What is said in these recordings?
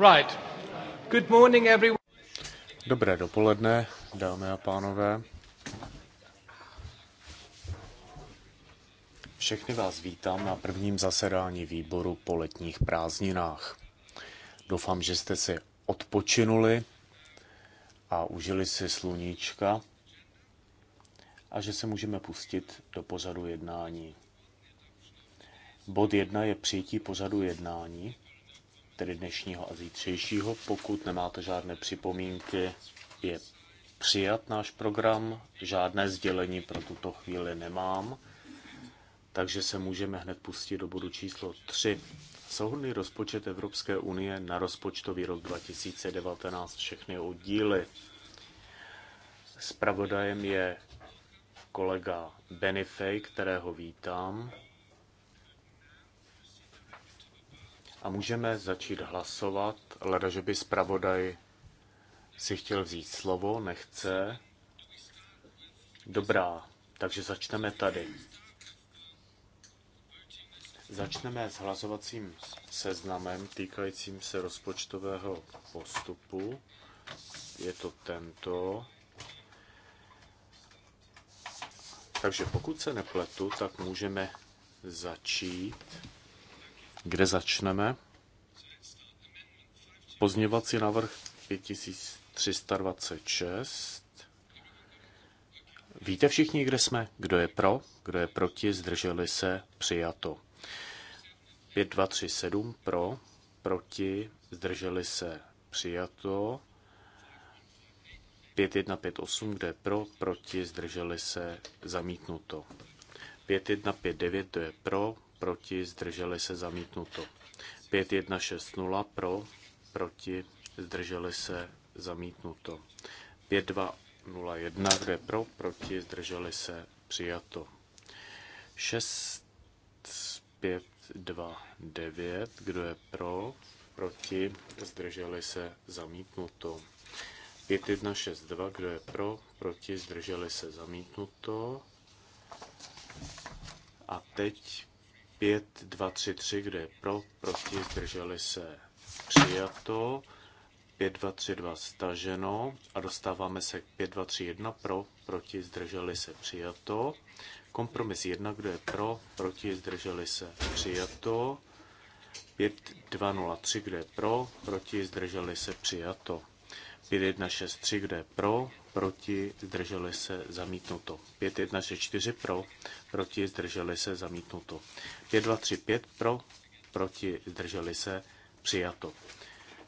Right. Good morning, everyone. Dobré dopoledne, dámy a pánové. Všechny vás vítám na prvním zasedání výboru po letních prázdninách. Doufám, že jste si odpočinuli a užili si sluníčka a že se můžeme pustit do pořadu jednání. Bod 1 je přijetí pořadu jednání tedy dnešního a zítřejšího. Pokud nemáte žádné připomínky, je přijat náš program. Žádné sdělení pro tuto chvíli nemám, takže se můžeme hned pustit do bodu číslo 3. Souhrný rozpočet Evropské unie na rozpočtový rok 2019 všechny oddíly. Spravodajem je kolega Benifej, kterého vítám. a můžeme začít hlasovat. Leda, že by zpravodaj si chtěl vzít slovo, nechce. Dobrá, takže začneme tady. Začneme s hlasovacím seznamem týkajícím se rozpočtového postupu. Je to tento. Takže pokud se nepletu, tak můžeme začít. Kde začneme? Pozněvací návrh 5326. Víte všichni, kde jsme? Kdo je pro? Kdo je proti? Zdrželi se? Přijato. 5237 pro, proti, zdrželi se? Přijato. 5158, kde je pro, proti, zdrželi se? Zamítnuto. 5159, to je pro, proti, zdrželi se zamítnuto. 5160 pro, proti, zdrželi se zamítnuto. 5201, kde pro, proti, zdrželi se přijato. 6529, kdo je pro, proti, zdrželi se zamítnuto. 5162, kdo je pro, proti, zdrželi se zamítnuto. A teď 5, 2, 3, 3, kde je pro, proti, zdrželi se přijato, 5, 2, 3, 2 staženo a dostáváme se k 5, 2, 3, 1 pro, proti, zdrželi se přijato, kompromis 1, kde je pro, proti, zdrželi se přijato, 5, 2, 0, 3, kde je pro, proti, zdrželi se přijato. 5163, je pro, proti, zdrželi se, zamítnuto. 5164 pro, proti, zdrželi se, zamítnuto. 5235 pro, proti, zdrželi se, přijato.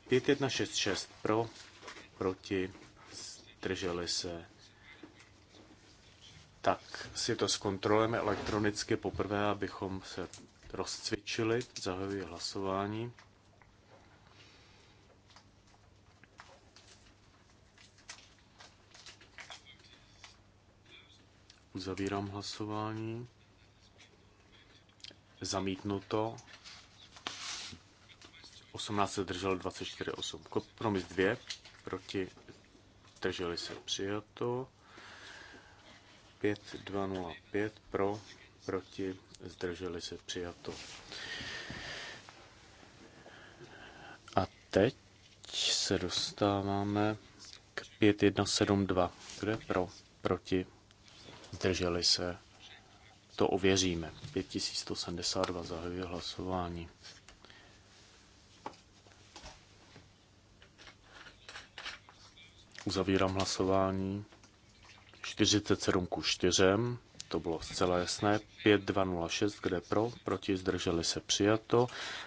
5166 pro, proti, zdrželi se, tak si to zkontrolujeme elektronicky poprvé, abychom se rozcvičili. Zahajuji hlasování. Uzavírám hlasování. Zamítnuto. 18 se drželo 24 osob. Kompromis 2. Proti drželi se přijato. 5 pro, proti zdrželi se přijato. A teď se dostáváme k 5172. Kdo je pro? Proti zdrželi se, to ověříme. 5172 zahajuje hlasování. Uzavírám hlasování. 47 ku 4, to bylo zcela jasné. 5206, kde pro, proti, zdrželi se přijato.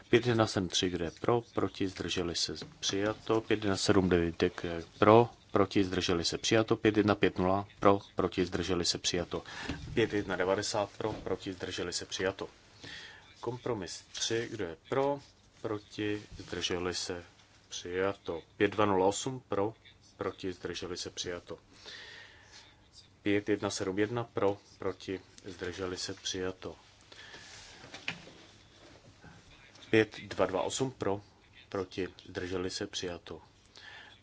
5173, kde pro, proti, zdrželi se přijato. 5179, kde pro, proti, zdrželi se přijato, 5150 pro, proti, zdrželi se přijato, 5190 pro, proti, zdrželi se přijato. Kompromis 3, kdo je pro, proti, zdrželi se přijato, 5208 pro, proti, zdrželi se přijato. 5171 pro, proti, zdrželi se přijato. 5228 pro, proti, zdrželi se přijato.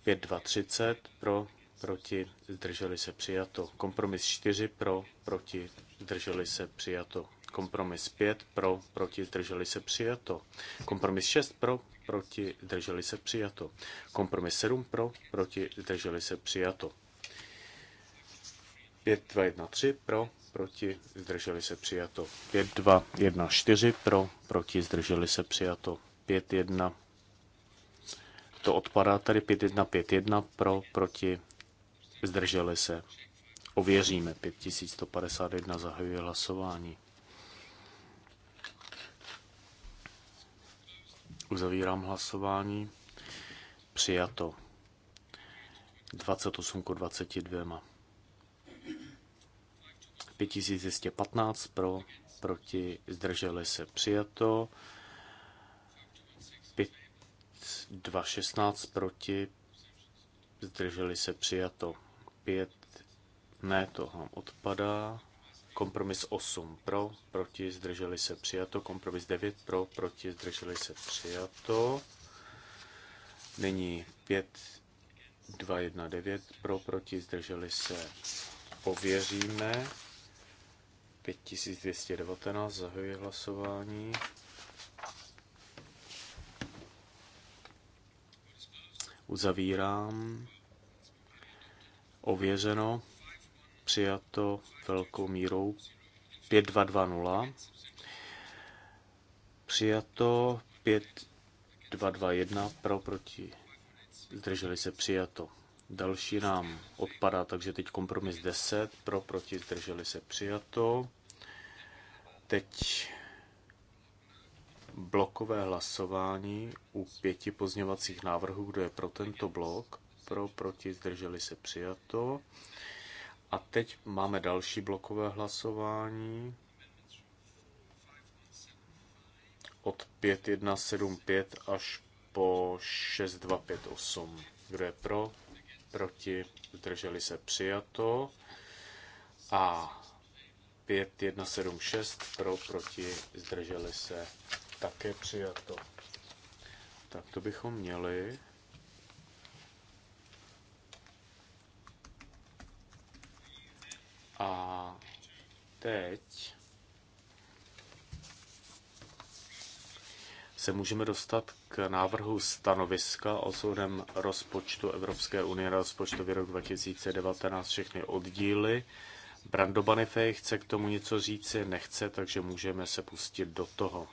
5230 pro, proti, zdrželi se přijato. Kompromis 4 pro, proti, zdrželi se přijato. Kompromis 5 pro, proti, zdrželi se přijato. Kompromis 6 pro, proti, zdrželi se přijato. Kompromis 7 pro, proti, zdrželi se přijato. 5, 2, 1, 3 pro, proti, zdrželi se přijato. 5, 2, 1, 4 pro, proti, zdrželi se přijato. 5, 1, to odpadá tady 5151 pro, proti, zdrželi se. Ověříme 5151, zahajuje hlasování. Uzavírám hlasování. Přijato. 28 k 22. 5215 pro, proti, zdrželi se přijato. 2-16 proti, zdrželi se přijato 5, ne, to nám odpadá. Kompromis 8 pro, proti, zdrželi se přijato. Kompromis 9 pro, proti, zdrželi se přijato. Nyní 5, 2, 1, 9 pro, proti, zdrželi se pověříme. 5219 zahajuje hlasování. Uzavírám. Ověřeno. Přijato velkou mírou 5220. Přijato 5221 pro proti. Zdrželi se přijato. Další nám odpadá, takže teď kompromis 10 pro proti. Zdrželi se přijato. Teď blokové hlasování u pěti pozněvacích návrhů, kdo je pro tento blok, pro, proti, zdrželi se přijato. A teď máme další blokové hlasování od 5175 až po 6258. Kdo je pro, proti, zdrželi se přijato. A 5176 pro, proti, zdrželi se také přijato. Tak to bychom měli. A teď se můžeme dostat k návrhu stanoviska o soudem rozpočtu Evropské unie na rozpočtový rok 2019 všechny oddíly. Brando Banifej chce k tomu něco říci, nechce, takže můžeme se pustit do toho.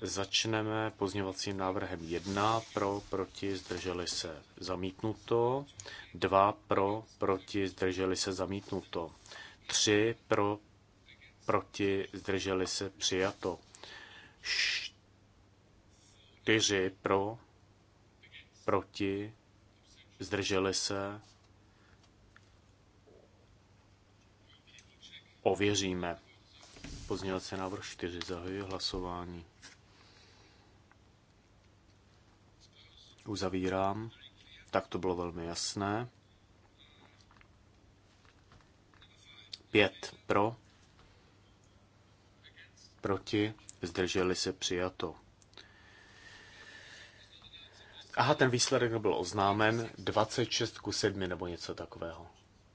Začneme pozněvacím návrhem 1 pro, proti, zdrželi se zamítnuto, 2 pro, proti, zdrželi se zamítnuto, 3 pro, proti, zdrželi se přijato, 4 pro, proti, zdrželi se, ověříme. Pozněvací návrh 4 zahajuje hlasování. Uzavírám. Tak to bylo velmi jasné. Pět pro. Proti. Zdrželi se přijato. Aha, ten výsledek byl oznámen 26 ku 7 nebo něco takového.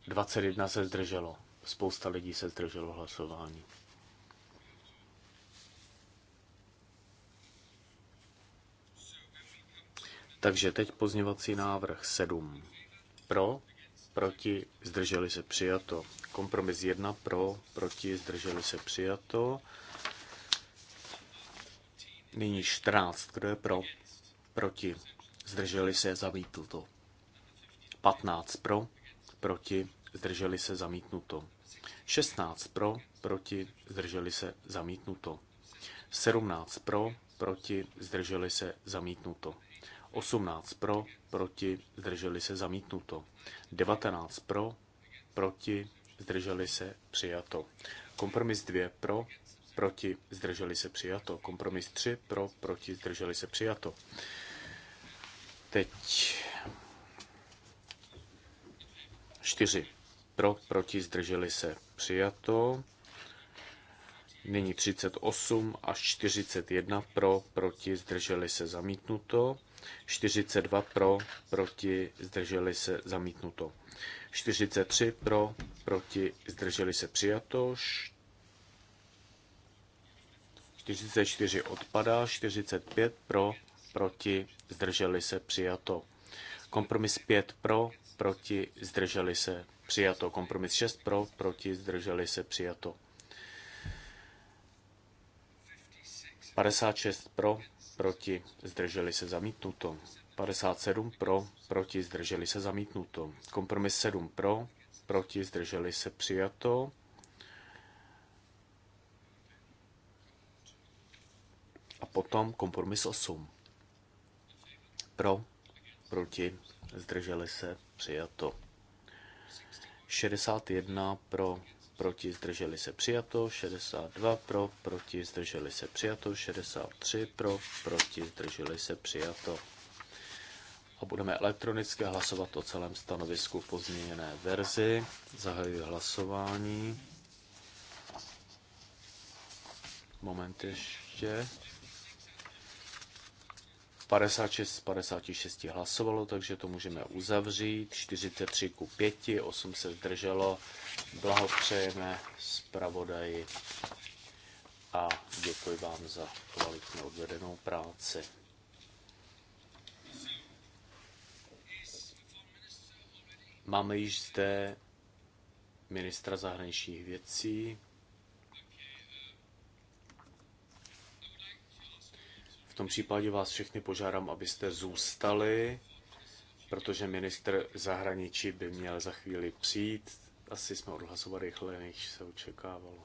21 se zdrželo. Spousta lidí se zdrželo hlasování. Takže teď pozněvací návrh 7. Pro, proti, zdrželi se přijato. Kompromis 1 pro, proti, zdrželi se přijato. Nyní 14. Kdo je pro? Proti. Zdrželi se, zamítnuto. 15 pro, proti, zdrželi se, zamítnuto. 16 pro, proti, zdrželi se, zamítnuto. 17 pro, proti, zdrželi se, zamítnuto. 18 pro, proti, zdrželi se zamítnuto. 19 pro, proti, zdrželi se přijato. Kompromis 2 pro, proti, zdrželi se přijato. Kompromis 3 pro, proti, zdrželi se přijato. Teď 4 pro, proti, zdrželi se přijato. Nyní 38 až 41 pro, proti, zdrželi se zamítnuto. 42 pro, proti, zdrželi se, zamítnuto. 43 pro, proti, zdrželi se, přijato. 44 odpadá, 45 pro, proti, zdrželi se, přijato. Kompromis 5 pro, proti, zdrželi se, přijato. Kompromis 6 pro, proti, zdrželi se, přijato. 56 pro, proti, zdrželi se zamítnuto. 57 pro, proti, zdrželi se zamítnuto. Kompromis 7 pro, proti, zdrželi se přijato. A potom kompromis 8. Pro, proti, zdrželi se přijato. 61 pro, proti, zdrželi se přijato, 62 pro, proti, zdrželi se přijato, 63 pro, proti, zdrželi se přijato. A budeme elektronicky hlasovat o celém stanovisku v pozměněné verzi. Zahajuji hlasování. Moment ještě. 56 z 56 hlasovalo, takže to můžeme uzavřít. 43 ku 5, 8 se zdrželo. Blahopřejeme zpravodaji a děkuji vám za kvalitně odvedenou práci. Máme již zde ministra zahraničních věcí. tom případě vás všechny požádám, abyste zůstali, protože ministr zahraničí by měl za chvíli přijít. Asi jsme odhlasovali rychle, než se očekávalo.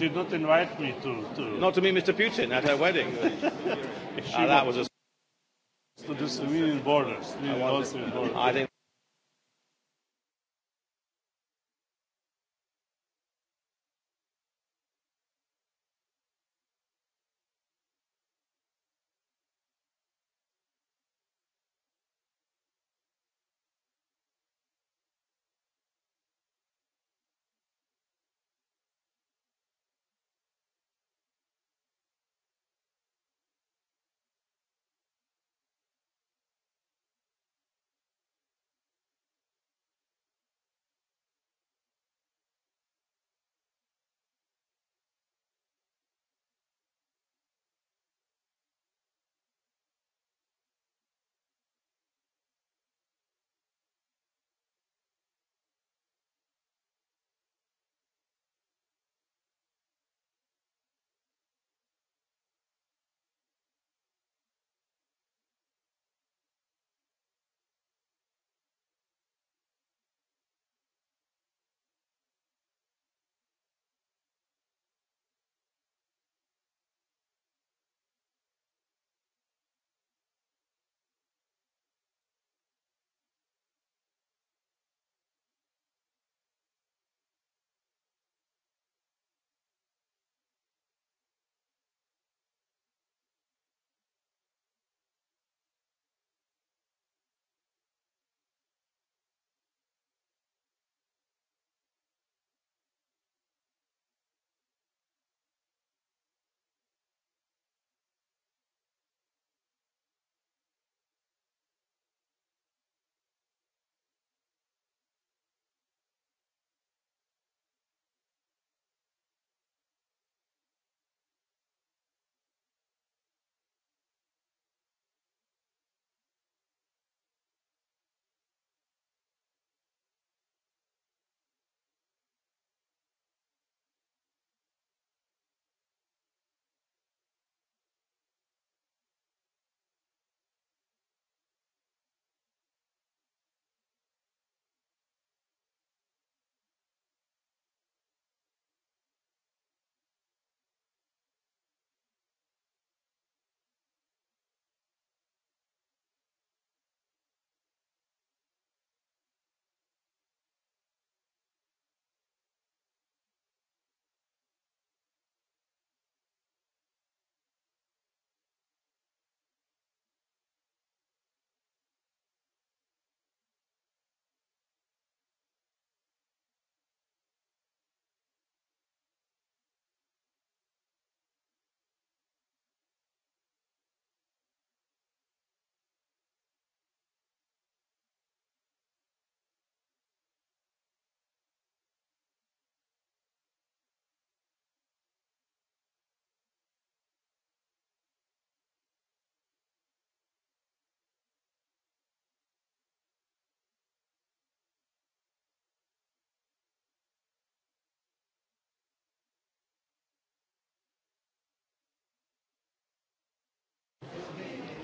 She not invite me to, to... Not to meet Mr. Putin at her wedding. she ah, that was a... To the civilian borders. I, borders. I think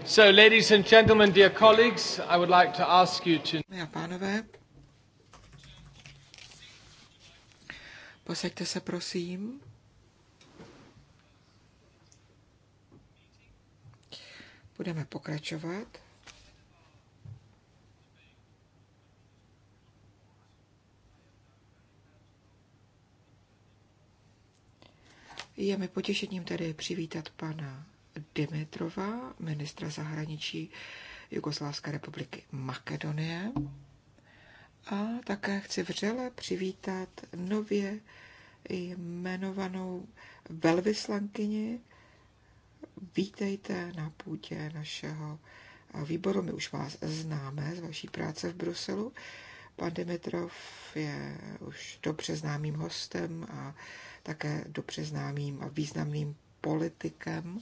So, ladies and gentlemen, dear colleagues, I would like to ask you to... posaďte se, prosím. Budeme pokračovat. Je mi potěšením tady přivítat pana Dimitrova, ministra zahraničí Jugoslávské republiky Makedonie. A také chci vřele přivítat nově jmenovanou velvyslankyni. Vítejte na půdě našeho výboru. My už vás známe z vaší práce v Bruselu. Pan Dimitrov je už dobře známým hostem a také dobře známým a významným politikem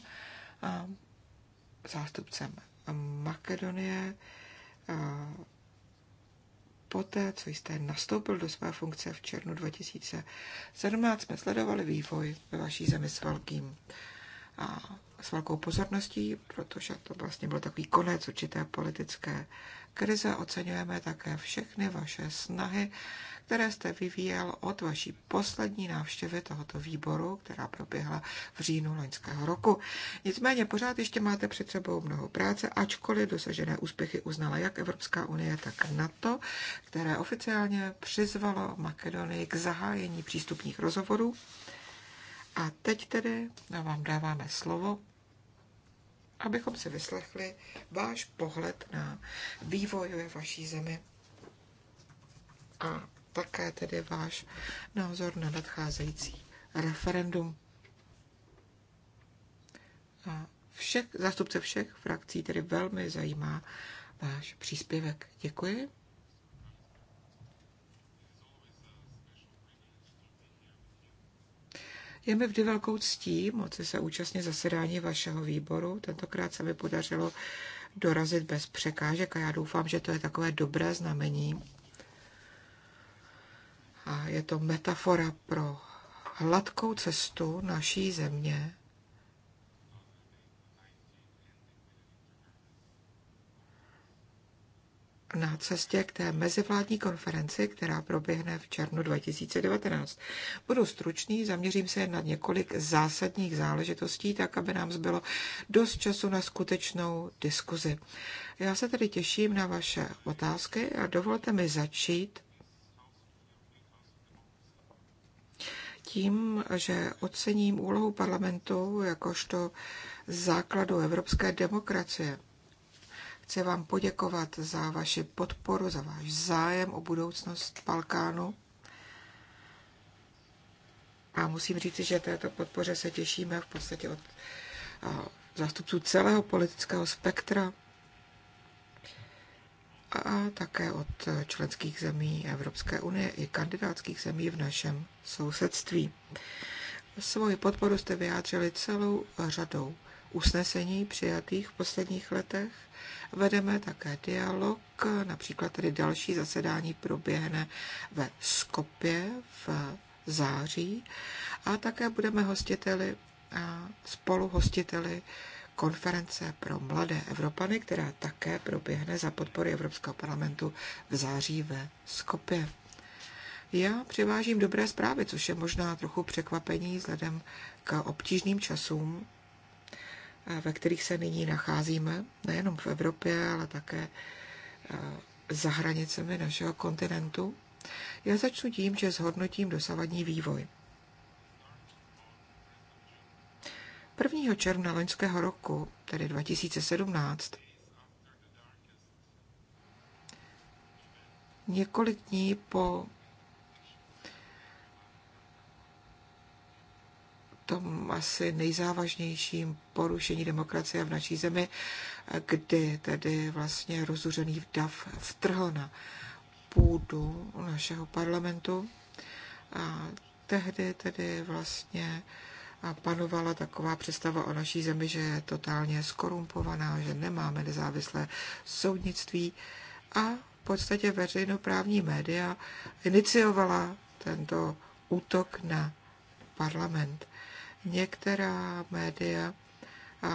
zástupcem Makedonie. Poté, co jste nastoupil do své funkce v červnu 2017, jsme sledovali vývoj ve vaší zemi s velkým a s velkou pozorností, protože to vlastně byl takový konec určité politické krize. Oceňujeme také všechny vaše snahy které jste vyvíjel od vaší poslední návštěvy tohoto výboru, která proběhla v říjnu loňského roku. Nicméně pořád ještě máte před sebou mnoho práce, ačkoliv dosažené úspěchy uznala jak Evropská unie, tak NATO, které oficiálně přizvalo Makedonii k zahájení přístupních rozhovorů. A teď tedy vám dáváme slovo, abychom si vyslechli váš pohled na vývoj ve vaší zemi. A také tedy váš názor na nadcházející referendum. A všech, zástupce všech frakcí tedy velmi zajímá váš příspěvek. Děkuji. Je mi vždy velkou ctí moci se účastnit zasedání vašeho výboru. Tentokrát se mi podařilo dorazit bez překážek a já doufám, že to je takové dobré znamení a je to metafora pro hladkou cestu naší země na cestě k té mezivládní konferenci, která proběhne v červnu 2019. Budu stručný, zaměřím se na několik zásadních záležitostí, tak aby nám zbylo dost času na skutečnou diskuzi. Já se tedy těším na vaše otázky a dovolte mi začít tím, že ocením úlohu parlamentu jakožto základu evropské demokracie. Chci vám poděkovat za vaši podporu, za váš zájem o budoucnost Balkánu. A musím říci, že této podpoře se těšíme v podstatě od zástupců celého politického spektra a také od členských zemí Evropské unie i kandidátských zemí v našem sousedství. Svoji podporu jste vyjádřili celou řadou usnesení přijatých v posledních letech. Vedeme také dialog, například tedy další zasedání proběhne ve Skopě v září a také budeme hostiteli, spolu hostiteli konference pro mladé Evropany, která také proběhne za podpory Evropského parlamentu v září ve Skopě. Já přivážím dobré zprávy, což je možná trochu překvapení vzhledem k obtížným časům, eh, ve kterých se nyní nacházíme, nejenom v Evropě, ale také eh, za hranicemi našeho kontinentu. Já začnu tím, že zhodnotím dosavadní vývoj. 1. června loňského roku, tedy 2017, několik dní po tom asi nejzávažnějším porušení demokracie v naší zemi, kdy tedy vlastně rozuřený dav vtrhl na půdu našeho parlamentu. A tehdy tedy vlastně a panovala taková představa o naší zemi, že je totálně skorumpovaná, že nemáme nezávislé soudnictví a v podstatě veřejnoprávní média iniciovala tento útok na parlament. Některá média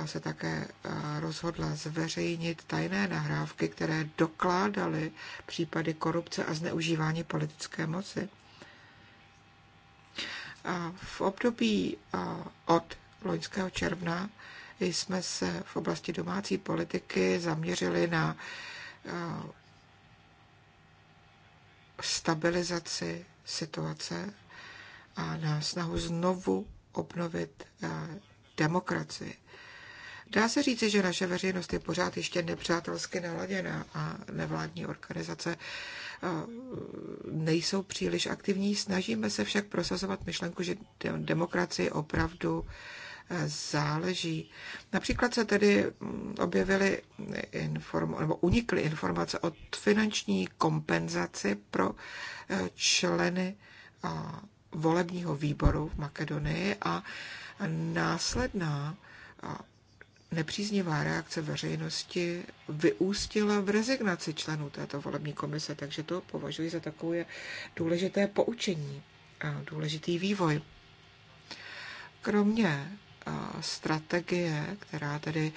se také rozhodla zveřejnit tajné nahrávky, které dokládaly případy korupce a zneužívání politické moci. V období od loňského června jsme se v oblasti domácí politiky zaměřili na stabilizaci situace a na snahu znovu obnovit demokracii. Dá se říci, že naše veřejnost je pořád ještě nepřátelsky naladěná a nevládní organizace eh, nejsou příliš aktivní. Snažíme se však prosazovat myšlenku, že demokracii opravdu eh, záleží. Například se tedy mm, objevily inform, nebo unikly informace o finanční kompenzaci pro eh, členy volebního výboru v Makedonii a následná nepříznivá reakce veřejnosti vyústila v rezignaci členů této volební komise, takže to považuji za takové důležité poučení a důležitý vývoj. Kromě strategie, která tedy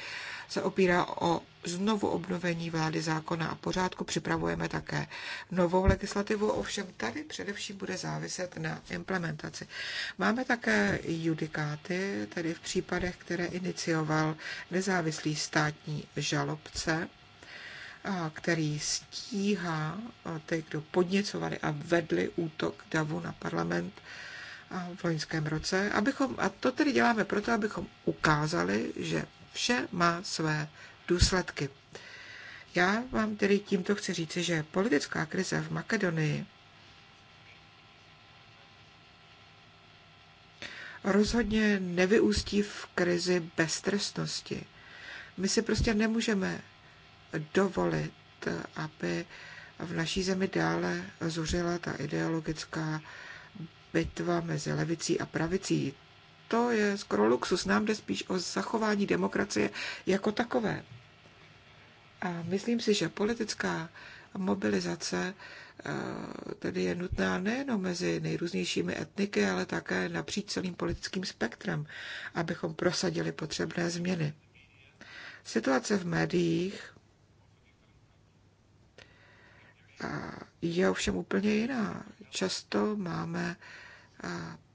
se opírá o znovu obnovení vlády zákona a pořádku. Připravujeme také novou legislativu, ovšem tady především bude záviset na implementaci. Máme také judikáty, tedy v případech, které inicioval nezávislý státní žalobce, který stíhá eh, ty, kdo podněcovali a vedli útok davu na parlament v loňském roce. Abychom, a to tedy děláme proto, abychom ukázali, že vše má své důsledky. Já vám tedy tímto chci říci, že politická krize v Makedonii rozhodně nevyústí v krizi beztrestnosti. My si prostě nemůžeme dovolit, aby v naší zemi dále zuřila ta ideologická bitva mezi levicí a pravicí. To je skoro luxus, nám jde spíš o zachování demokracie jako takové. A myslím si, že politická mobilizace eh, tedy je nutná nejenom mezi nejrůznějšími etniky, ale také napříč celým politickým spektrem, abychom prosadili potřebné změny. Situace v médiích eh, je ovšem úplně jiná. Často máme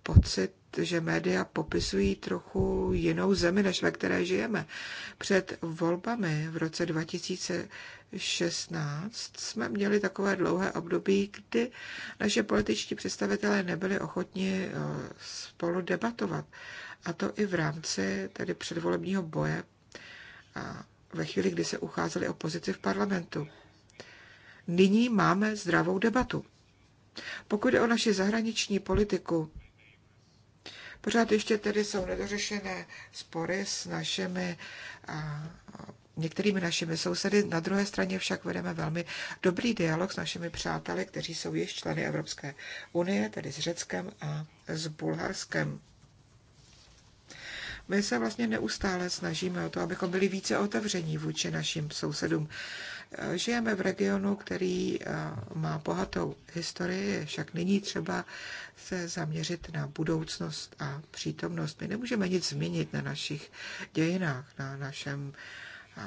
pocit, že média popisují trochu jinou zemi, než ve které žijeme. Před volbami v roce 2016 jsme měli takové dlouhé období, kdy naše političtí představitelé nebyli ochotni eh, spolu debatovat. A to i v rámci tedy předvolebního boje a ve chvíli, kdy se ucházeli o pozici v parlamentu. Nyní máme zdravou debatu. Pokud je o naši zahraniční politiku, pořád ještě tedy jsou nedořešené spory s našimi některými našimi sousedy. Na druhé straně však vedeme velmi dobrý dialog s našimi přáteli, kteří jsou již členy Evropské unie, tedy s Řeckem a s Bulharskem. My se vlastně neustále snažíme o to, abychom byli více otevření vůči našim sousedům. Žijeme v regionu, který eh, má bohatou historii, však není třeba se zaměřit na budoucnost a přítomnost. My nemůžeme nic změnit na našich dějinách, na našem eh,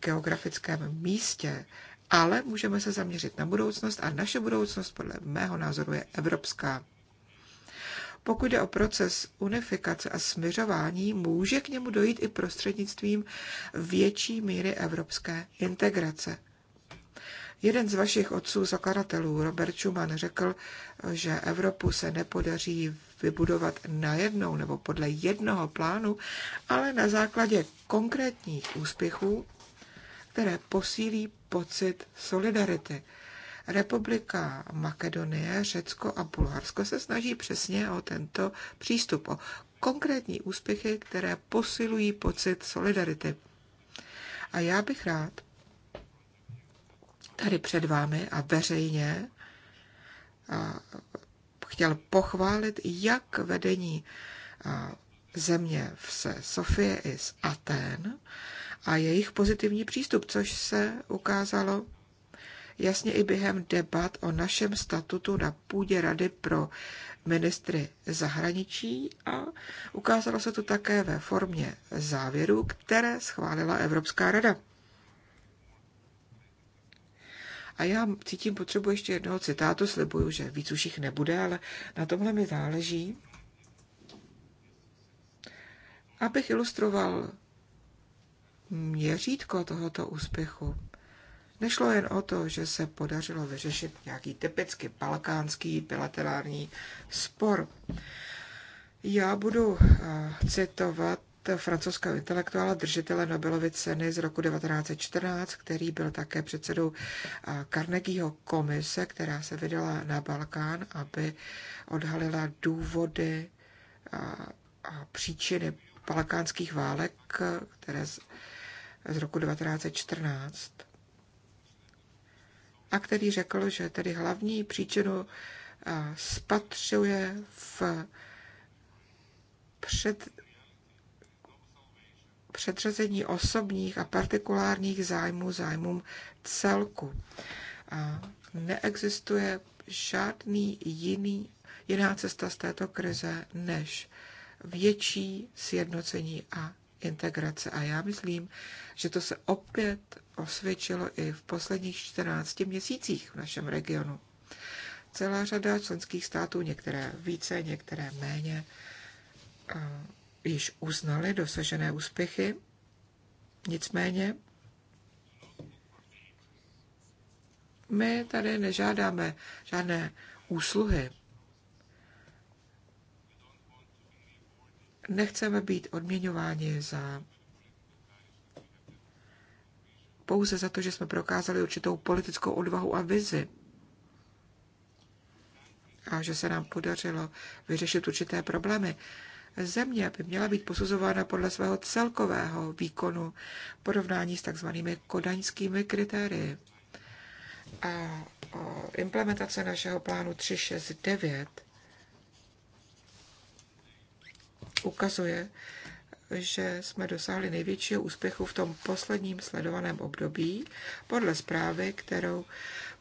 geografickém místě, ale můžeme se zaměřit na budoucnost a naše budoucnost podle mého názoru je evropská. Pokud jde o proces unifikace a směřování, může k němu dojít i prostřednictvím větší míry evropské integrace. Jeden z vašich otců zakladatelů, Robert Schumann, řekl, že Evropu se nepodaří vybudovat na jednou nebo podle jednoho plánu, ale na základě konkrétních úspěchů, které posílí pocit solidarity. Republika Makedonie, Řecko a Bulharsko se snaží přesně o tento přístup, o konkrétní úspěchy, které posilují pocit solidarity. A já bych rád tady před vámi a veřejně chtěl pochválit, jak vedení země v se Sofie i z Aten a jejich pozitivní přístup, což se ukázalo jasně i během debat o našem statutu na půdě Rady pro ministry zahraničí a ukázalo se to také ve formě závěrů, které schválila Evropská rada. A já cítím potřebu ještě jednoho citátu, slibuju, že víc už jich nebude, ale na tomhle mi záleží. Abych ilustroval měřítko tohoto úspěchu. Nešlo jen o to, že se podařilo vyřešit nějaký typicky balkánský bilaterální spor. Já budu eh, citovat francouzského intelektuála, držitele Nobelovy ceny z roku 1914, který byl také předsedou eh, Carnegieho komise, která se vydala na Balkán, aby odhalila důvody a, eh, a příčiny balkánských válek, které z roku 1914, a který řekl, že tedy hlavní příčinu spatřuje v před, předřazení osobních a partikulárních zájmů zájmům celku. A neexistuje žádný jiný, jiná cesta z této krize než větší sjednocení a integrace. A já myslím, že to se opět osvědčilo i v posledních 14 měsících v našem regionu. Celá řada členských států, některé více, některé méně, již uznali dosažené úspěchy. Nicméně my tady nežádáme žádné úsluhy Nechceme být odměňováni za pouze za to, že jsme prokázali určitou politickou odvahu a vizi a že se nám podařilo vyřešit určité problémy. Země by měla být posuzována podle svého celkového výkonu v porovnání s takzvanými kodaňskými kritérii. A implementace našeho plánu 369 ukazuje, že jsme dosáhli největšího úspěchu v tom posledním sledovaném období podle zprávy, kterou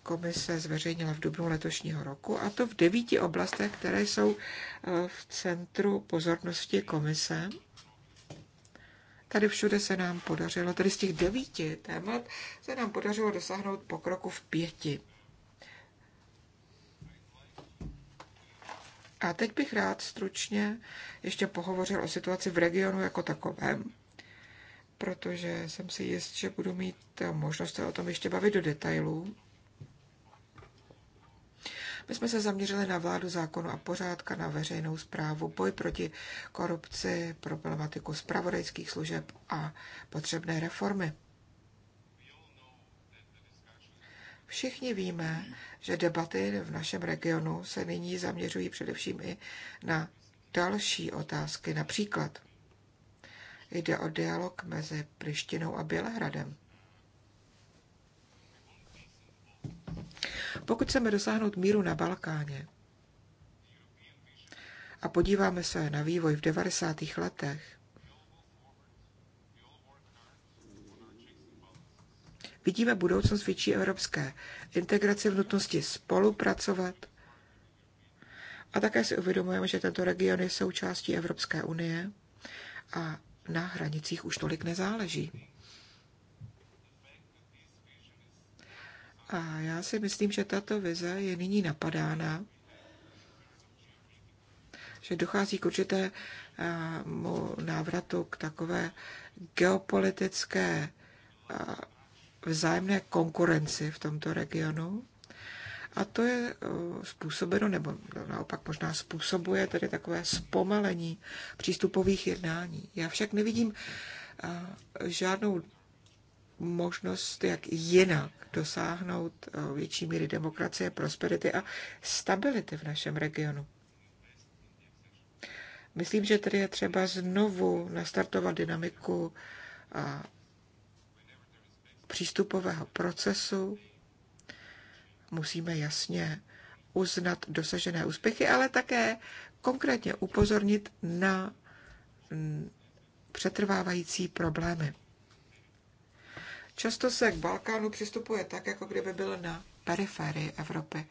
komise zveřejnila v dubnu letošního roku, a to v devíti oblastech, které jsou eh, v centru pozornosti komise. Tady všude se nám podařilo, tady z těch devíti témat se nám podařilo dosáhnout pokroku v pěti. A teď bych rád stručně ještě pohovořil o situaci v regionu jako takovém, protože jsem si jist, že budu mít možnost se o tom ještě bavit do detailů. My jsme se zaměřili na vládu zákonu a pořádka, na veřejnou zprávu, boj proti korupci, problematiku spravodajských služeb a potřebné reformy. Všichni víme, že debaty v našem regionu se nyní zaměřují především i na další otázky. Například jde o dialog mezi Prištinou a Bělehradem. Pokud chceme dosáhnout míru na Balkáně a podíváme se na vývoj v 90. letech, Vidíme budoucnost větší evropské integraci v nutnosti spolupracovat a také si uvědomujeme, že tento region je součástí Evropské unie a na hranicích už tolik nezáleží. A já si myslím, že tato vize je nyní napadána, že dochází k určitému eh, návratu k takové geopolitické eh, vzájemné konkurenci v tomto regionu. A to je eh, způsobeno, nebo naopak možná způsobuje tedy takové zpomalení přístupových jednání. Já však nevidím eh, žádnou možnost, jak jinak dosáhnout eh, větší míry demokracie, prosperity a stability v našem regionu. Myslím, že tedy je třeba znovu nastartovat dynamiku přístupového procesu. Musíme jasně uznat dosažené úspěchy, ale také konkrétně upozornit na přetrvávající problémy. Často se k Balkánu přistupuje tak, jako kdyby byl na periferii Evropy.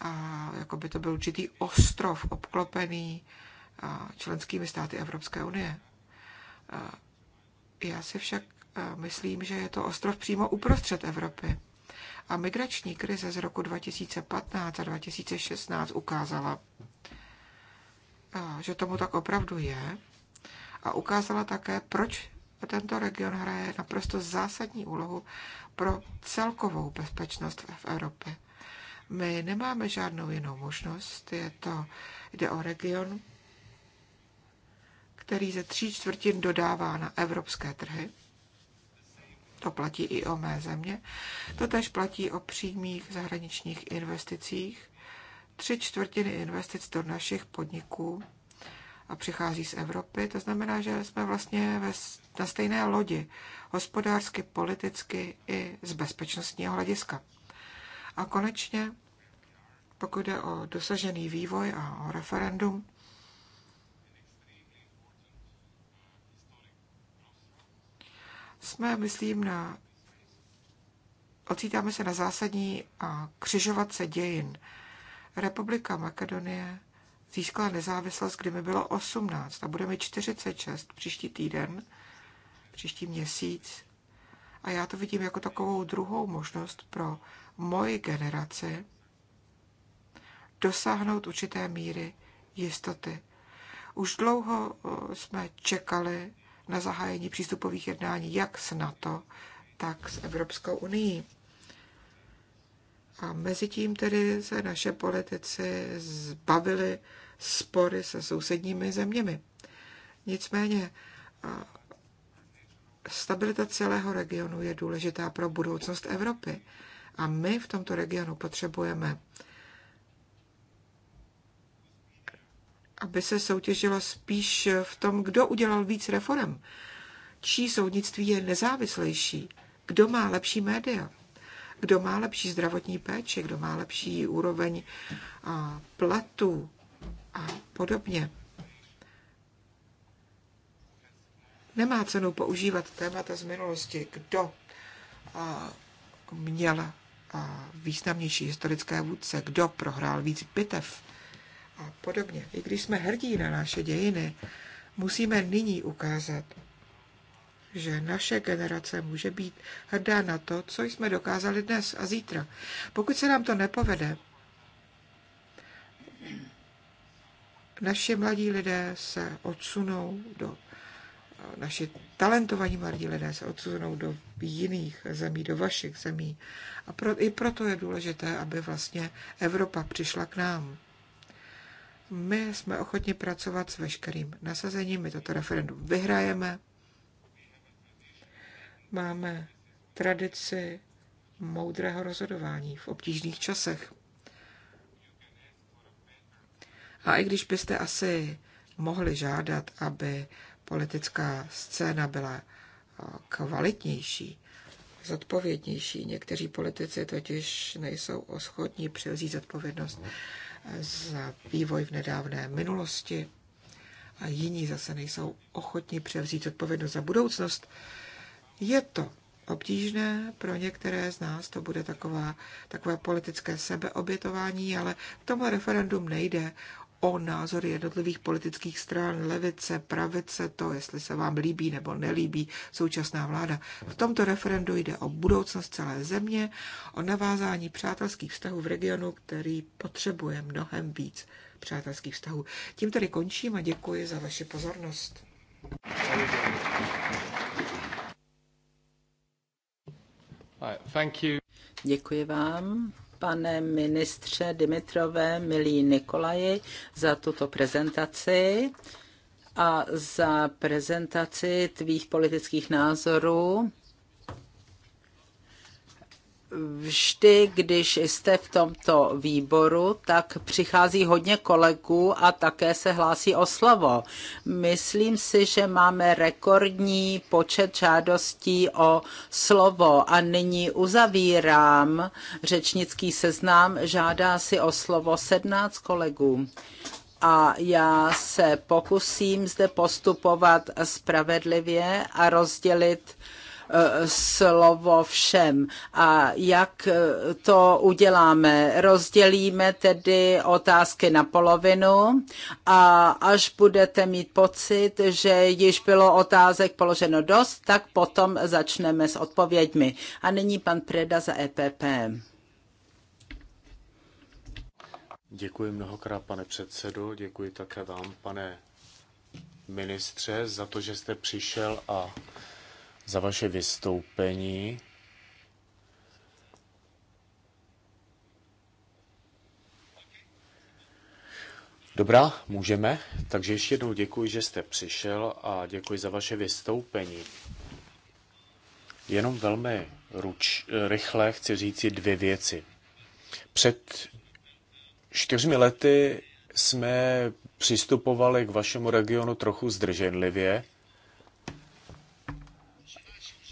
A jako by to byl určitý ostrov obklopený členskými státy Evropské unie. já si však myslím, že je to ostrov přímo uprostřed Evropy. A migrační krize z roku 2015 a 2016 ukázala, že tomu tak opravdu je. A ukázala také, proč tento region hraje naprosto zásadní úlohu pro celkovou bezpečnost v Evropě. My nemáme žádnou jinou možnost. Je to, jde o region, který ze tří čtvrtin dodává na evropské trhy to platí i o mé země, to tež platí o přímých zahraničních investicích. Tři čtvrtiny investic do našich podniků a přichází z Evropy, to znamená, že jsme vlastně ve, na stejné lodi, hospodářsky, politicky i z bezpečnostního hlediska. A konečně, pokud jde o dosažený vývoj a o referendum, jsme, myslím, na ocítáme se na zásadní a křižovatce dějin. Republika Makedonie získala nezávislost, kdy mi bylo 18 a bude mi 46 příští týden, příští měsíc. A já to vidím jako takovou druhou možnost pro moji generaci dosáhnout určité míry jistoty. Už dlouho eh, jsme čekali na zahájení přístupových jednání jak s NATO, tak s Evropskou unii. A mezi tím tedy se naše politici zbavili spory se sousedními zeměmi. Nicméně stabilita celého regionu je důležitá pro budoucnost Evropy. A my v tomto regionu potřebujeme aby se soutěžilo spíš v tom, kdo udělal víc reform, čí soudnictví je nezávislejší, kdo má lepší média, kdo má lepší zdravotní péči, kdo má lepší úroveň platů a podobně. Nemá cenu používat témata z minulosti, kdo měl významnější historické vůdce, kdo prohrál víc bitev a podobně. I když jsme hrdí na naše dějiny, musíme nyní ukázat, že naše generace může být hrdá na to, co jsme dokázali dnes a zítra. Pokud se nám to nepovede, naši mladí lidé se odsunou do naši talentovaní mladí lidé se odsunou do jiných zemí, do vašich zemí. A pro, i proto je důležité, aby vlastně Evropa přišla k nám. My jsme ochotni pracovat s veškerým nasazením, my toto referendum vyhrajeme. Máme tradici moudrého rozhodování v obtížných časech. A i když byste asi mohli žádat, aby politická scéna byla eh, kvalitnější, zodpovědnější. Někteří politici totiž nejsou oschotní převzít zodpovědnost za vývoj v nedávné minulosti a jiní zase nejsou ochotní převzít odpovědnost za budoucnost. Je to obtížné, pro některé z nás to bude taková, takové politické sebeobětování, ale v tomhle referendum nejde o názory jednotlivých politických stran, levice, pravice, to, jestli se vám líbí nebo nelíbí současná vláda. V tomto referendu jde o budoucnost celé země, o navázání přátelských vztahů v regionu, který potřebuje mnohem víc přátelských vztahů. Tím tedy končím a děkuji za vaši pozornost. Thank you. Děkuji vám pane ministře Dimitrové, milí Nikolaji, za tuto prezentaci a za prezentaci tvých politických názorů vždy, když jste v tomto výboru, tak přichází hodně kolegů a také se hlásí o slovo. Myslím si, že máme rekordní počet žádostí o slovo a nyní uzavírám řečnický seznam. Žádá si o slovo 17 kolegů a já se pokusím zde postupovat spravedlivě a rozdělit Eh, slovo všem. A jak eh, to uděláme? Rozdělíme tedy otázky na polovinu a až budete mít pocit, že již bylo otázek položeno dost, tak potom začneme s odpověďmi. A nyní pan Preda za EPP. Děkuji mnohokrát, pane předsedo, děkuji také vám, pane ministře, za to, že jste přišel a za vaše vystoupení. Dobrá, můžeme. Takže ještě jednou děkuji, že jste přišel a děkuji za vaše vystoupení. Jenom velmi ruč, rychle chci říci dvě věci. Před čtyřmi lety jsme přistupovali k vašemu regionu trochu zdrženlivě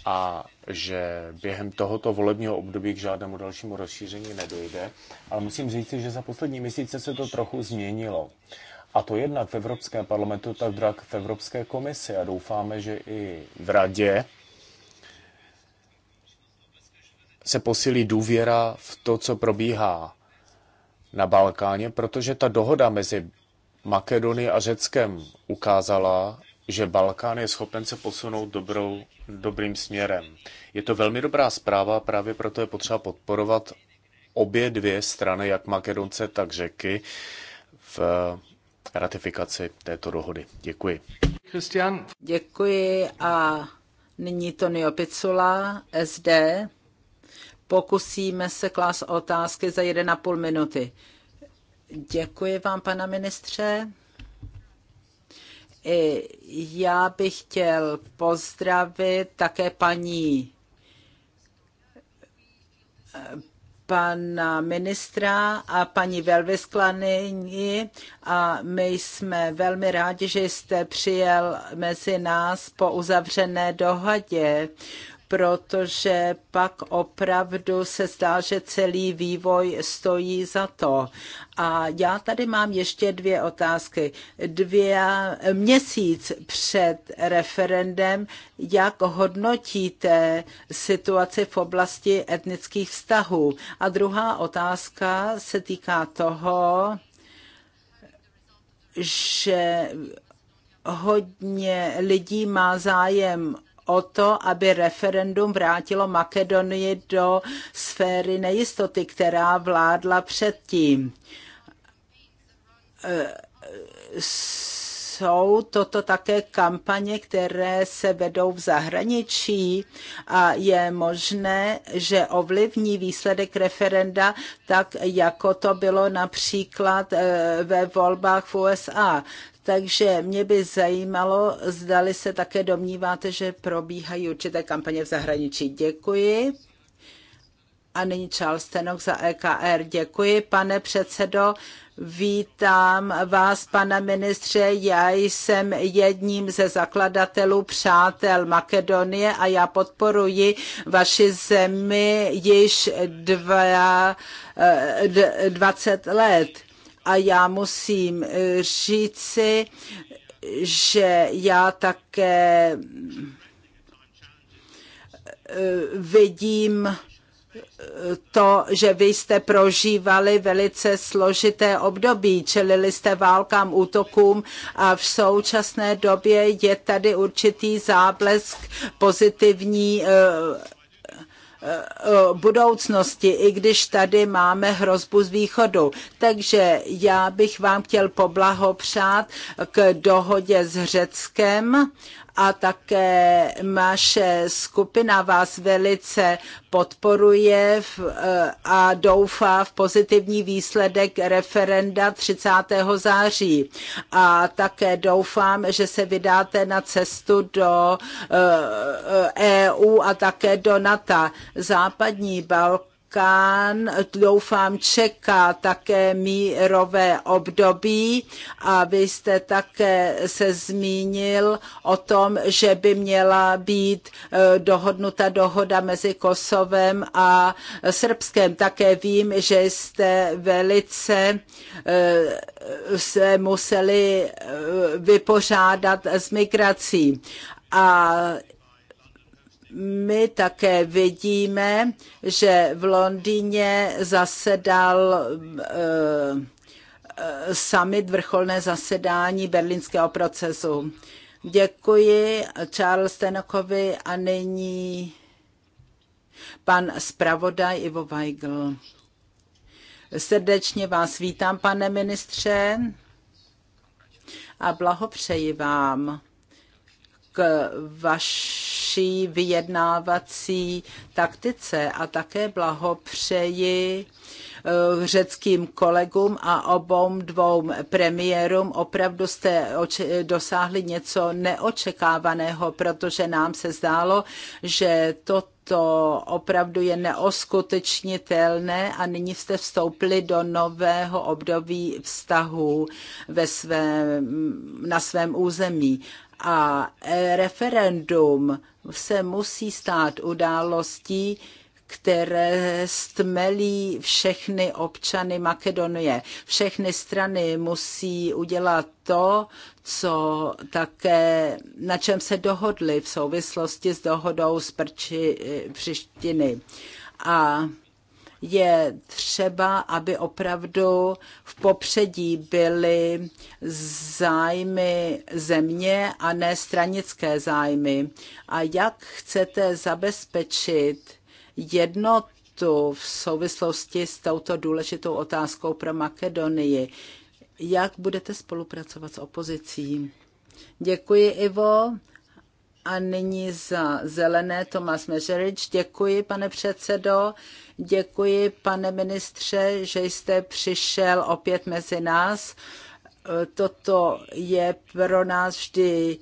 a že během tohoto volebního období k žádnému dalšímu rozšíření nedojde, ale musím říct, že za poslední měsíce se to trochu změnilo. A to jednak v Evropském parlamentu, tak drak v Evropské komisi a doufáme, že i v radě se posílí důvěra v to, co probíhá na Balkáně, protože ta dohoda mezi Makedonii a Řeckem ukázala, že Balkán je schopen se posunout dobrou, dobrým směrem. Je to velmi dobrá zpráva, právě proto je potřeba podporovat obě dvě strany, jak Makedonce, tak Řeky, v eh, ratifikaci této dohody. Děkuji. Christian. Děkuji a nyní Tony Opicula, SD. Pokusíme se klást otázky za 1,5 minuty. Děkuji vám, pana ministře. Já bych chtěl pozdravit také paní pana ministra a paní velvyslankyni a my jsme velmi rádi, že jste přijel mezi nás po uzavřené dohodě protože pak opravdu se zdá, že celý vývoj stojí za to. A já tady mám ještě dvě otázky. Dvě měsíc před referendem, jak hodnotíte situaci v oblasti etnických vztahů? A druhá otázka se týká toho, že hodně lidí má zájem o to, aby referendum vrátilo Makedonii do sféry nejistoty, která vládla předtím. Jsou toto také kampaně, které se vedou v zahraničí a je možné, že ovlivní výsledek referenda tak, jako to bylo například eh, ve volbách v USA. Takže mě by zajímalo, zdali se také domníváte, že probíhají určité kampaně v zahraničí. Děkuji. A nyní Charles Tenok za EKR. Děkuji, pane předsedo. Vítám vás, pane ministře. Já jsem jedním ze zakladatelů přátel Makedonie a já podporuji vaši zemi již dva, 20 eh, let a já musím eh, říci, že já také eh, vidím eh, to, že vy jste prožívali velice složité období, čelili jste válkám, útokům a v současné době je tady určitý záblesk pozitivní Eh, budoucnosti, i když tady máme hrozbu z východu. Takže já bych vám chtěl poblahopřát k dohodě s Řeckem a také naše skupina vás velice podporuje v, eh, a doufá v pozitivní výsledek referenda 30. září. A také doufám, že se vydáte na cestu do EU eh, eh, e a také do NATO. Západní Balkán Balkán, doufám, čeká také mírové období a vy jste také se zmínil o tom, že by měla být eh, dohodnuta dohoda mezi Kosovem a Srbskem. Také vím, že jste velice eh, se museli eh, vypořádat s migrací a my také vidíme, že v Londýně zasedal eh, eh, summit, vrcholné zasedání berlínského procesu. Děkuji Charles Tenokovi a nyní pan zpravodaj Ivo Weigl. Srdečně vás vítám, pane ministře, a blahopřeji vám k vaší vyjednávací taktice a také blahopřeji eh, řeckým kolegům a obou dvou premiérům. Opravdu jste dosáhli něco neočekávaného, protože nám se zdálo, že to to opravdu je neoskutečnitelné a nyní jste vstoupili do nového období vztahu ve svém, na svém území a referendum se musí stát událostí, které stmelí všechny občany Makedonie. Všechny strany musí udělat to, co také, na čem se dohodli v souvislosti s dohodou z Prči, Přištiny. A je třeba, aby opravdu v popředí byly zájmy země a ne stranické zájmy. A jak chcete zabezpečit jednotu v souvislosti s touto důležitou otázkou pro Makedonii? Jak budete spolupracovat s opozicí? Děkuji, Ivo. A nyní za zelené Tomas Mežerič. Děkuji, pane předsedo. Děkuji, pane ministře, že jste přišel opět mezi nás. Toto je pro nás vždy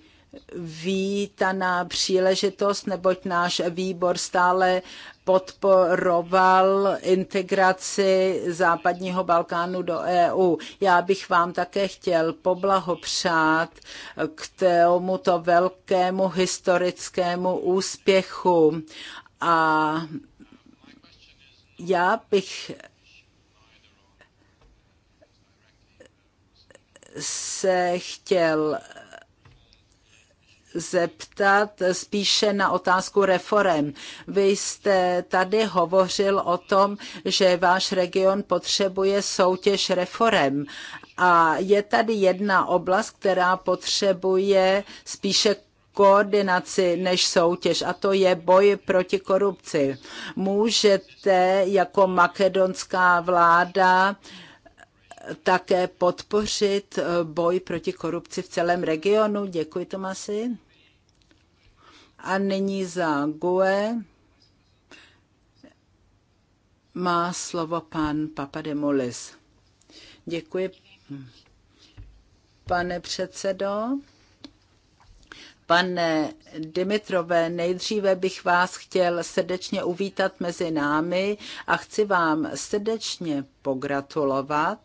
vítaná příležitost, neboť náš výbor stále podporoval integraci západního Balkánu do EU. Já bych vám také chtěl poblahopřát k tomuto velkému historickému úspěchu a já bych se chtěl zeptat spíše na otázku reform. Vy jste tady hovořil o tom, že váš region potřebuje soutěž reform. A je tady jedna oblast, která potřebuje spíše koordinaci než soutěž, a to je boj proti korupci. Můžete jako makedonská vláda také podpořit eh, boj proti korupci v celém regionu. Děkuji, Tomasi. A nyní za GUE má slovo pan Papademolis. Děkuji, pane předsedo. Pane Dimitrové, nejdříve bych vás chtěl srdečně uvítat mezi námi a chci vám srdečně pogratulovat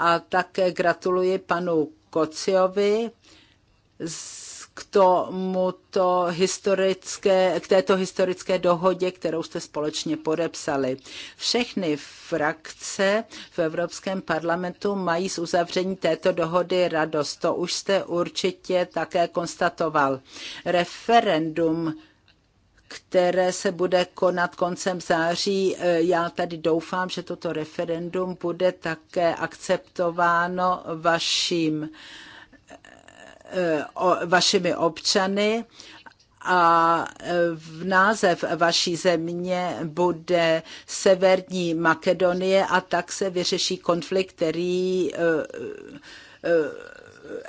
a také gratuluji panu Kociovi k tomuto historické, k této historické dohodě, kterou jste společně podepsali. Všechny frakce v Evropském parlamentu mají z uzavření této dohody radost. To už jste určitě také konstatoval. Referendum které se bude konat koncem září. E, Já tady doufám, že toto referendum bude také akceptováno vaším, e, vašimi občany a e, v název vaší země bude Severní Makedonie a tak se vyřeší konflikt, který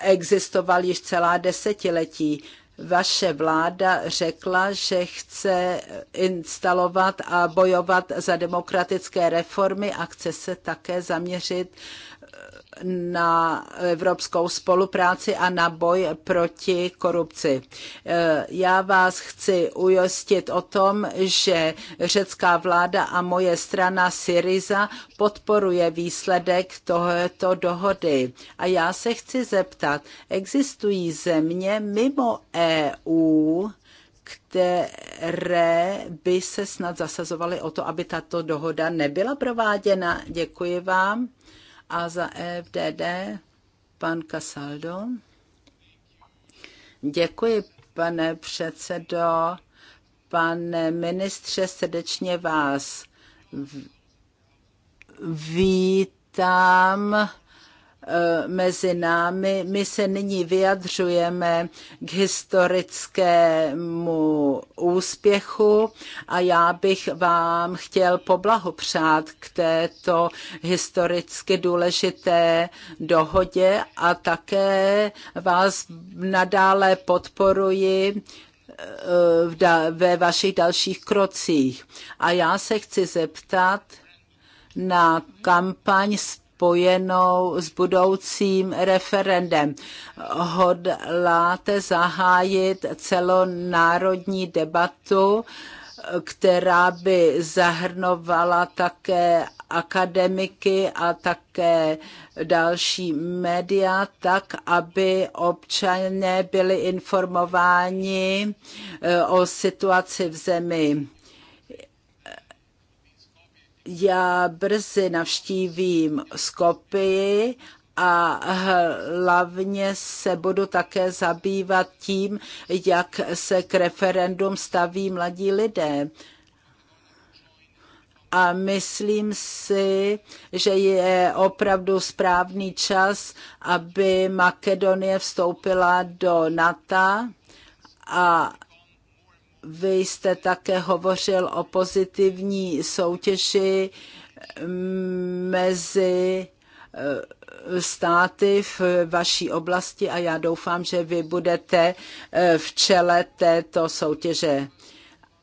existoval již celá desetiletí vaše vláda řekla, že chce instalovat a bojovat za demokratické reformy a chce se také zaměřit na evropskou spolupráci a na boj proti korupci. E, já vás chci ujistit o tom, že řecká vláda a moje strana Syriza podporuje výsledek tohoto dohody. A já se chci zeptat, existují země mimo EU, které by se snad zasazovaly o to, aby tato dohoda nebyla prováděna. Děkuji vám a za e FDD pan Casaldo. Děkuji, pane předsedo. Pane ministře, srdečně vás vítám Eh, mezi námi. My se nyní vyjadřujeme k historickému úspěchu a já bych vám chtěl poblahopřát k této historicky důležité dohodě a také vás nadále podporuji eh, ve vašich dalších krocích. A já se chci zeptat na kampaň spojenou s budoucím referendem. Hodláte zahájit celonárodní debatu, která by zahrnovala také akademiky a také další média, tak aby občané byli informováni eh, o situaci v zemi. Já brzy navštívím Skopii a hlavně se budu také zabývat tím, jak se k referendum staví mladí lidé. A myslím si, že je opravdu správný čas, aby Makedonie vstoupila do NATO a vy jste také hovořil o pozitivní soutěži mm, mezi e, státy v vaší oblasti a já doufám, že vy budete e, v čele této soutěže.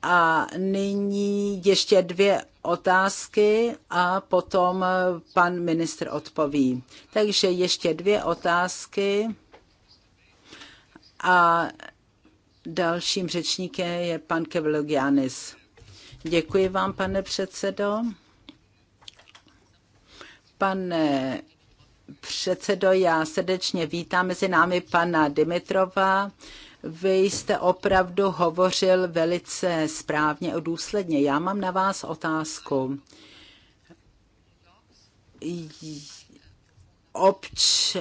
A nyní ještě dvě otázky a potom pan ministr odpoví. Takže ještě dvě otázky a Dalším řečníkem je pan Kevlogianis. Děkuji vám, pane předsedo. Pane předsedo, já srdečně vítám mezi námi pana Dimitrova. Vy jste opravdu hovořil velice správně a důsledně. Já mám na vás otázku. Obč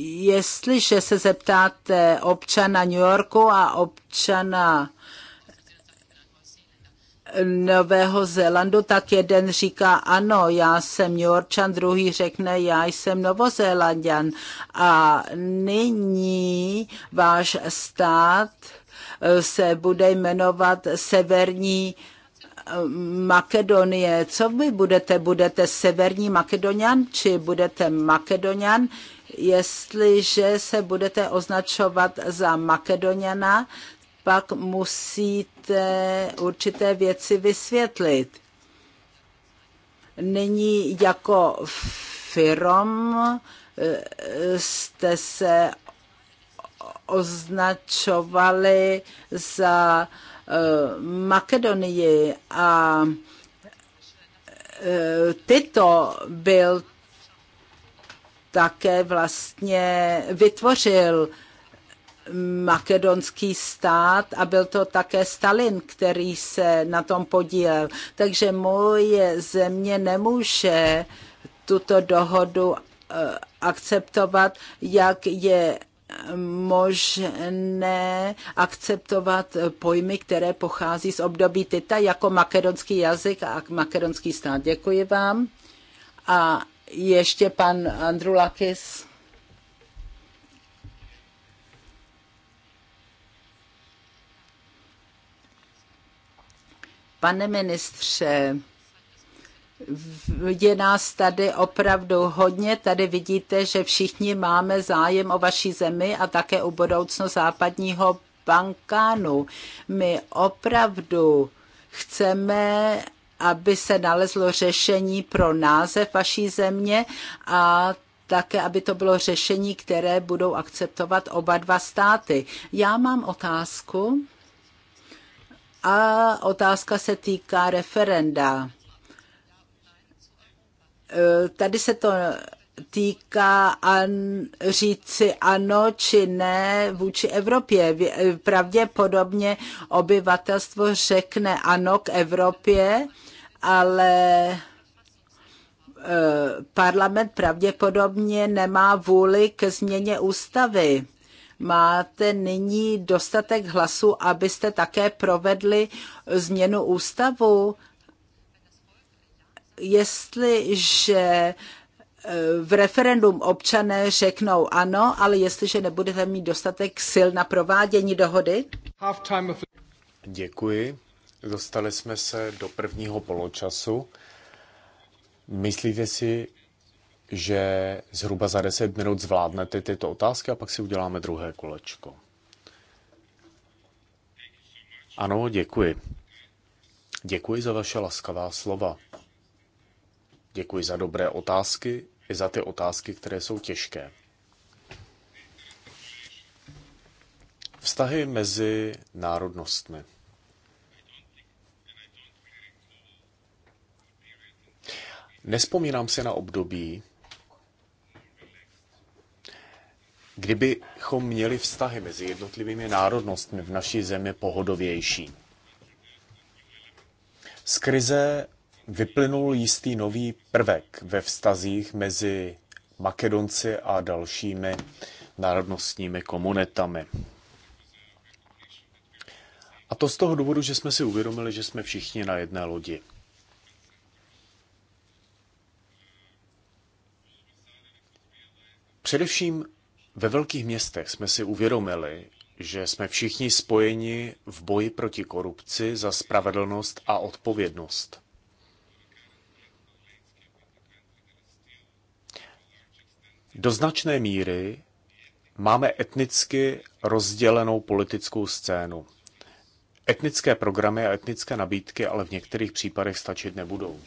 jestliže se zeptáte občana New Yorku a občana Nového Zélandu, tak jeden říká ano, já jsem New Yorkčan, druhý řekne, já jsem Novozélandian. A nyní váš stát se bude jmenovat Severní eh, Makedonie. Co vy budete? Budete Severní Makedonian či budete Makedonian? Jestliže se budete označovat za Makedoniana, pak musíte určité věci vysvětlit. Nyní jako firm eh, jste se označovali za eh, Makedonii a eh, Tito byl také vlastně vytvořil makedonský stát a byl to také Stalin, který se na tom podílel. Takže moje země nemůže tuto dohodu eh, akceptovat, jak je možné akceptovat pojmy, které pochází z období Tita, jako makedonský jazyk a makedonský stát. Děkuji vám. A ještě pan Andrulakis. Pane ministře, je nás tady opravdu hodně. Tady vidíte, že všichni máme zájem o vaší zemi a také o budoucnost západního bankánu. My opravdu chceme aby se nalezlo řešení pro název vaší země a také, aby to bylo řešení, které budou akceptovat oba dva státy. Já mám otázku a otázka se týká referenda. Eh, tady se to týká an, říci ano či ne vůči Evropě. Eh, pravděpodobně obyvatelstvo řekne ano k Evropě, ale eh, parlament pravděpodobně nemá vůli k změně ústavy. Máte nyní dostatek hlasu, abyste také provedli změnu ústavu? Jestliže eh, v referendum občané řeknou ano, ale jestliže nebudete mít dostatek sil na provádění dohody? Děkuji. Dostali jsme se do prvního poločasu. Myslíte si, že zhruba za 10 minut zvládnete tyto otázky a pak si uděláme druhé kolečko? Ano, děkuji. Děkuji za vaše laskavá slova. Děkuji za dobré otázky i za ty otázky, které jsou těžké. Vztahy mezi národnostmi. Nespomínám si na období, kdybychom měli vztahy mezi jednotlivými národnostmi v naší zemi pohodovější. Z krize vyplynul jistý nový prvek ve vztazích mezi Makedonci a dalšími národnostními komunitami. A to z toho důvodu, že jsme si uvědomili, že jsme všichni na jedné lodi – Především ve velkých městech jsme si uvědomili, že jsme všichni spojeni v boji proti korupci za spravedlnost a odpovědnost. Do značné míry máme etnicky rozdělenou politickou scénu. Etnické programy a etnické nabídky ale v některých případech stačit nebudou.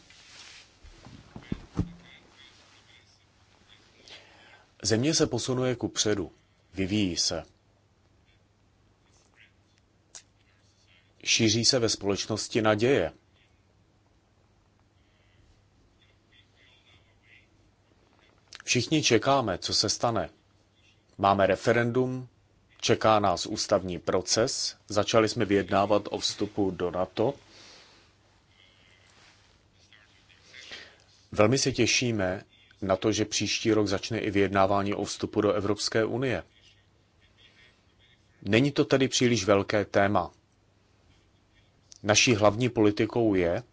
Země se posunuje ku předu, vyvíjí se. Šíří se ve společnosti naděje. Všichni čekáme, co se stane. Máme referendum, čeká nás ústavní proces, začali jsme vyjednávat o vstupu do NATO. Velmi se těšíme na to, že příští rok začne i vyjednávání o vstupu do Evropské unie. Není to tedy příliš velké téma. Naší hlavní politikou je,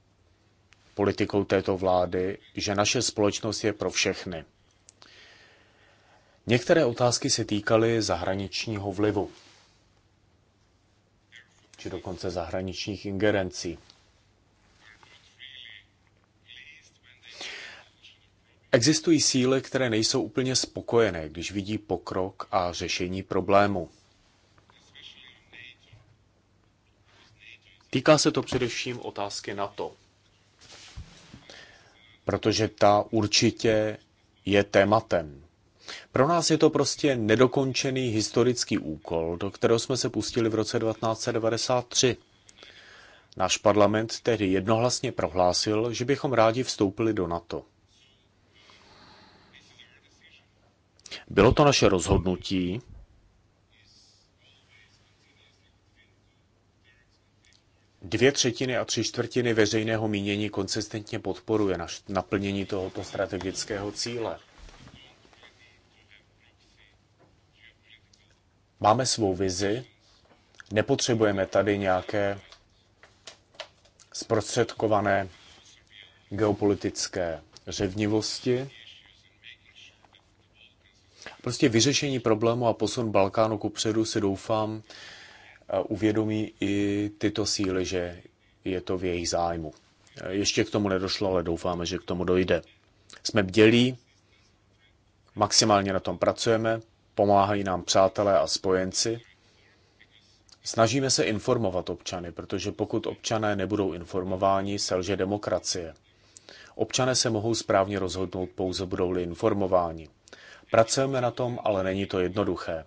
politikou této vlády, že naše společnost je pro všechny. Některé otázky se týkaly zahraničního vlivu, či dokonce zahraničních ingerencí. Existují síly, které nejsou úplně spokojené, když vidí pokrok a řešení problému. Týká se to především otázky NATO, protože ta určitě je tématem. Pro nás je to prostě nedokončený historický úkol, do kterého jsme se pustili v roce 1993. Náš parlament tehdy jednohlasně prohlásil, že bychom rádi vstoupili do NATO. Bylo to naše rozhodnutí. Dvě třetiny a tři čtvrtiny veřejného mínění konsistentně podporuje naš, naplnění tohoto strategického cíle. Máme svou vizi, nepotřebujeme tady nějaké zprostředkované geopolitické řevnivosti. Prostě vyřešení problému a posun Balkánu ku předu si doufám eh, uvědomí i tyto síly, že je to v jejich zájmu. Eh, ještě k tomu nedošlo, ale doufáme, že k tomu dojde. Jsme bdělí, maximálně na tom pracujeme, pomáhají nám přátelé a spojenci. Snažíme se informovat občany, protože pokud občané nebudou informováni, selže demokracie. Občané se mohou správně rozhodnout, pouze budou-li informováni. Pracujeme na tom, ale není to jednoduché.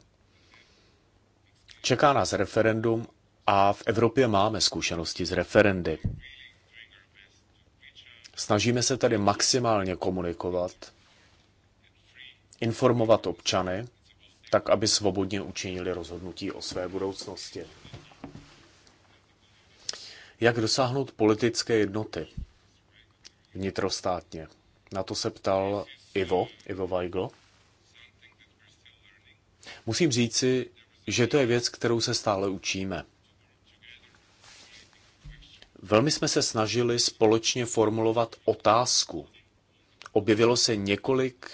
Čeká nás referendum a v Evropě máme zkušenosti s referendy. Snažíme se tedy maximálně komunikovat, informovat občany, tak aby svobodně učinili rozhodnutí o své budoucnosti. Jak dosáhnout politické jednoty vnitrostátně? Na to se ptal Ivo, Ivo Weigl. Musím říci, že to je věc, kterou se stále učíme. Velmi jsme se snažili společně formulovat otázku. Objevilo se několik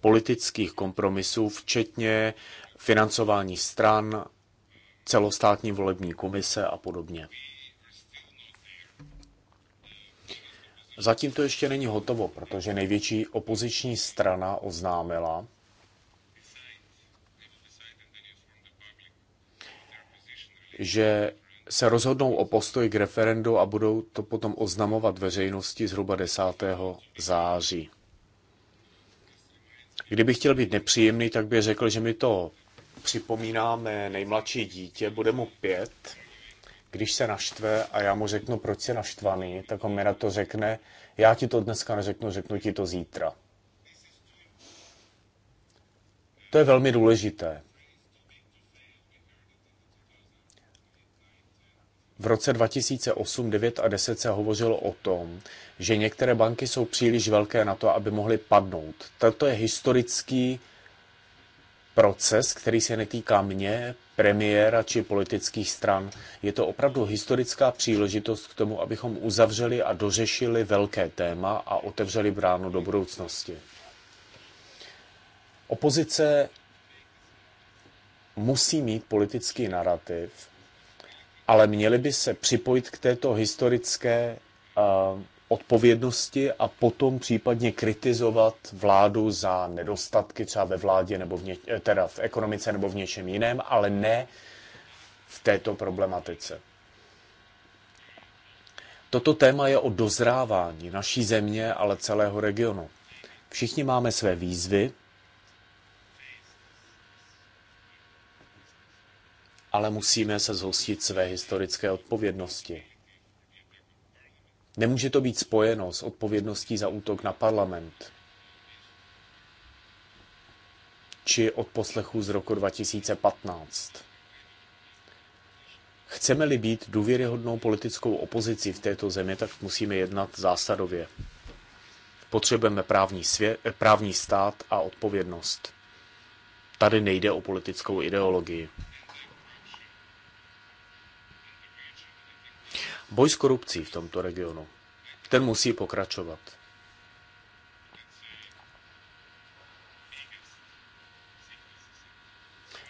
politických kompromisů, včetně financování stran, celostátní volební komise a podobně. Zatím to ještě není hotovo, protože největší opoziční strana oznámila, že se rozhodnou o postoj k referendu a budou to potom oznamovat veřejnosti zhruba 10. září. Kdyby chtěl být nepříjemný, tak by řekl, že mi to připomínáme nejmladší dítě, bude mu pět, když se naštve a já mu řeknu, proč se naštvaný, tak on mi na to řekne, já ti to dneska neřeknu, řeknu ti to zítra. To je velmi důležité. V roce 2008, 9 a 10 se hovořilo o tom, že některé banky jsou příliš velké na to, aby mohly padnout. Toto je historický proces, který se netýká mě, premiéra či politických stran. Je to opravdu historická příležitost k tomu, abychom uzavřeli a dořešili velké téma a otevřeli bránu do budoucnosti. Opozice musí mít politický narrativ, ale měli by se připojit k této historické eh, odpovědnosti a potom případně kritizovat vládu za nedostatky třeba ve vládě nebo v, ně, eh, teda v ekonomice nebo v něčem jiném, ale ne v této problematice. Toto téma je o dozrávání naší země, ale celého regionu. Všichni máme své výzvy, ale musíme se zhostit své historické odpovědnosti. Nemůže to být spojeno s odpovědností za útok na parlament či od poslechu z roku 2015. Chceme-li být důvěryhodnou politickou opozicí v této zemi, tak musíme jednat zásadově. Potřebujeme právní, svět, právní stát a odpovědnost. Tady nejde o politickou ideologii. Boj s korupcí v tomto regionu, ten musí pokračovat.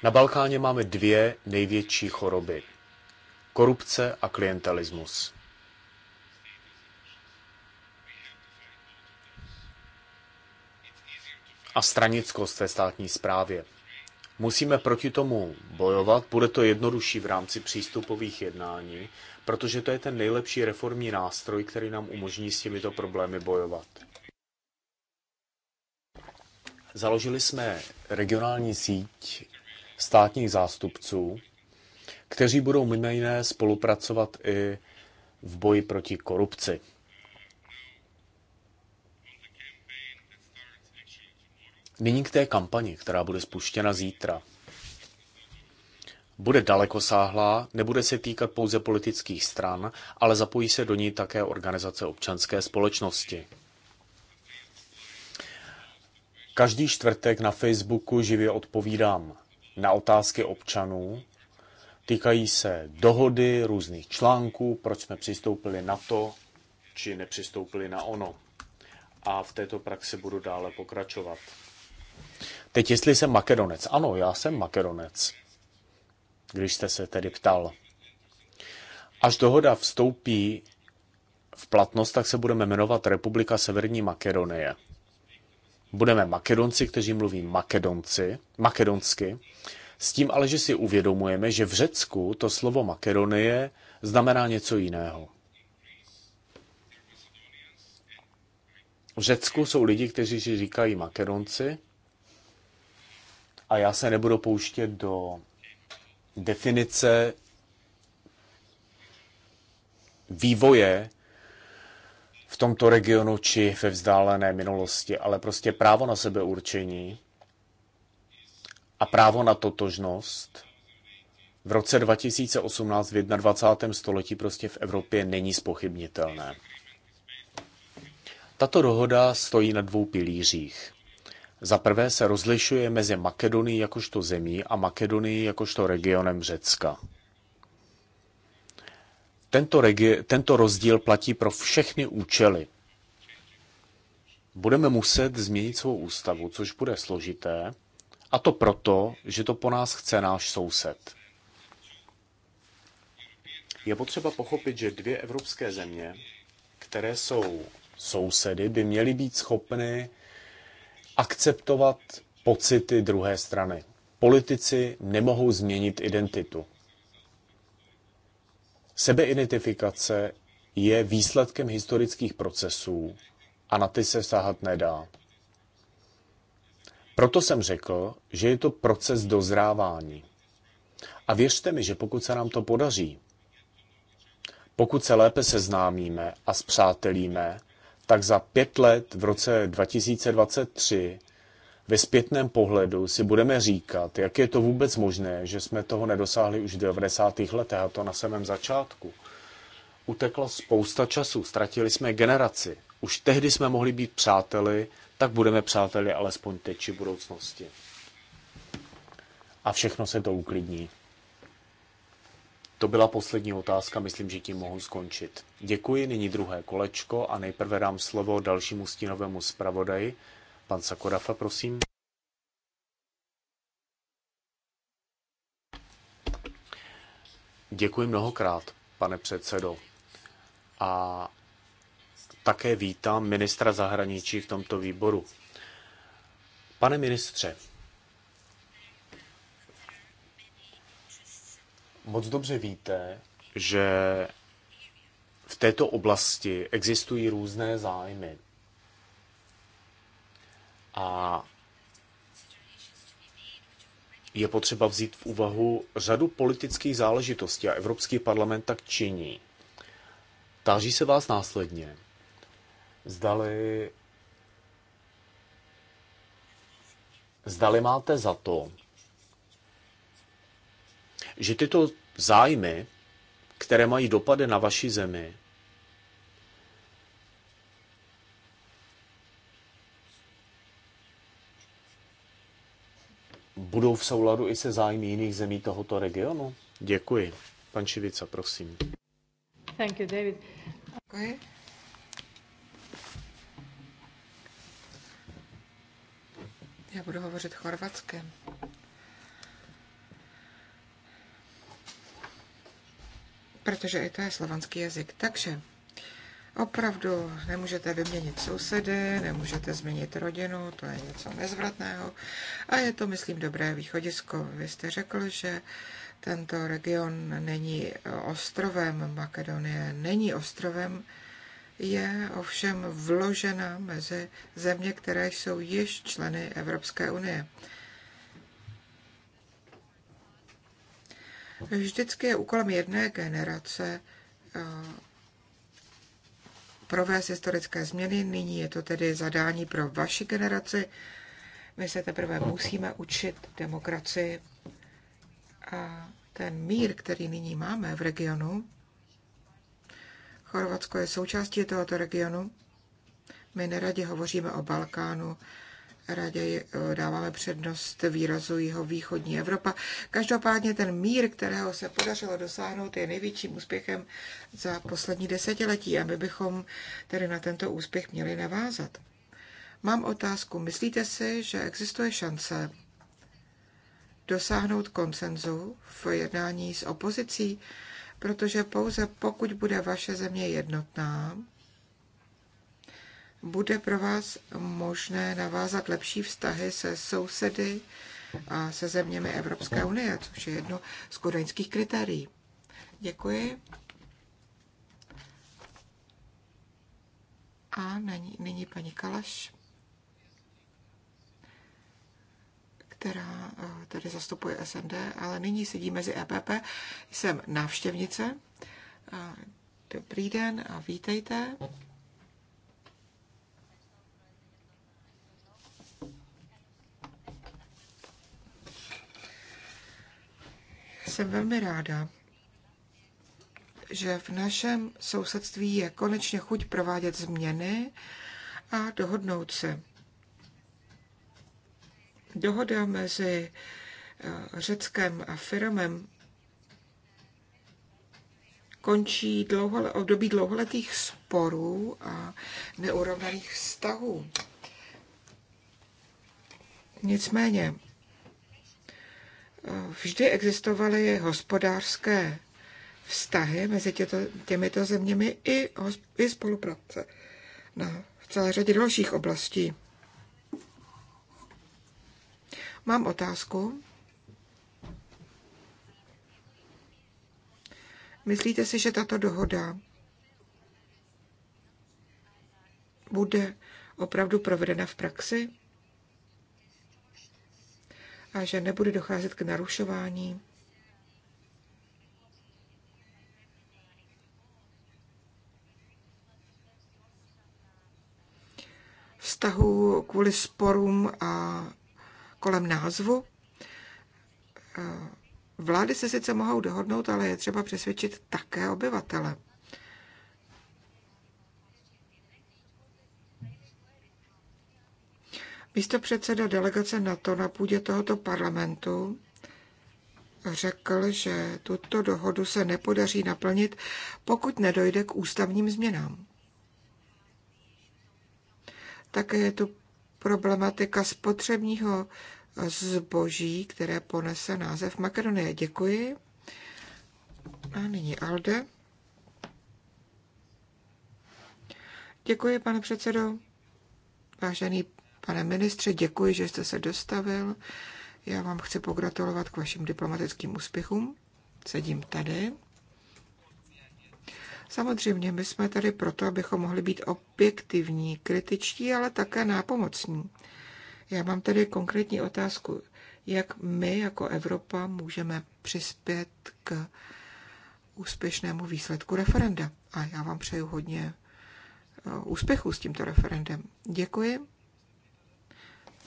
Na Balkáně máme dvě největší choroby. Korupce a klientelismus. A stranickost ve státní správě. Musíme proti tomu bojovat, bude to jednodušší v rámci přístupových jednání, protože to je ten nejlepší reformní nástroj, který nám umožní s těmito problémy bojovat. Založili jsme regionální síť státních zástupců, kteří budou mimo jiné spolupracovat i v boji proti korupci. Nyní k té kampani, která bude spuštěna zítra. Bude dalekosáhlá, nebude se týkat pouze politických stran, ale zapojí se do ní také organizace občanské společnosti. Každý čtvrtek na Facebooku živě odpovídám na otázky občanů. Týkají se dohody, různých článků, proč jsme přistoupili na to, či nepřistoupili na ono. A v této praxi budu dále pokračovat. Teď jestli jsem Makedonec. Ano, já jsem Makedonec, když jste se tedy ptal. Až dohoda vstoupí v platnost, tak se budeme jmenovat Republika Severní Makedonie. Budeme Makedonci, kteří mluví makedonci, makedonsky, s tím ale, že si uvědomujeme, že v Řecku to slovo Makedonie znamená něco jiného. V Řecku jsou lidi, kteří si říkají Makedonci, a já se nebudu pouštět do definice vývoje v tomto regionu či ve vzdálené minulosti, ale prostě právo na sebeurčení a právo na totožnost v roce 2018 v 21. století prostě v Evropě není spochybnitelné. Tato dohoda stojí na dvou pilířích. Za prvé se rozlišuje mezi Makedonii jakožto zemí a Makedonii jakožto regionem Řecka. Tento, regi- tento rozdíl platí pro všechny účely. Budeme muset změnit svou ústavu, což bude složité, a to proto, že to po nás chce náš soused. Je potřeba pochopit, že dvě evropské země, které jsou sousedy, by měly být schopny akceptovat pocity druhé strany. Politici nemohou změnit identitu. Sebeidentifikace je výsledkem historických procesů a na ty se sahat nedá. Proto jsem řekl, že je to proces dozrávání. A věřte mi, že pokud se nám to podaří, pokud se lépe seznámíme a zpřátelíme, tak za pět let v roce 2023 ve zpětném pohledu si budeme říkat, jak je to vůbec možné, že jsme toho nedosáhli už v 90. letech a to na samém začátku. Utekla spousta času, ztratili jsme generaci. Už tehdy jsme mohli být přáteli, tak budeme přáteli alespoň teď či budoucnosti. A všechno se to uklidní. To byla poslední otázka, myslím, že tím mohu skončit. Děkuji, nyní druhé kolečko a nejprve dám slovo dalšímu stínovému zpravodaji. Pan Sakorafa, prosím. Děkuji mnohokrát, pane předsedo. A také vítám ministra zahraničí v tomto výboru. Pane ministře, Moc dobře víte, že v této oblasti existují různé zájmy. A je potřeba vzít v úvahu řadu politických záležitostí a Evropský parlament tak činí. Táží se vás následně. Zdali, zdali máte za to, že tyto zájmy, které mají dopady na vaši zemi, budou v souladu i se zájmy jiných zemí tohoto regionu? Děkuji. Pan Šivica, prosím. Thank you, David. Děkuji. Já budu hovořit chorvatském. protože i to je slovanský jazyk. Takže opravdu nemůžete vyměnit sousedy, nemůžete změnit rodinu, to je něco nezvratného a je to, myslím, dobré východisko. Vy jste řekl, že tento region není ostrovem, Makedonie není ostrovem, je ovšem vložena mezi země, které jsou již členy Evropské unie. Vždycky je úkolem jedné generace eh, provést historické změny. Nyní je to tedy zadání pro vaši generaci. My se teprve musíme učit demokracii a ten mír, který nyní máme v regionu, Chorvatsko je součástí tohoto regionu. My neradě hovoříme o Balkánu, raději eh, dáváme přednost výrazu jeho východní Evropa. Každopádně ten mír, kterého se podařilo dosáhnout, je největším úspěchem za poslední desetiletí a my bychom tedy na tento úspěch měli navázat. Mám otázku. Myslíte si, že existuje šance dosáhnout konsenzu v jednání s opozicí? Protože pouze pokud bude vaše země jednotná, bude pro vás možné navázat lepší vztahy se sousedy a se zeměmi Evropské unie, což je jedno z kodaňských kritérií. Děkuji. A nyní, nyní paní Kalaš, která eh, tady zastupuje SND, ale nyní sedí mezi EPP. Jsem návštěvnice. Eh, dobrý den a vítejte. jsem velmi ráda, že v našem sousedství je konečně chuť provádět změny a dohodnout se. Dohoda mezi eh, Řeckem a Firmem končí dlouho, období dlouholetých sporů a neurovnaných vztahů. Nicméně vždy existovaly hospodářské vztahy mezi těto, těmito zeměmi i, i spolupráce na celé řadě dalších oblastí. Mám otázku. Myslíte si, že tato dohoda bude opravdu provedena v praxi? a že nebude docházet k narušování vztahu kvůli sporům a kolem názvu. Vlády se sice mohou dohodnout, ale je třeba přesvědčit také obyvatele. Místo předseda delegace NATO na půdě tohoto parlamentu řekl, že tuto dohodu se nepodaří naplnit, pokud nedojde k ústavním změnám. Také je tu problematika spotřebního zboží, které ponese název Makedonie. Děkuji. A nyní Alde. Děkuji, pane předsedo. Vážený Pane ministře, děkuji, že jste se dostavil. Já vám chci pogratulovat k vašim diplomatickým úspěchům. Sedím tady. Samozřejmě, my jsme tady proto, abychom mohli být objektivní, kritičtí, ale také nápomocní. Já mám tady konkrétní otázku. Jak my jako Evropa můžeme přispět k úspěšnému výsledku referenda? A já vám přeju hodně eh, úspěchů s tímto referendem. Děkuji.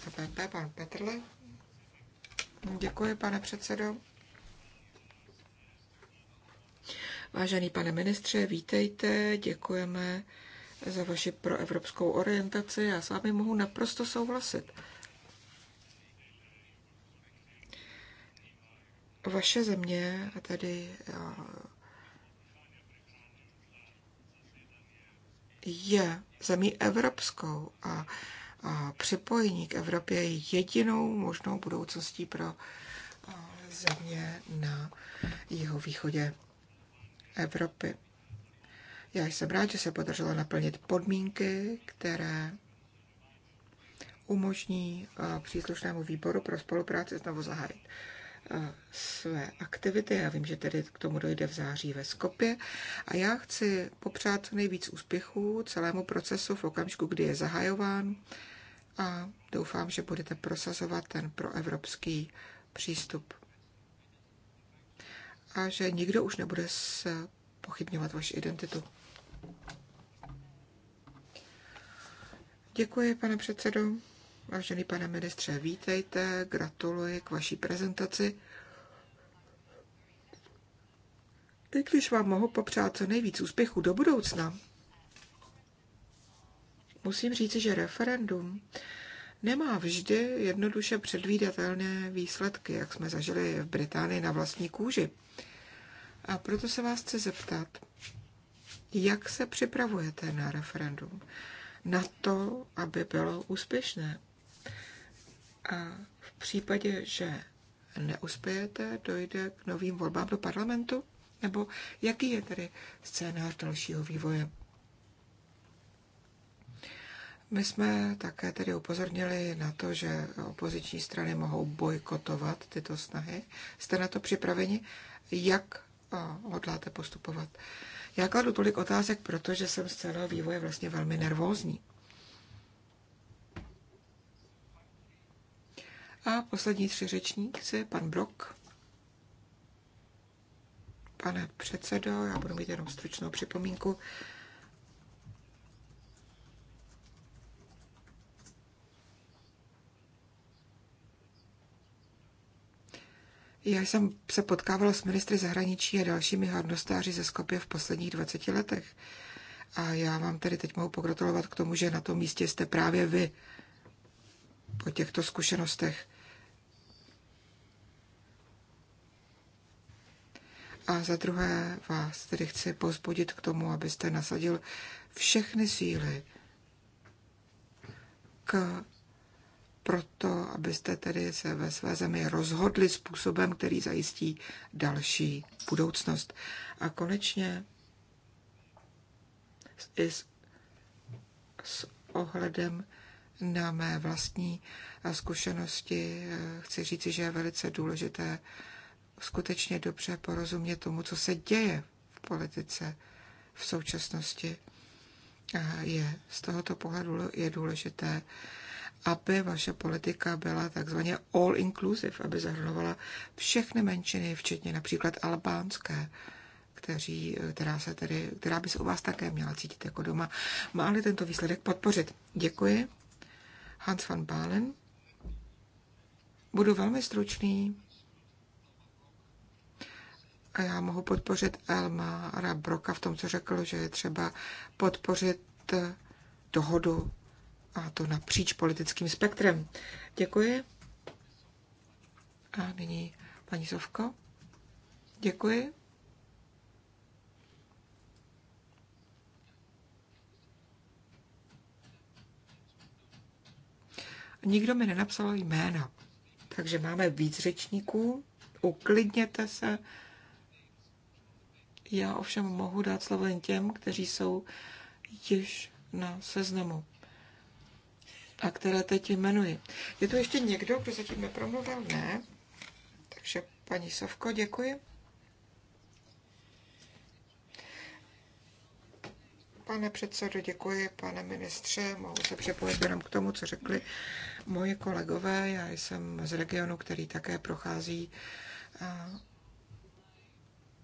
CPP, pan Petrle. Děkuji, pane předsedo. Vážený pane ministře, vítejte, děkujeme za vaši proevropskou orientaci. Já s vámi mohu naprosto souhlasit. Vaše země, a tady je zemí evropskou a připojení k Evropě je jedinou možnou budoucností pro země na jeho východě Evropy. Já jsem rád, že se podařilo naplnit podmínky, které umožní příslušnému výboru pro spolupráci znovu zahájit své aktivity. Já vím, že tedy k tomu dojde v září ve Skopě a já chci popřát nejvíc úspěchů celému procesu v okamžiku, kdy je zahajován a doufám, že budete prosazovat ten proevropský přístup. A že nikdo už nebude pochybňovat vaši identitu. Děkuji, pane předsedo. Vážený pane ministře, vítejte, gratuluji k vaší prezentaci. I když vám mohu popřát co nejvíc úspěchu do budoucna, musím říci, že referendum nemá vždy jednoduše předvídatelné výsledky, jak jsme zažili v Británii na vlastní kůži. A proto se vás chci zeptat, jak se připravujete na referendum? Na to, aby bylo úspěšné. A v případě, že neuspějete, dojde k novým volbám do parlamentu? Nebo jaký je tedy scénář dalšího vývoje? My jsme také tedy upozornili na to, že opoziční strany mohou bojkotovat tyto snahy. Jste na to připraveni? Jak hodláte postupovat? Já kladu tolik otázek, protože jsem z celého vývoje vlastně velmi nervózní. A poslední tři řečníci, pan Brok. Pane předsedo, já budu mít jenom stručnou připomínku. Já jsem se potkávala s ministry zahraničí a dalšími hodnostáři ze Skopje v posledních 20 letech. A já vám tedy teď mohu pogratulovat k tomu, že na tom místě jste právě vy po těchto zkušenostech. A za druhé vás tedy chci pozbudit k tomu, abyste nasadil všechny síly k proto, abyste tedy se ve své zemi rozhodli způsobem, který zajistí další budoucnost. A konečně i s, s ohledem na mé vlastní zkušenosti eh, chci říci, že je velice důležité skutečně dobře porozumět tomu, co se děje v politice v současnosti. Eh, je z tohoto pohledu je důležité aby vaše politika byla takzvaně all inclusive, aby zahrnovala všechny menšiny, včetně například albánské, kteří, eh, která, se tedy, která by se u vás také měla cítit jako doma. Má-li tento výsledek podpořit? Děkuji. Hans van Balen. Budu velmi stručný. A já mohu podpořit Elmara Broka v tom, co řekl, že je třeba podpořit eh, dohodu a to napříč politickým spektrem. Děkuji. A nyní paní Sovko. Děkuji. Nikdo mi nenapsal jména, takže máme víc řečníků. Uklidněte se. Já ovšem mohu dát slovo jen těm, kteří jsou již na seznamu a které teď jmenuji. Je tu ještě někdo, kdo zatím nepromluvil? Ne. Takže paní Sovko, děkuji. Pane předsedo, děkuji, pane ministře. Mohu se připojit jenom k tomu, co řekli moji kolegové. Já jsem z regionu, který také prochází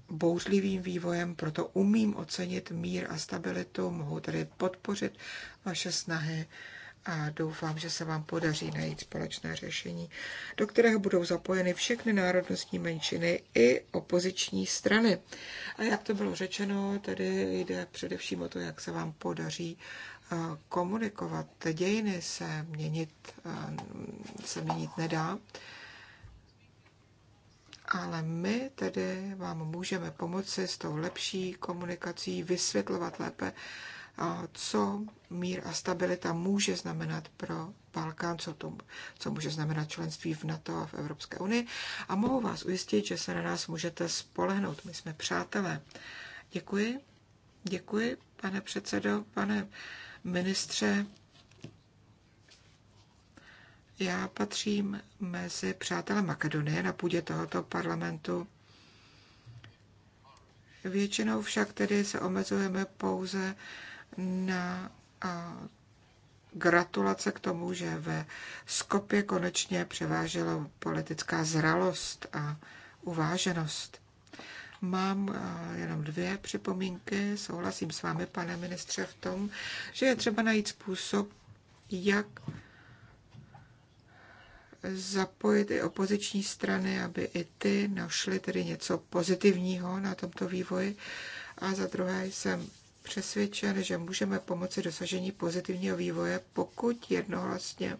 bouřlivým vývojem, proto umím ocenit mír a stabilitu, mohu tedy podpořit vaše snahy a doufám, že se vám podaří najít společné řešení, do kterého budou zapojeny všechny národnostní menšiny i opoziční strany. A jak to bylo řečeno, tedy jde především o to, jak se vám podaří eh, komunikovat. Dějiny se měnit, eh, se měnit nedá, ale my tedy vám můžeme pomoci s tou lepší komunikací, vysvětlovat lépe, co mír a stabilita může znamenat pro Balkán, co, to, co může znamenat členství v NATO a v Evropské unii. A mohu vás ujistit, že se na nás můžete spolehnout. My jsme přátelé. Děkuji. Děkuji, pane předsedo, pane ministře. Já patřím mezi přátelé Makedonie na půdě tohoto parlamentu. Většinou však tedy se omezujeme pouze na gratulace k tomu, že ve Skopě konečně převážela politická zralost a uváženost. Mám jenom dvě připomínky. Souhlasím s vámi, pane ministře, v tom, že je třeba najít způsob, jak zapojit i opoziční strany, aby i ty našly tedy něco pozitivního na tomto vývoji. A za druhé jsem přesvědčen, že můžeme pomoci dosažení pozitivního vývoje, pokud jednohlasně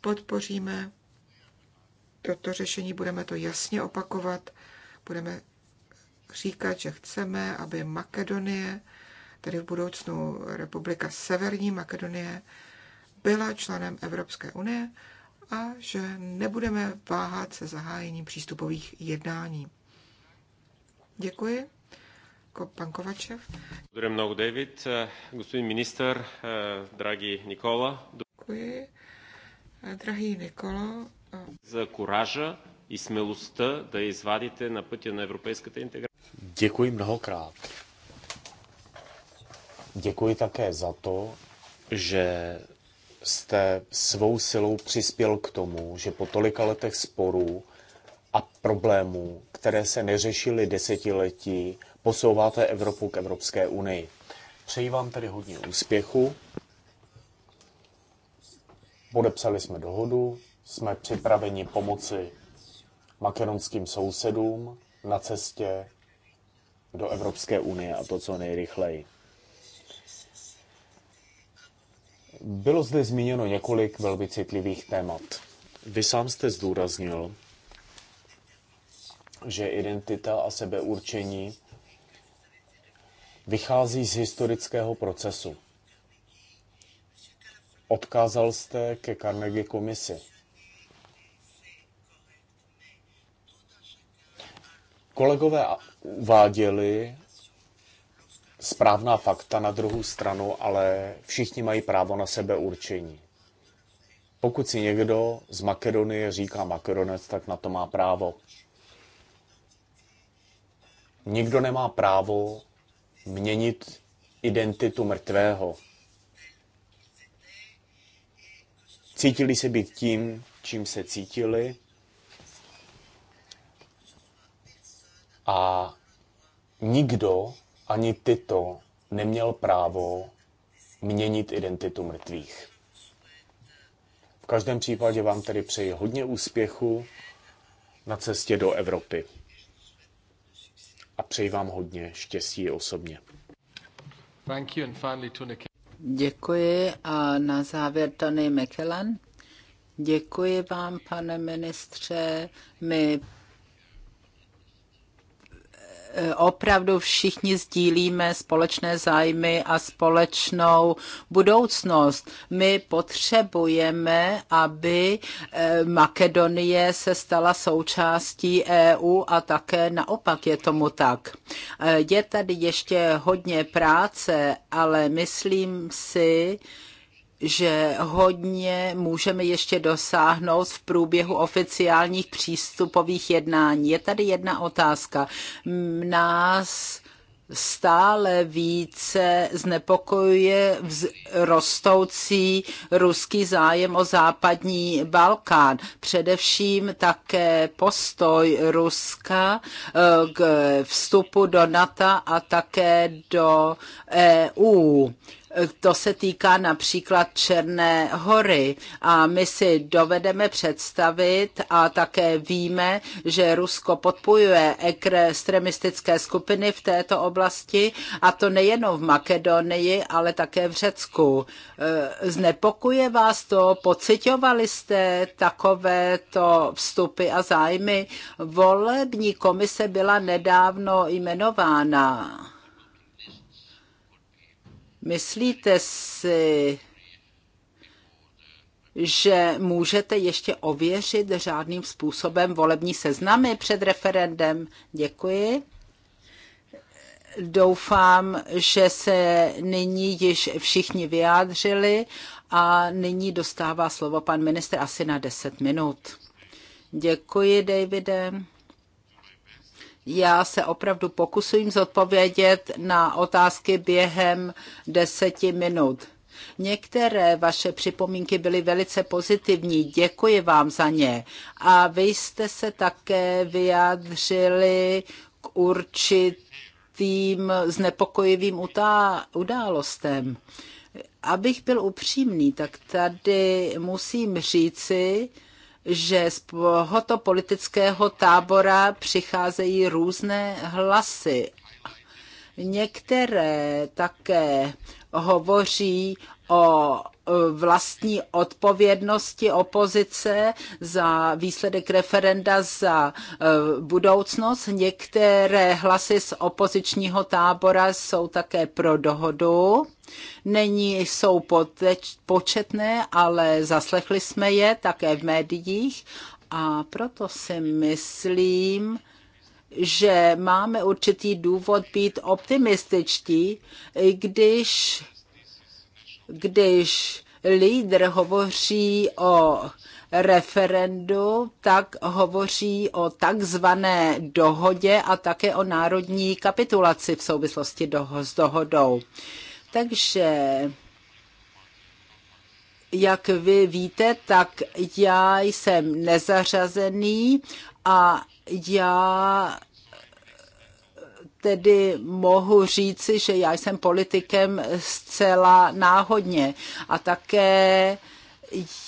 podpoříme toto řešení, budeme to jasně opakovat, budeme říkat, že chceme, aby Makedonie, tedy v budoucnu Republika Severní Makedonie, byla členem Evropské unie a že nebudeme váhat se zahájením přístupových jednání. Děkuji pan Kovačev. mnoho, David. Eh, gospodin minister, eh, Nikola. Děkuji. Eh, drahý Nikolo. Za kuráža i smělost, da na na Děkuji mnohokrát. Děkuji také za to, že jste svou silou přispěl k tomu, že po tolika letech sporů a problémů, které se neřešily desetiletí, posouváte Evropu k Evropské unii. Přeji vám tedy hodně úspěchu. Podepsali jsme dohodu, jsme připraveni pomoci makedonským sousedům na cestě do Evropské unie a to co nejrychleji. Bylo zde zmíněno několik velmi citlivých témat. Vy sám jste zdůraznil, že identita a sebeurčení vychází z historického procesu. Odkázal jste ke Carnegie komisi. Kolegové uváděli správná fakta na druhou stranu, ale všichni mají právo na sebe určení. Pokud si někdo z Makedonie říká Makedonec, tak na to má právo. Nikdo nemá právo měnit identitu mrtvého. Cítili se být tím, čím se cítili a nikdo, ani tyto, neměl právo měnit identitu mrtvých. V každém případě vám tedy přeji hodně úspěchu na cestě do Evropy a přeji vám hodně štěstí osobně. Thank you and finally Děkuji a na závěr Tony McKellen. Děkuji vám, pane ministře. My opravdu všichni sdílíme společné zájmy a společnou budoucnost. My potřebujeme, aby eh, Makedonie se stala součástí EU a také naopak je tomu tak. Eh, je tady ještě hodně práce, ale myslím si, že hodně můžeme ještě dosáhnout v průběhu oficiálních přístupových jednání. Je tady jedna otázka. Nás stále více znepokojuje rostoucí ruský zájem o západní Balkán. Především také postoj Ruska eh, k vstupu do NATO a také do EU. To se týká například Černé hory a my si dovedeme představit a také víme, že Rusko podpojuje extremistické skupiny v této oblasti a to nejenom v Makedonii, ale také v Řecku. E, znepokuje vás to? Pocitovali jste takovéto vstupy a zájmy? Volební komise byla nedávno jmenována Myslíte si, že můžete ještě ověřit řádným způsobem volební seznamy před referendem? Děkuji. Doufám, že se nyní již všichni vyjádřili a nyní dostává slovo pan ministr asi na 10 minut. Děkuji, Davide. Já se opravdu pokusím zodpovědět na otázky během deseti minut. Některé vaše připomínky byly velice pozitivní, děkuji vám za ně. A vy jste se také vyjádřili k určitým znepokojivým událostem. Abych byl upřímný, tak tady musím říci, že z tohoto politického tábora přicházejí různé hlasy. Některé také hovoří o e, vlastní odpovědnosti opozice za výsledek referenda za e, budoucnost. Některé hlasy z opozičního tábora jsou také pro dohodu. Není, jsou početné, ale zaslechli jsme je také v médiích a proto si myslím, že máme určitý důvod být optimističtí, i když když lídr hovoří o referendu, tak hovoří o takzvané dohodě a také o národní kapitulaci v souvislosti doho- s dohodou. Takže jak vy víte, tak já jsem nezařazený a já tedy mohu říci, že já jsem politikem zcela náhodně a také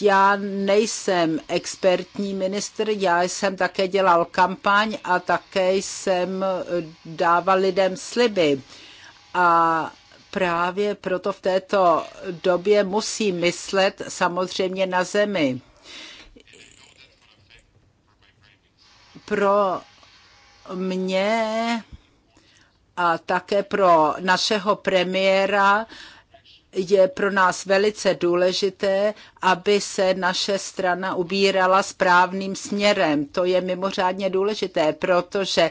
já nejsem expertní ministr, já jsem také dělal kampaň a také jsem dával lidem sliby. A právě proto v této době musí myslet samozřejmě na zemi. Pro mě a také pro našeho premiéra je pro nás velice důležité, aby se naše strana ubírala správným směrem. To je mimořádně důležité, protože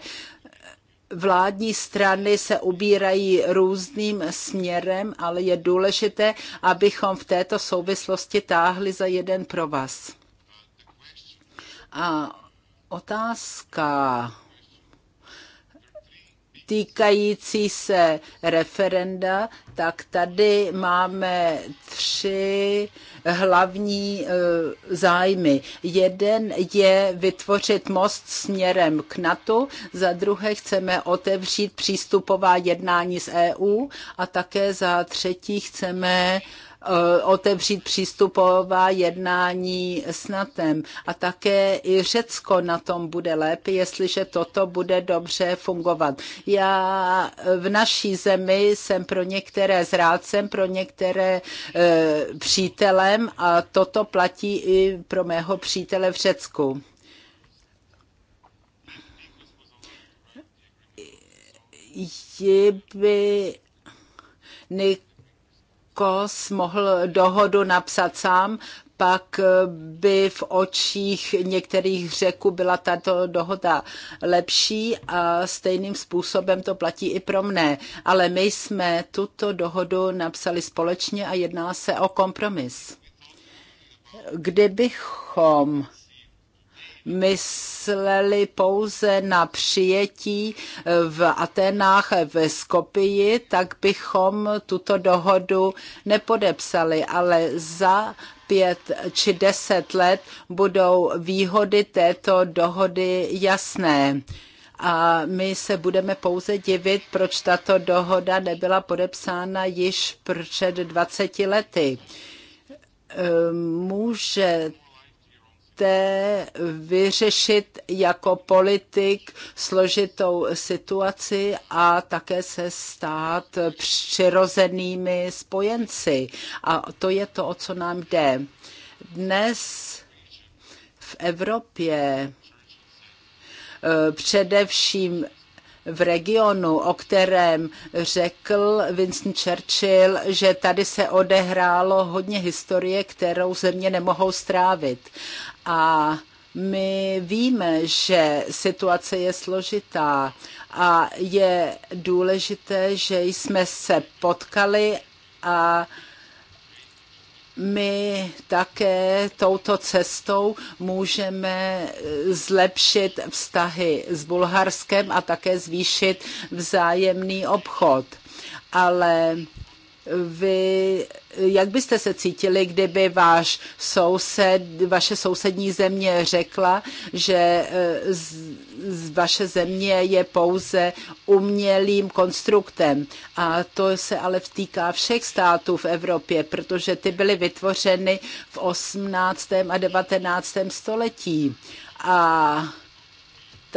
vládní strany se ubírají různým směrem, ale je důležité, abychom v této souvislosti táhli za jeden provaz. A otázka týkající se referenda, tak tady máme tři hlavní eh, zájmy. Jeden je vytvořit most směrem k NATO, za druhé chceme otevřít přístupová jednání s EU a také za třetí chceme e, Eh, otevřít přístupová jednání s NATEM. A také i Řecko na tom bude lépe, jestliže toto bude dobře fungovat. Já eh, v naší zemi jsem pro některé zrádcem, pro některé e, přítelem a toto platí i pro mého přítele v Řecku. by Nik Kos mohl dohodu napsat sám, pak by v očích některých řeků byla tato dohoda lepší a stejným způsobem to platí i pro mne. Ale my jsme tuto dohodu napsali společně a jedná se o kompromis. Kdybychom mysleli pouze na přijetí eh, v Atenách eh, ve Skopii, tak bychom tuto dohodu nepodepsali, ale za pět či deset let budou výhody této dohody jasné a my se budeme pouze divit, proč tato dohoda nebyla podepsána již před 20 lety. Eh, může musíte vyřešit jako politik složitou situaci a také se stát přirozenými spojenci. A to je to, o co nám jde. Dnes v Evropě eh, především v regionu, o kterém řekl Winston Churchill, že tady se odehrálo hodně historie, kterou země nemohou strávit. A my víme, že situace je složitá a je důležité, že jsme se potkali a my také touto cestou můžeme zlepšit vztahy s Bulharskem a také zvýšit vzájemný obchod. Ale vy, jak byste se cítili, kdyby váš soused, vaše sousední země řekla, že e, z, z vaše země je pouze umělým konstruktem? A to se ale vtýká všech států v Evropě, protože ty byly vytvořeny v 18. a 19. století. A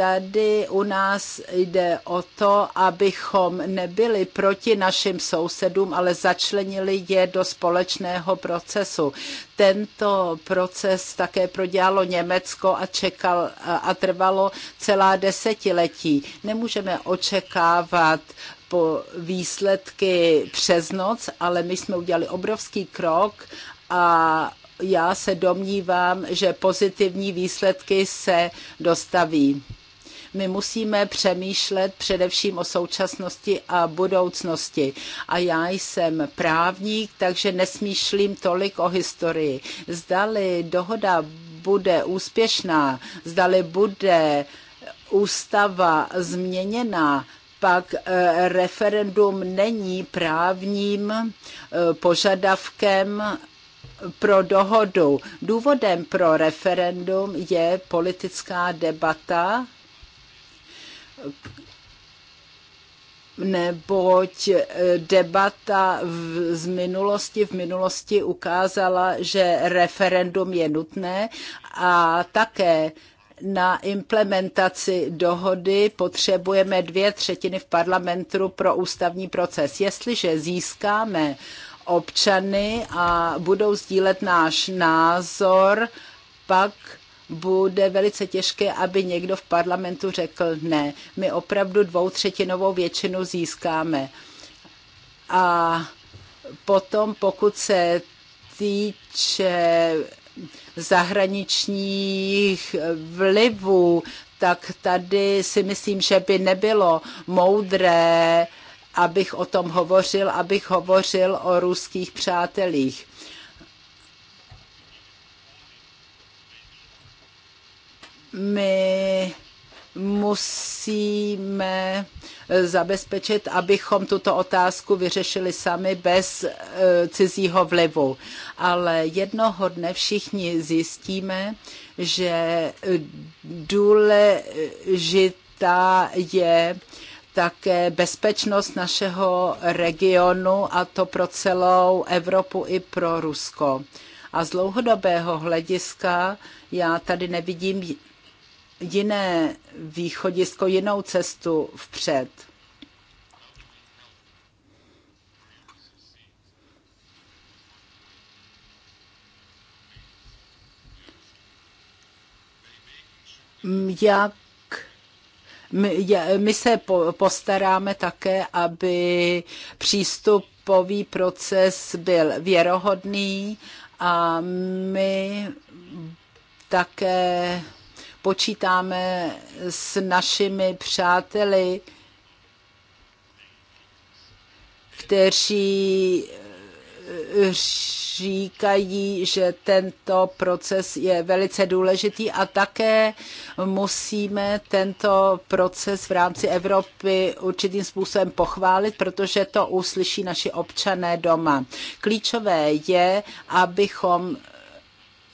Tady u nás jde o to, abychom nebyli proti našim sousedům, ale začlenili je do společného procesu. Tento proces také prodělalo Německo a, čekal, a trvalo celá desetiletí. Nemůžeme očekávat po výsledky přes noc, ale my jsme udělali obrovský krok a já se domnívám, že pozitivní výsledky se dostaví. My musíme přemýšlet především o současnosti a budoucnosti. A já jsem právník, takže nesmýšlím tolik o historii. Zdali dohoda bude úspěšná, zdali bude ústava změněná, pak eh, referendum není právním eh, požadavkem eh, pro dohodu. Důvodem pro referendum je politická debata neboť eh, debata v, z minulosti v minulosti ukázala, že referendum je nutné a také na implementaci dohody potřebujeme dvě třetiny v parlamentu pro ústavní proces. Jestliže získáme občany a budou sdílet náš názor, pak bude velice těžké, aby někdo v parlamentu řekl ne. My opravdu dvoutřetinovou většinu získáme. A potom, pokud se týče zahraničních vlivů, tak tady si myslím, že by nebylo moudré, abych o tom hovořil, abych hovořil o ruských přátelích. my musíme zabezpečit, abychom tuto otázku vyřešili sami bez e, cizího vlivu. Ale jednoho dne všichni zjistíme, že důležitá je také bezpečnost našeho regionu a to pro celou Evropu i pro Rusko. A z dlouhodobého hlediska já tady nevidím jiné východisko, jinou cestu vpřed. Jak my, se postaráme také, aby přístupový proces byl věrohodný a my také počítáme s našimi přáteli, kteří eh, říkají, že tento proces je velice důležitý a také musíme tento proces v rámci Evropy určitým způsobem pochválit, protože to uslyší naši občané doma. Klíčové je, abychom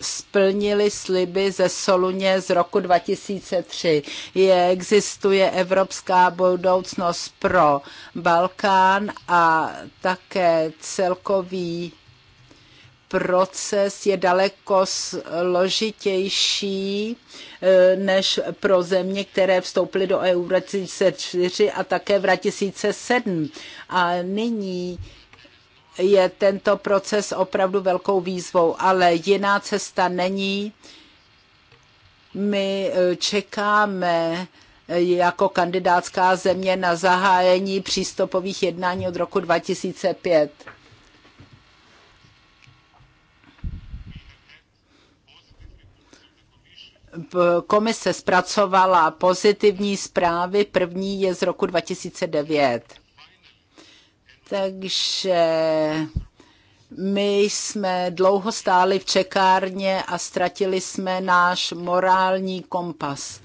splnili sliby ze Soluně z roku 2003. Je, existuje evropská budoucnost pro Balkán a také celkový proces je daleko složitější e, než pro země, které vstoupily do EU v 2004 a také v 2007. A nyní je tento proces opravdu velkou výzvou, ale jiná cesta není. My e, čekáme e, jako kandidátská země na zahájení přístupových jednání od roku 2005. Komise zpracovala pozitivní zprávy, první je z roku 2009 takže my jsme dlouho stáli v čekárně a ztratili jsme náš morální kompas.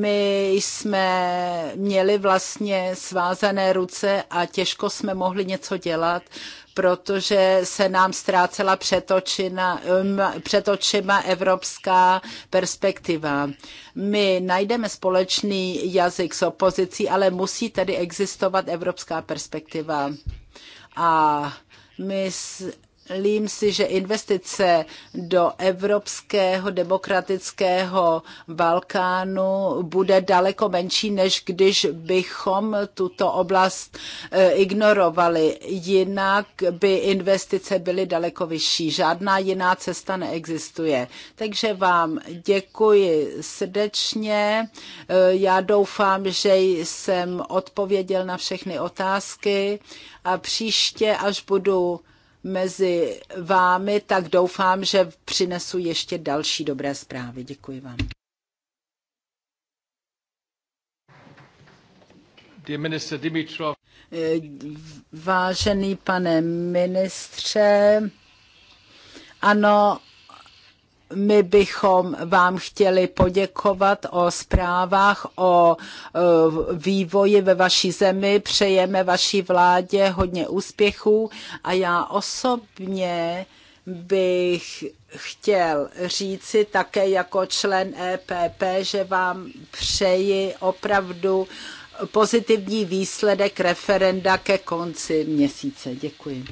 My jsme měli vlastně svázané ruce a těžko jsme mohli něco dělat, protože se nám ztrácela před um, očima evropská perspektiva. My najdeme společný jazyk s opozicí, ale musí tedy existovat evropská perspektiva. A my Myslím si, že investice do evropského demokratického Balkánu bude daleko menší, než když bychom tuto oblast e, ignorovali. Jinak by investice byly daleko vyšší. Žádná jiná cesta neexistuje. Takže vám děkuji srdečně. E, já doufám, že jsem odpověděl na všechny otázky a příště, až budu mezi vámi, tak doufám, že přinesu ještě další dobré zprávy. Děkuji vám. Vážený pane ministře, ano, my bychom vám chtěli poděkovat o zprávách o e, vývoji ve vaší zemi. Přejeme vaší vládě hodně úspěchů a já osobně bych chtěl říci také jako člen EPP, že vám přeji opravdu pozitivní výsledek referenda ke konci měsíce. Děkuji.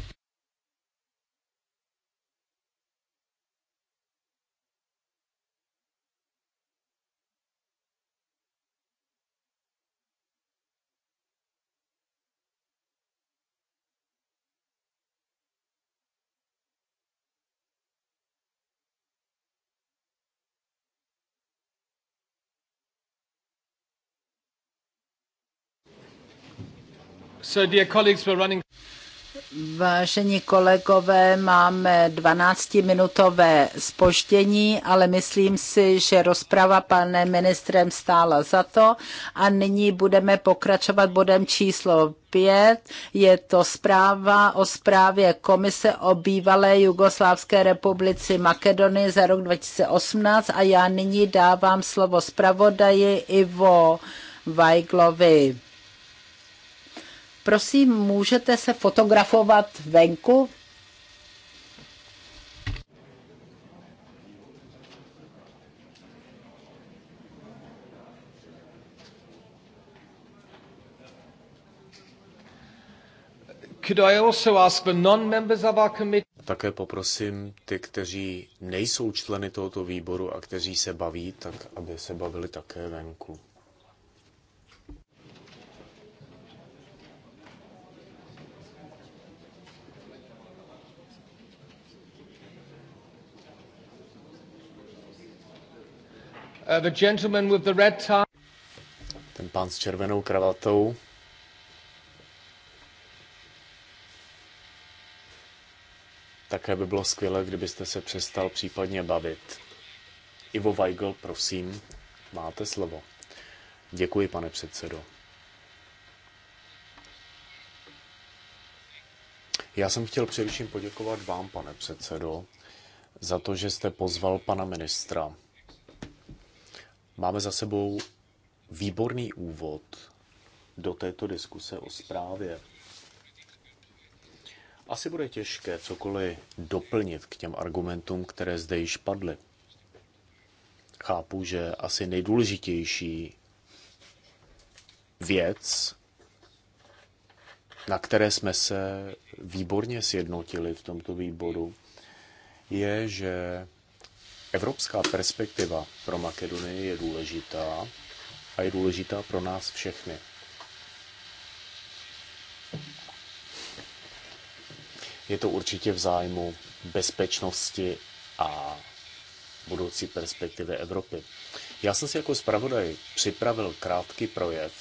So, dear colleagues, we're running... Vážení kolegové, máme 12-minutové spoždění, ale myslím si, že rozprava panem ministrem stála za to. A nyní budeme pokračovat bodem číslo 5. Je to zpráva o zprávě Komise o bývalé Jugoslávské republice Makedonie za rok 2018 a já nyní dávám slovo zpravodaji Ivo Vajglovi. Prosím, můžete se fotografovat venku? Také poprosím ty, kteří nejsou členy tohoto výboru a kteří se baví, tak aby se bavili také venku. Uh, the gentleman with the red tie. Ten pán s červenou kravatou. Také by bylo skvělé, kdybyste se přestal případně bavit. Ivo Weigl, prosím, máte slovo. Děkuji, pane předsedo. Já jsem chtěl především poděkovat vám, pane předsedo, za to, že jste pozval pana ministra Máme za sebou výborný úvod do této diskuse o zprávě. Asi bude těžké cokoliv doplnit k těm argumentům, které zde již padly. Chápu, že asi nejdůležitější věc, na které jsme se výborně sjednotili v tomto výboru, je, že Evropská perspektiva pro Makedonii je důležitá a je důležitá pro nás všechny. Je to určitě v zájmu bezpečnosti a budoucí perspektivy Evropy. Já jsem si jako zpravodaj připravil krátký projev,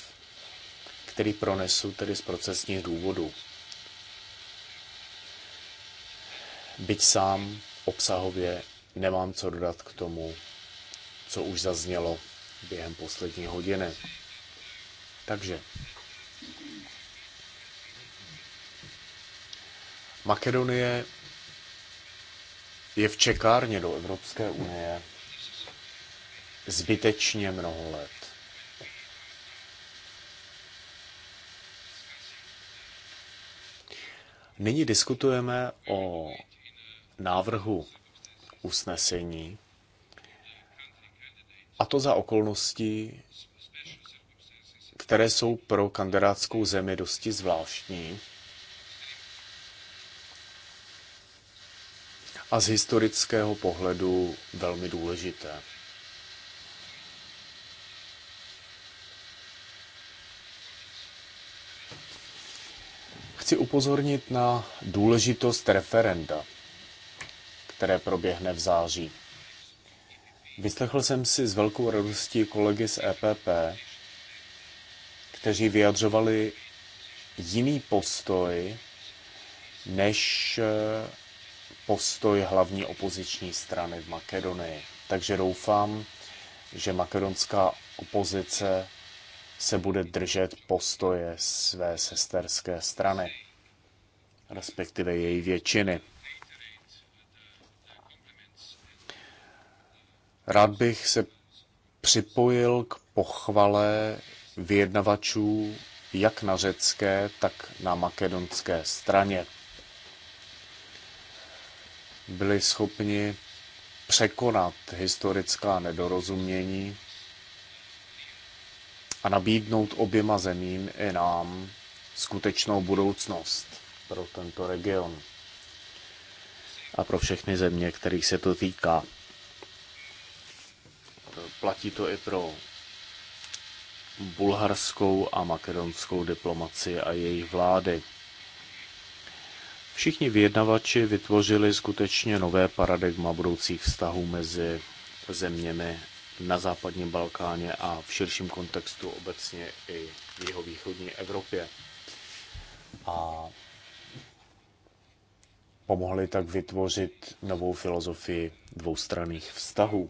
který pronesu tedy z procesních důvodů. Byť sám obsahově Nemám co dodat k tomu, co už zaznělo během poslední hodiny. Takže Makedonie je v čekárně do Evropské unie zbytečně mnoho let. Nyní diskutujeme o návrhu usnesení. A to za okolnosti, které jsou pro kandidátskou zemi dosti zvláštní. A z historického pohledu velmi důležité. chci upozornit na důležitost referenda které proběhne v září. Vyslechl jsem si s velkou radostí kolegy z EPP, kteří vyjadřovali jiný postoj než eh, postoj hlavní opoziční strany v Makedonii. Takže doufám, že makedonská opozice se bude držet postoje své sesterské strany, respektive její většiny. Rád bych se připojil k pochvale vyjednavačů jak na řecké, tak na makedonské straně. Byli schopni překonat historická nedorozumění a nabídnout oběma zemím i nám skutečnou budoucnost pro tento region a pro všechny země, kterých se to týká. Platí to i pro bulharskou a makedonskou diplomaci a jejich vlády. Všichni vyjednavači vytvořili skutečně nové paradigma budoucích vztahů mezi zeměmi na západním Balkáně a v širším kontextu obecně i v jeho východní Evropě. A pomohli tak vytvořit novou filozofii dvoustranných vztahů.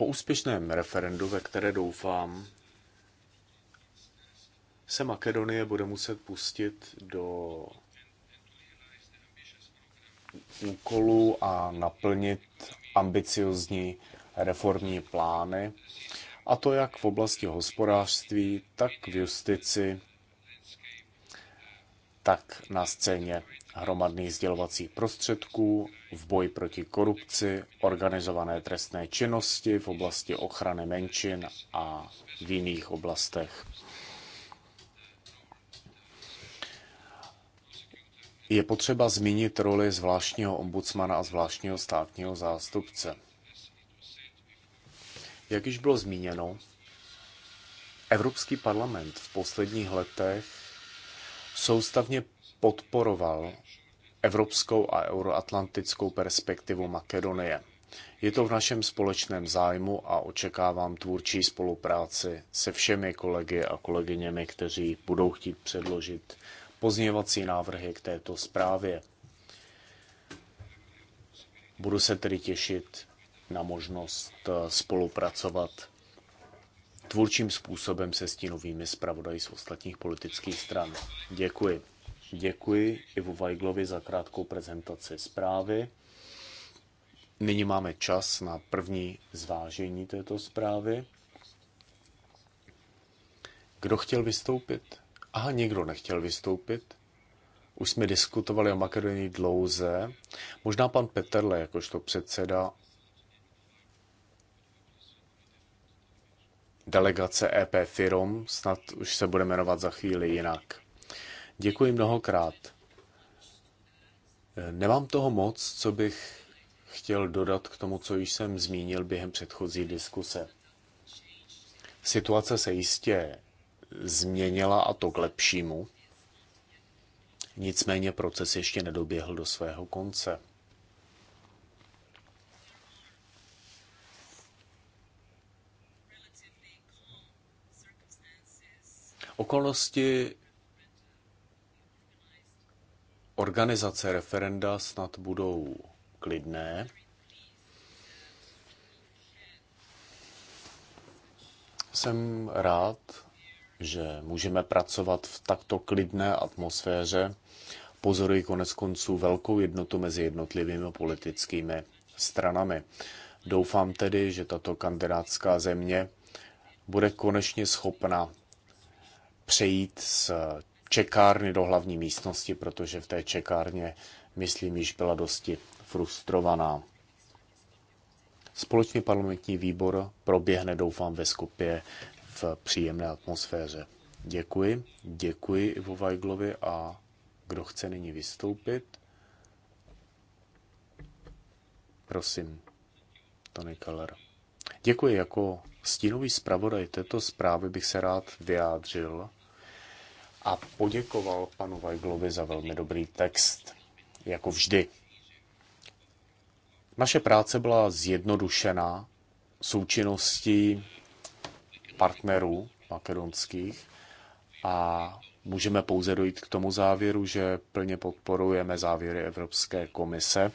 Po úspěšném referendu, ve které doufám, se Makedonie bude muset pustit do úkolů a naplnit ambiciozní reformní plány, a to jak v oblasti hospodářství, tak v justici, tak na scéně hromadných sdělovacích prostředků, v boji proti korupci, organizované trestné činnosti, v oblasti ochrany menšin a v jiných oblastech. Je potřeba zmínit roli zvláštního ombudsmana a zvláštního státního zástupce. Jak již bylo zmíněno, Evropský parlament v posledních letech soustavně podporoval evropskou a euroatlantickou perspektivu Makedonie. Je to v našem společném zájmu a očekávám tvůrčí spolupráci se všemi kolegy a kolegyněmi, kteří budou chtít předložit pozněvací návrhy k této zprávě. Budu se tedy těšit na možnost eh, spolupracovat tvůrčím způsobem se stínovými zpravodají z ostatních politických stran. Děkuji. Děkuji Ivu Vajglovi za krátkou prezentaci zprávy. Nyní máme čas na první zvážení této zprávy. Kdo chtěl vystoupit? Aha, nikdo nechtěl vystoupit. Už jsme diskutovali o Makedonii dlouze. Možná pan Petrle, jakožto předseda delegace EP Firom, snad už se bude jmenovat za chvíli jinak. Děkuji mnohokrát. Nemám toho moc, co bych chtěl dodat k tomu, co již jsem zmínil během předchozí diskuse. Situace se jistě změnila a to k lepšímu, nicméně proces ještě nedoběhl do svého konce. Okolnosti organizace referenda snad budou klidné. Jsem rád, že můžeme pracovat v takto klidné atmosféře. Pozoruji konec konců velkou jednotu mezi jednotlivými politickými stranami. Doufám tedy, že tato kandidátská země bude konečně schopna přejít z čekárny do hlavní místnosti, protože v té čekárně, myslím, již byla dosti frustrovaná. Společný parlamentní výbor proběhne, doufám, ve skupě v příjemné atmosféře. Děkuji, děkuji Ivo Vajglovi a kdo chce nyní vystoupit? Prosím, Tony Keller. Děkuji, jako stínový zpravodaj této zprávy bych se rád vyjádřil a poděkoval panu Weiglovi za velmi dobrý text, jako vždy. Naše práce byla zjednodušena součinností partnerů makedonských a můžeme pouze dojít k tomu závěru, že plně podporujeme závěry Evropské komise,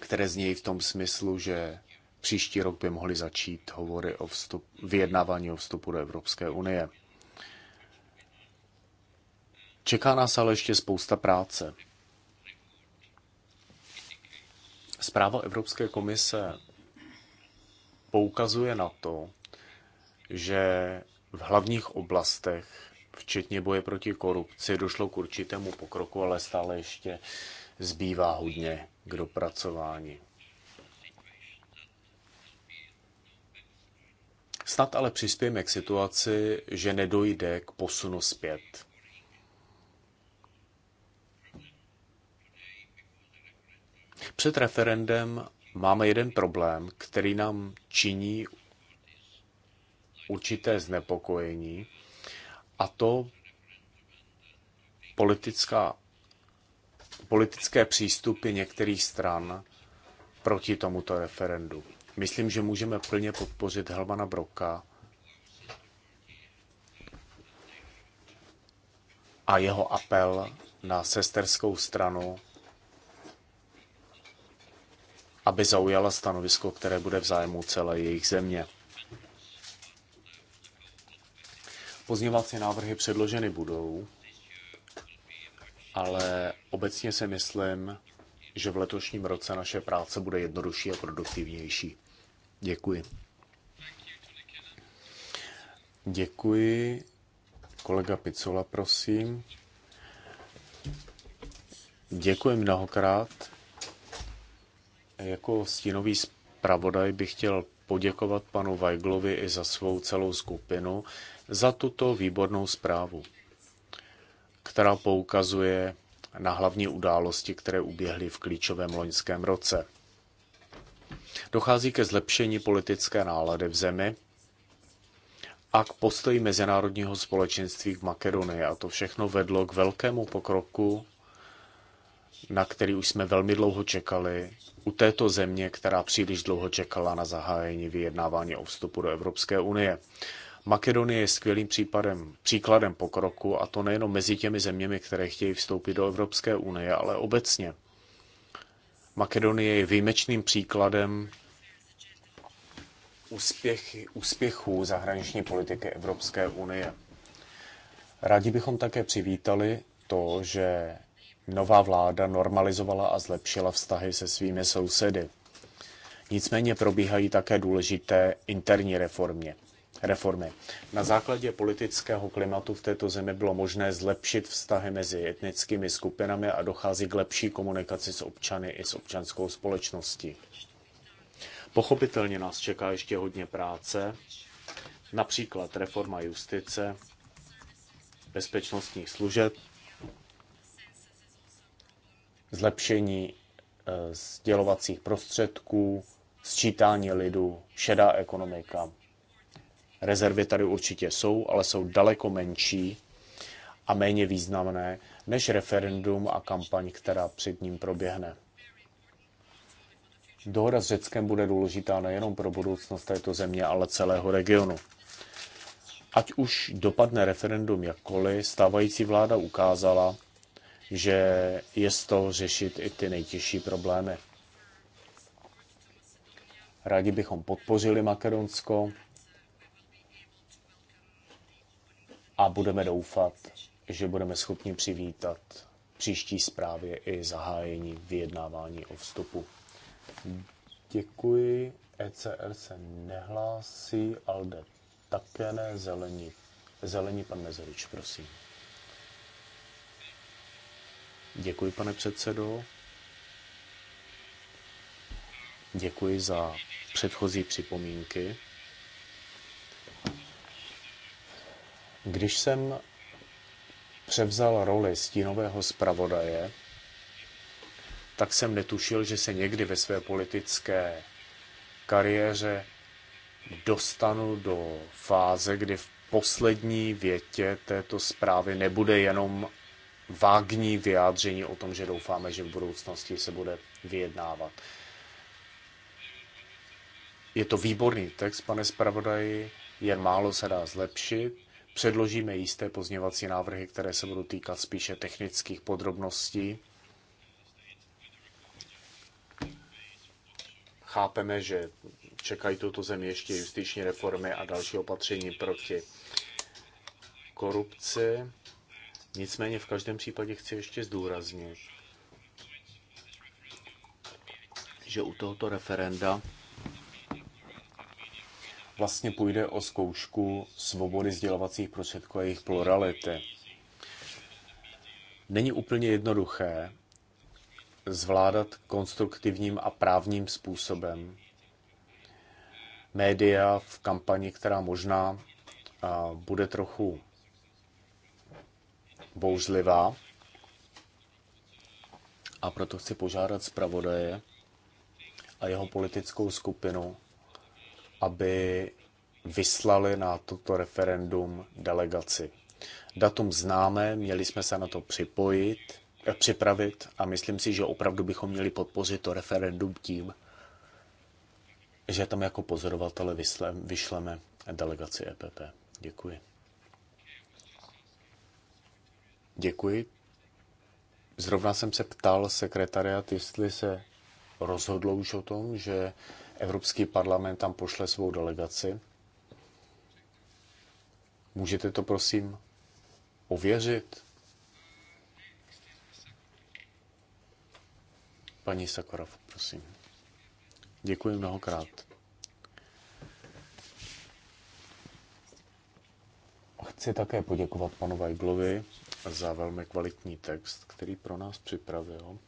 které znějí v tom smyslu, že příští rok by mohly začít hovory o vstup, vyjednávání o vstupu do Evropské unie. Čeká nás ale ještě spousta práce. Zpráva Evropské komise poukazuje na to, že v hlavních oblastech, včetně boje proti korupci, došlo k určitému pokroku, ale stále ještě zbývá hodně k dopracování. Snad ale přispějeme k situaci, že nedojde k posunu zpět. Před referendem máme jeden problém, který nám činí určité znepokojení, a to politická, politické přístupy některých stran proti tomuto referendu. Myslím, že můžeme plně podpořit Helmana Broka a jeho apel na sesterskou stranu aby zaujala stanovisko, které bude v zájmu celé jejich země. Pozněvací návrhy předloženy budou, ale obecně si myslím, že v letošním roce naše práce bude jednodušší a produktivnější. Děkuji. Děkuji. Kolega Picola, prosím. Děkuji mnohokrát. Jako stínový zpravodaj bych chtěl poděkovat panu Weiglovi i za svou celou skupinu za tuto výbornou zprávu, která poukazuje na hlavní události, které uběhly v klíčovém loňském roce. Dochází ke zlepšení politické nálady v zemi a k postoji mezinárodního společenství v Makedonii. A to všechno vedlo k velkému pokroku na který už jsme velmi dlouho čekali, u této země, která příliš dlouho čekala na zahájení vyjednávání o vstupu do Evropské unie. Makedonie je skvělým případem, příkladem pokroku, a to nejenom mezi těmi zeměmi, které chtějí vstoupit do Evropské unie, ale obecně. Makedonie je výjimečným příkladem úspěchy, úspěchů zahraniční politiky Evropské unie. Rádi bychom také přivítali to, že Nová vláda normalizovala a zlepšila vztahy se svými sousedy. Nicméně probíhají také důležité interní reformě. reformy. Na základě politického klimatu v této zemi bylo možné zlepšit vztahy mezi etnickými skupinami a dochází k lepší komunikaci s občany i s občanskou společností. Pochopitelně nás čeká ještě hodně práce, například reforma justice, bezpečnostních služeb, zlepšení eh, sdělovacích prostředků, sčítání lidu, šedá ekonomika. Rezervy tady určitě jsou, ale jsou daleko menší a méně významné než referendum a kampaň, která před ním proběhne. Dohoda s Řeckem bude důležitá nejenom pro budoucnost této země, ale celého regionu. Ať už dopadne referendum jakkoliv, stávající vláda ukázala, že je z toho řešit i ty nejtěžší problémy. Rádi bychom podpořili Makedonsko a budeme doufat, že budeme schopni přivítat příští zprávě i zahájení vyjednávání o vstupu. Děkuji. ECR se nehlásí, ale také ne, zelení, zelení pan Mezerič, prosím. Děkuji, pane předsedo. Děkuji za předchozí připomínky. Když jsem převzal roli stínového zpravodaje, tak jsem netušil, že se někdy ve své politické kariéře dostanu do fáze, kdy v poslední větě této zprávy nebude jenom vágní vyjádření o tom, že doufáme, že v budoucnosti se bude vyjednávat. Je to výborný text, pane zpravodaji, jen málo se dá zlepšit. Předložíme jisté pozněvací návrhy, které se budou týkat spíše technických podrobností. Chápeme, že čekají tuto zemi ještě justiční reformy a další opatření proti korupci. Nicméně v každém případě chci ještě zdůraznit, že u tohoto referenda vlastně půjde o zkoušku svobody sdělovacích prostředků a jejich plurality. Není úplně jednoduché zvládat konstruktivním a právním způsobem média v kampani, která možná bude trochu bouřlivá a proto chci požádat zpravodaje a jeho politickou skupinu, aby vyslali na toto referendum delegaci. Datum známe, měli jsme se na to připojit, eh, připravit a myslím si, že opravdu bychom měli podpořit to referendum tím, že tam jako pozorovatele vyšleme delegaci EPP. Děkuji. Děkuji. Zrovna jsem se ptal sekretariat, jestli se rozhodlo už o tom, že Evropský parlament tam pošle svou delegaci. Můžete to prosím ověřit? Paní Sakorov, prosím. Děkuji mnohokrát. Chci také poděkovat panu Weiglovi za velmi kvalitní text, který pro nás připravil.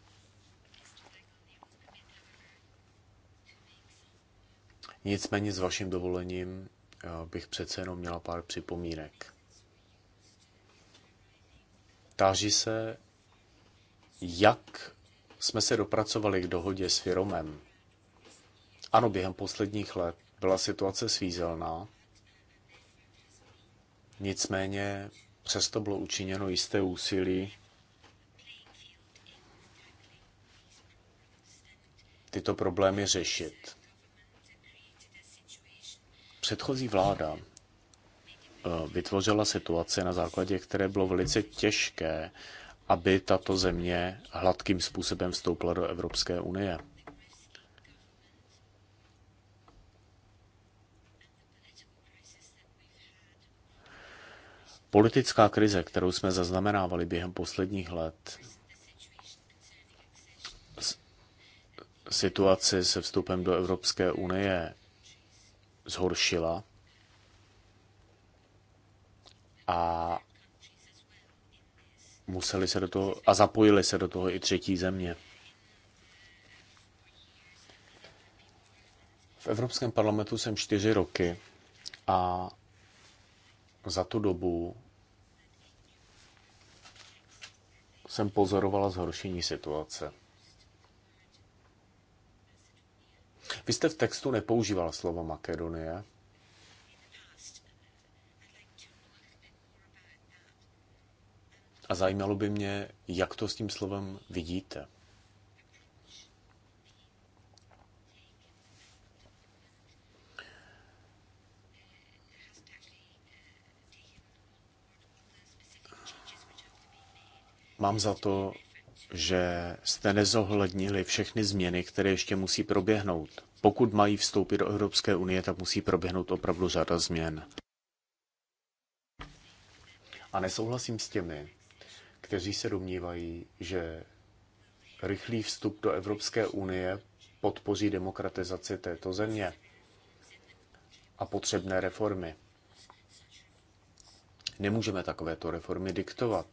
Nicméně s vaším dovolením eh, bych přece jenom měla pár připomínek. Táží se, jak jsme se dopracovali k dohodě s Firomem. Ano, během posledních let byla situace svízelná, nicméně Přesto bylo učiněno jisté úsilí tyto problémy řešit. Předchozí vláda eh, vytvořila situaci, na základě které bylo velice těžké, aby tato země hladkým způsobem vstoupila do Evropské unie. politická krize, kterou jsme zaznamenávali během posledních let, situaci se vstupem do Evropské unie zhoršila a museli se do toho a zapojili se do toho i třetí země. V Evropském parlamentu jsem čtyři roky a za tu dobu jsem pozorovala zhoršení situace. Vy jste v textu nepoužívala slovo Makedonie. A zajímalo by mě, jak to s tím slovem vidíte. Mám za to, že jste nezohlednili všechny změny, které ještě musí proběhnout. Pokud mají vstoupit do Evropské unie, tak musí proběhnout opravdu řada změn. A nesouhlasím s těmi, kteří se domnívají, že rychlý vstup do Evropské unie podpoří demokratizaci této země a potřebné reformy. Nemůžeme takovéto reformy diktovat.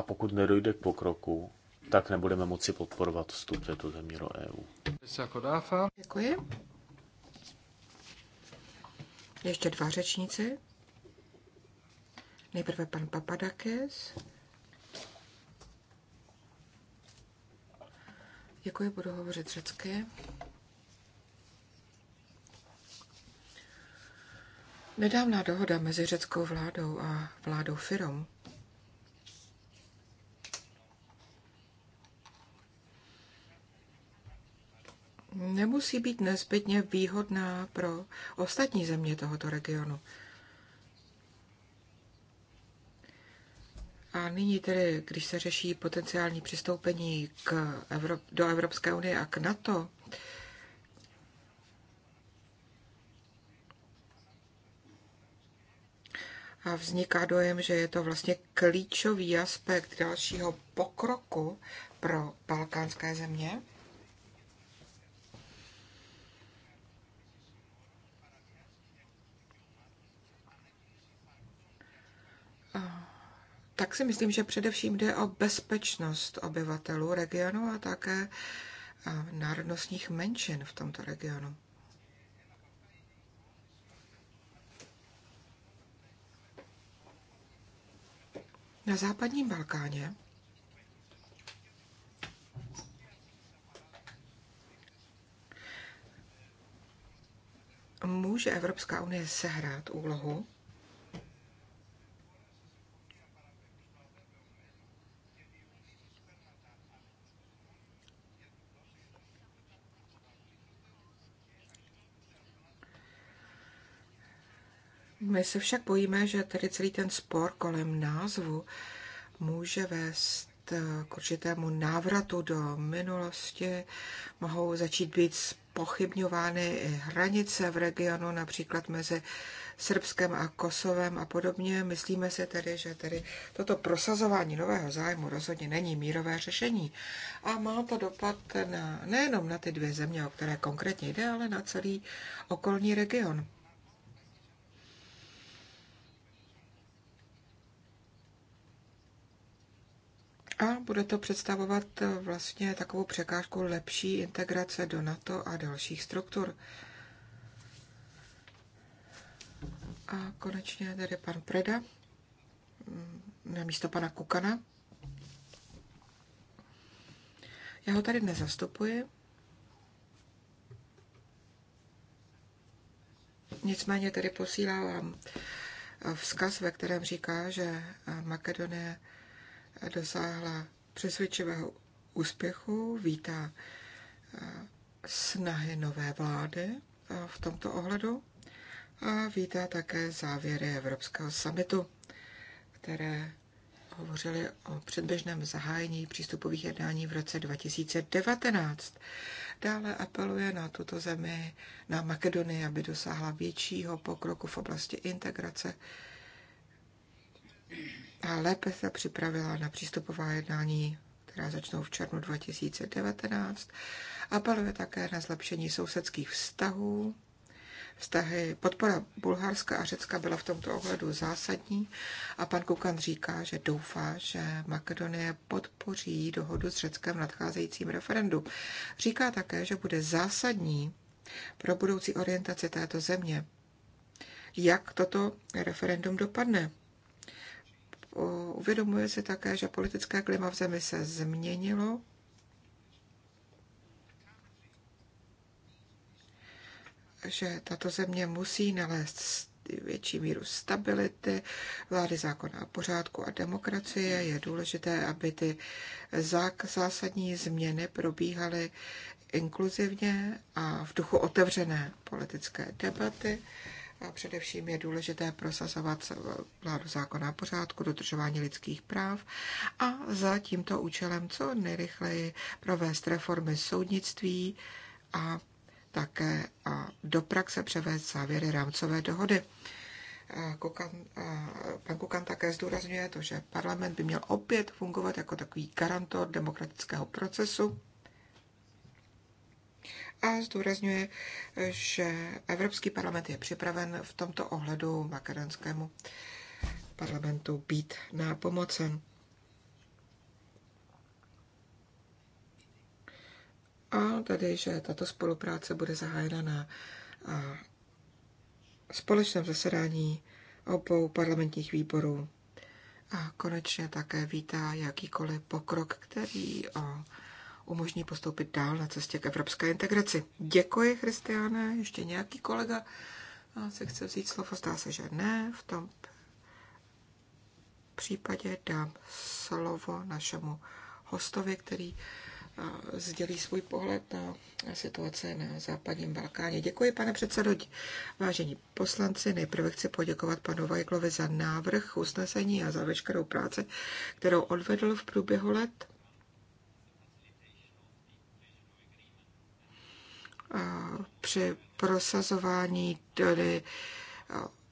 A pokud nedojde k pokroku, tak nebudeme moci podporovat vstup této země do EU. Děkuji. Ještě dva řečníci. Nejprve pan Papadakis. Děkuji, budu hovořit řecky. Nedávná dohoda mezi řeckou vládou a vládou firm nemusí být nezbytně výhodná pro ostatní země tohoto regionu. A nyní tedy, když se řeší potenciální přistoupení k Evrop- do Evropské unie a k NATO, a vzniká dojem, že je to vlastně klíčový aspekt dalšího pokroku pro balkánské země. tak si myslím, že především jde o bezpečnost obyvatelů regionu a také národnostních menšin v tomto regionu. Na západním Balkáně může Evropská unie sehrát úlohu My se však bojíme, že tedy celý ten spor kolem názvu může vést eh, k určitému návratu do minulosti, mohou začít být pochybňovány i hranice v regionu, například mezi Srbskem a Kosovem a podobně. Myslíme si tedy, že tedy toto prosazování nového zájmu rozhodně není mírové řešení. A má to dopad na, nejenom na ty dvě země, o které konkrétně jde, ale na celý okolní region. A bude to představovat eh, vlastně takovou překážku lepší integrace do NATO a dalších struktur. A konečně tady pan Preda mm, na místo pana Kukana. Já ho tady nezastupuji. Nicméně tedy posílám eh, vzkaz, ve kterém říká, že eh, Makedonie dosáhla přesvědčivého úspěchu, vítá eh, snahy nové vlády eh, v tomto ohledu a vítá také závěry Evropského summitu, které hovořili o předběžném zahájení přístupových jednání v roce 2019. Dále apeluje na tuto zemi, na Makedonii, aby dosáhla většího pokroku v oblasti integrace a lépe se připravila na přístupová jednání, která začnou v červnu 2019. Apeluje také na zlepšení sousedských vztahů. Vztahy, podpora Bulharska a Řecka byla v tomto ohledu zásadní a pan Kukan říká, že doufá, že Makedonie podpoří dohodu s Řeckem v nadcházejícím referendu. Říká také, že bude zásadní pro budoucí orientaci této země, jak toto referendum dopadne. Uvědomuje si také, že politické klima v zemi se změnilo. že tato země musí nalézt větší míru stability, vlády zákona a pořádku a demokracie. Je důležité, aby ty zásadní změny probíhaly inkluzivně a v duchu otevřené politické debaty. A především je důležité prosazovat vládu zákona pořádku, dodržování lidských práv a za tímto účelem co nejrychleji provést reformy soudnictví a také a do praxe převést závěry rámcové dohody. Kukan, pan Kukan také zdůrazňuje to, že parlament by měl opět fungovat jako takový garantor demokratického procesu a zdůrazňuje, že Evropský parlament je připraven v tomto ohledu makedonskému parlamentu být na pomocen. A tedy, že tato spolupráce bude zahájena na společném zasedání obou parlamentních výborů. A konečně také vítá jakýkoliv pokrok, který o umožní postoupit dál na cestě k evropské integraci. Děkuji, Christiane. Ještě nějaký kolega eh, se chce vzít slovo? Zdá se, že ne. V tom případě dám slovo našemu hostovi, který eh, sdělí svůj pohled na situaci na západním Balkáně. Děkuji, pane předsedo. Vážení poslanci, nejprve chci poděkovat panu Vajklovi za návrh usnesení a za veškerou práci, kterou odvedl v průběhu let. při prosazování tedy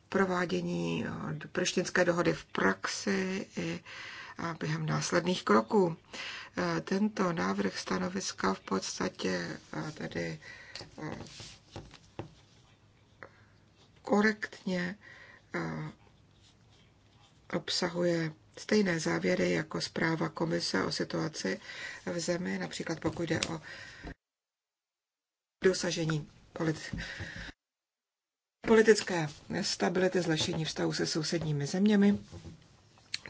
provádění prštinské dohody v praxi i a během následných kroků. Tento návrh stanoviska v podstatě tedy korektně obsahuje stejné závěry jako zpráva komise o situaci v zemi, například pokud jde o dosažení politi- politické stability, zlepšení vztahu se sousedními zeměmi,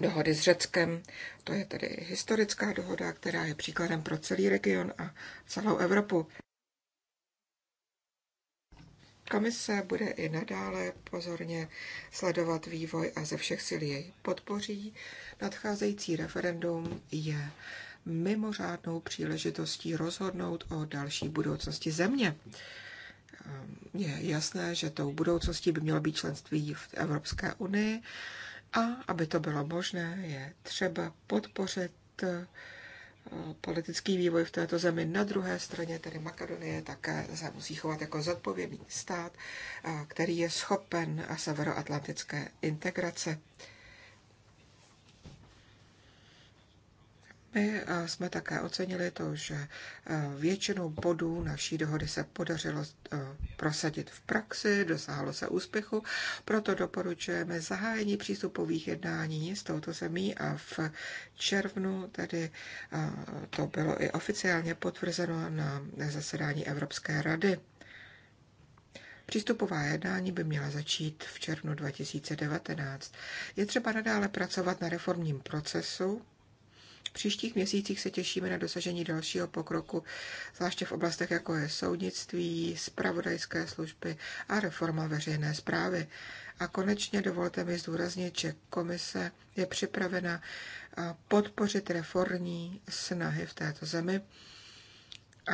dohody s Řeckem, to je tedy historická dohoda, která je příkladem pro celý region a celou Evropu. Komise bude i nadále pozorně sledovat vývoj a ze všech sil jej podpoří. Nadcházející referendum je mimořádnou příležitostí rozhodnout o další budoucnosti země. Ehm, je jasné, že tou budoucností by mělo být členství v Evropské unii a aby to bylo možné, je třeba podpořit eh, politický vývoj v této zemi. Na druhé straně tedy Makedonie také se musí chovat jako zodpovědný stát, eh, který je schopen severoatlantické integrace. My eh, jsme také ocenili to, že eh, většinu bodů naší dohody se podařilo eh, prosadit v praxi, dosáhlo se úspěchu, proto doporučujeme zahájení přístupových jednání s touto zemí a v červnu tedy to bylo i oficiálně potvrzeno na zasedání Evropské rady. Přístupová jednání by měla začít v červnu 2019. Je třeba nadále pracovat na reformním procesu, v příštích měsících se těšíme na dosažení dalšího pokroku, zvláště v oblastech jako je soudnictví, spravodajské služby a reforma veřejné zprávy. A konečně dovolte mi zdůraznit, že komise je připravena podpořit reformní snahy v této zemi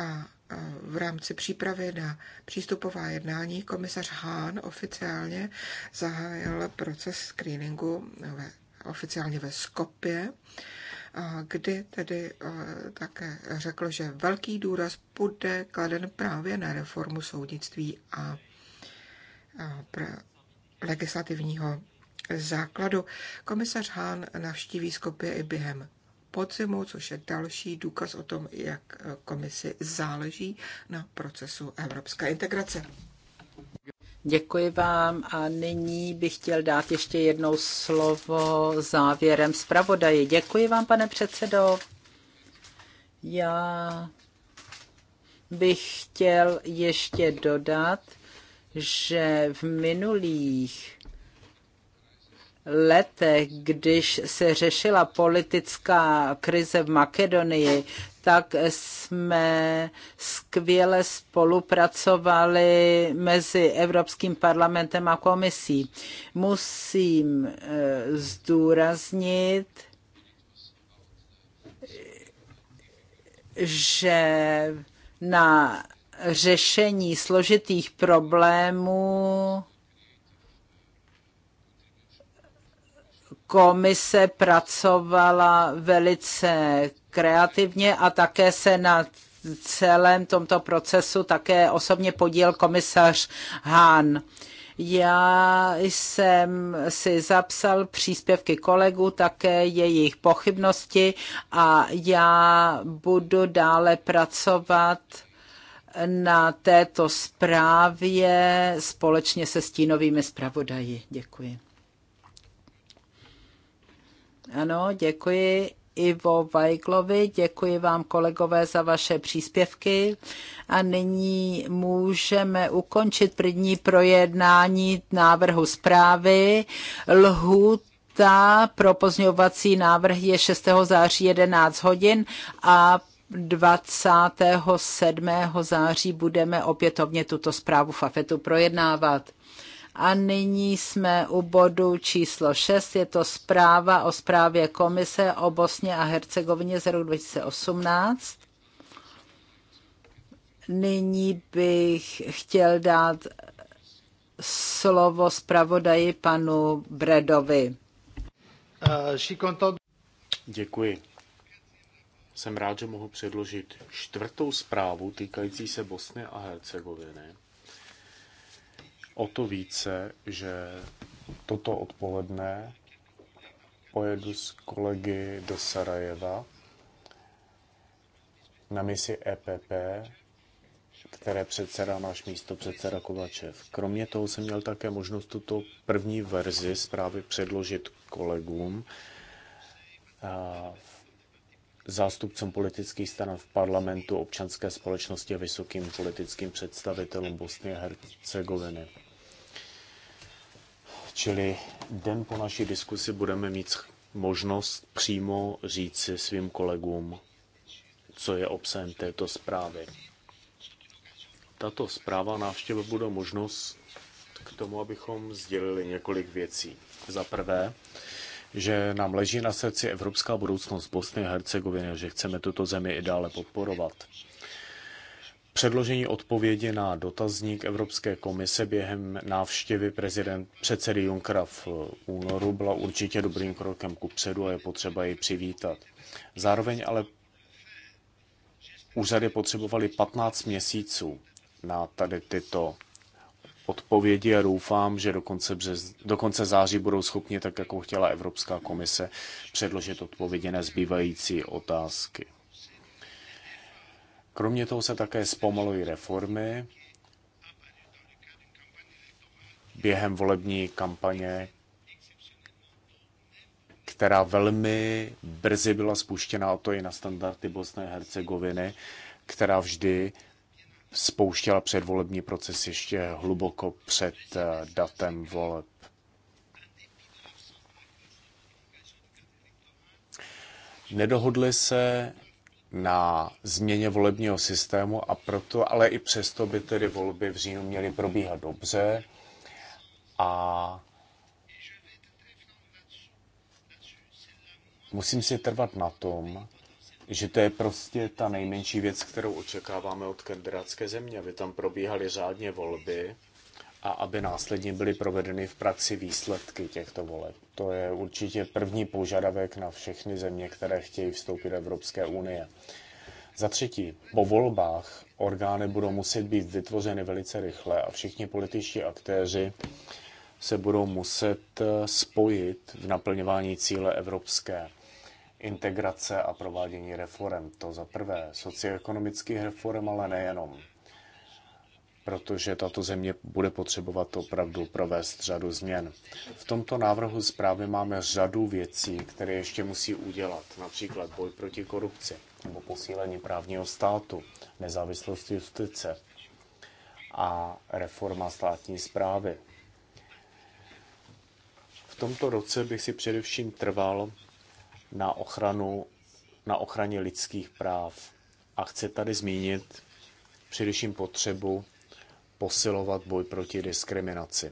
a v rámci přípravy na přístupová jednání komisař Hahn oficiálně zahájil proces screeningu ve, oficiálně ve Skopě kdy tedy eh, také řekl, že velký důraz bude kladen právě na reformu soudnictví a legislativního základu. Komisař Hahn navštíví Skopje i během podzimu, což je další důkaz o tom, jak eh, komisi záleží na procesu evropské integrace. Děkuji vám a nyní bych chtěl dát ještě jednou slovo závěrem zpravodaji. Děkuji vám, pane předsedo. Já bych chtěl ještě dodat, že v minulých letech, když se řešila politická krize v Makedonii, tak jsme skvěle spolupracovali mezi Evropským parlamentem a komisí. Musím eh, zdůraznit, že na řešení složitých problémů komise pracovala velice kreativně a také se na celém tomto procesu také osobně podíl komisař Hahn. Já jsem si zapsal příspěvky kolegů, také jejich pochybnosti a já budu dále pracovat na této zprávě společně se stínovými zpravodaji. Děkuji. Ano, děkuji. Ivo Vajglovi. Děkuji vám, kolegové, za vaše příspěvky. A nyní můžeme ukončit první projednání návrhu zprávy. Lhut ta pro pozňovací návrh je 6. září 11 hodin a 27. září budeme opětovně tuto zprávu FAFETu projednávat. A nyní jsme u bodu číslo 6, je to zpráva o zprávě komise o Bosně a Hercegovině z roku 2018. Nyní bych chtěl dát slovo zpravodaji panu Bredovi. Děkuji. Jsem rád, že mohu předložit čtvrtou zprávu týkající se Bosny a Hercegoviny o to více, že toto odpoledne pojedu s kolegy do Sarajeva na misi EPP, které předsedá náš místo předseda Kovačev. Kromě toho jsem měl také možnost tuto první verzi zprávy předložit kolegům, zástupcům politických stran v parlamentu, občanské společnosti a vysokým politickým představitelům Bosny a Hercegoviny čili den po naší diskusi budeme mít možnost přímo říci svým kolegům, co je obsahem této zprávy. Tato zpráva návštěva bude možnost k tomu, abychom sdělili několik věcí. Za prvé, že nám leží na srdci evropská budoucnost Bosny a Hercegoviny, že chceme tuto zemi i dále podporovat předložení odpovědi na dotazník Evropské komise během návštěvy prezident, předsedy Junckera v eh, únoru byla určitě dobrým krokem ku předu a je potřeba ji přivítat. Zároveň ale úřady potřebovaly 15 měsíců na tady tyto odpovědi a doufám, že do konce, břez, do konce září budou schopni, tak jako chtěla Evropská komise, předložit odpovědi na zbývající otázky. Kromě toho se také zpomalují reformy. Během volební kampaně která velmi brzy byla spuštěna, a to i na standardy Bosné a Hercegoviny, která vždy spouštěla předvolební proces ještě hluboko před eh, datem voleb. Nedohodli se na změně volebního systému a proto, ale i přesto by tedy volby v říjnu měly probíhat dobře a musím si trvat na tom, že to je prostě ta nejmenší věc, kterou očekáváme od kandidátské země, aby tam probíhaly řádně volby a aby následně byly provedeny v praxi výsledky těchto voleb. To je určitě první požadavek na všechny země, které chtějí vstoupit do Evropské unie. Za třetí, po volbách orgány budou muset být vytvořeny velice rychle a všichni političtí aktéři se budou muset eh, spojit v naplňování cíle evropské integrace a provádění reform. To za prvé, socioekonomických reform, ale nejenom protože tato země bude potřebovat opravdu provést řadu změn. V tomto návrhu zprávy máme řadu věcí, které ještě musí udělat, například boj proti korupci nebo posílení právního státu, nezávislost justice a reforma státní zprávy. V tomto roce bych si především trval na, ochranu, na ochraně lidských práv a chci tady zmínit především potřebu posilovat boj proti diskriminaci.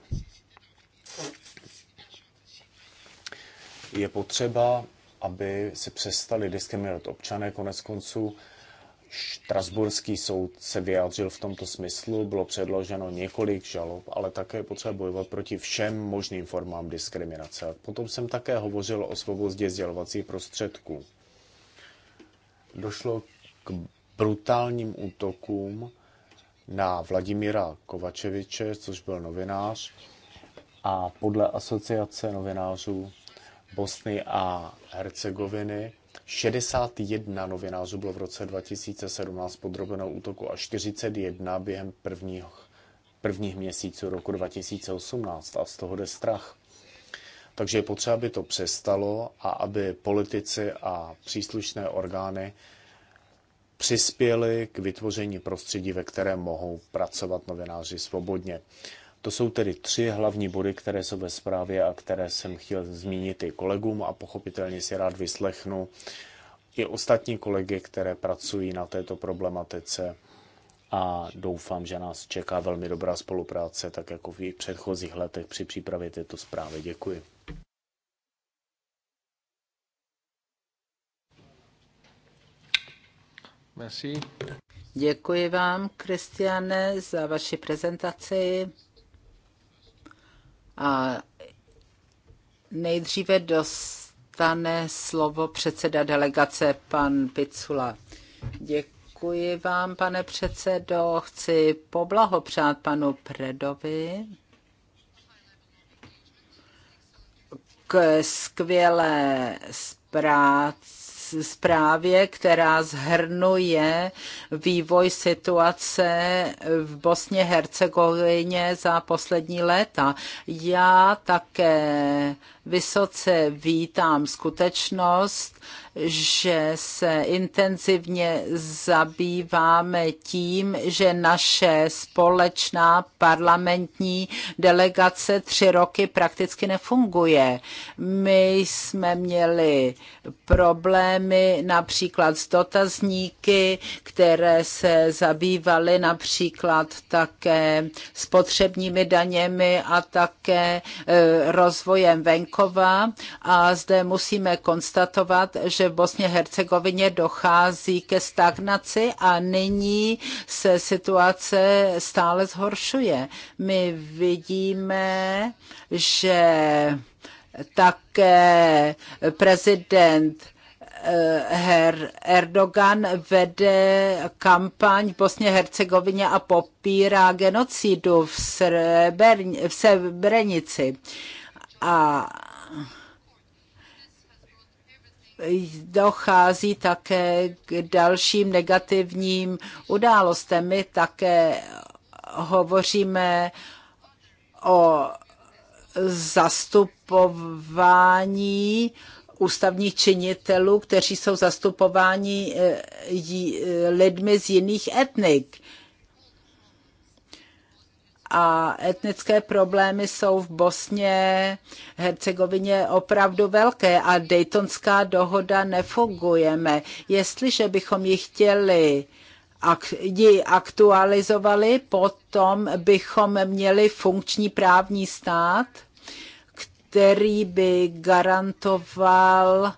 Je potřeba, aby se přestali diskriminovat občané. Konec konců Štrasburský soud se vyjádřil v tomto smyslu, bylo předloženo několik žalob, ale také je potřeba bojovat proti všem možným formám diskriminace. Potom jsem také hovořil o svobodě sdělovacích prostředků. Došlo k brutálním útokům na Vladimíra Kovačeviče, což byl novinář, a podle asociace novinářů Bosny a Hercegoviny 61 novinářů bylo v roce 2017 podrobeno útoku a 41 během prvních, prvních měsíců roku 2018 a z toho jde strach. Takže je potřeba, aby to přestalo a aby politici a příslušné orgány přispěli k vytvoření prostředí, ve kterém mohou pracovat novináři svobodně. To jsou tedy tři hlavní body, které jsou ve zprávě a které jsem chtěl zmínit i kolegům a pochopitelně si rád vyslechnu i ostatní kolegy, které pracují na této problematice a doufám, že nás čeká velmi dobrá spolupráce, tak jako v předchozích letech při přípravě této zprávy. Děkuji. Merci. Děkuji vám, Kristiane, za vaši prezentaci. A nejdříve dostane slovo předseda delegace, pan Picula. Děkuji vám, pane předsedo. Chci poblahopřát panu Predovi k skvělé práci zprávě, která zhrnuje vývoj situace v Bosně Hercegovině za poslední léta. Já také vysoce vítám skutečnost, že se intenzivně zabýváme tím, že naše společná parlamentní delegace tři roky prakticky nefunguje. My jsme měli problémy například s dotazníky, které se zabývaly například také spotřebními daněmi a také e, rozvojem venkova. A zde musíme konstatovat, že že v Bosně Hercegovině dochází ke stagnaci a nyní se situace stále zhoršuje. My vidíme, že také prezident eh, Her Erdogan vede kampaň v Bosně Hercegovině a popírá genocidu v, Srebrenici. A dochází také k dalším negativním událostem. My také hovoříme o zastupování ústavních činitelů, kteří jsou zastupováni eh, eh, lidmi z jiných etnik a etnické problémy jsou v Bosně, Hercegovině opravdu velké a Daytonská dohoda nefungujeme. Jestliže bychom ji chtěli ji aktualizovali, potom bychom měli funkční právní stát, který by garantoval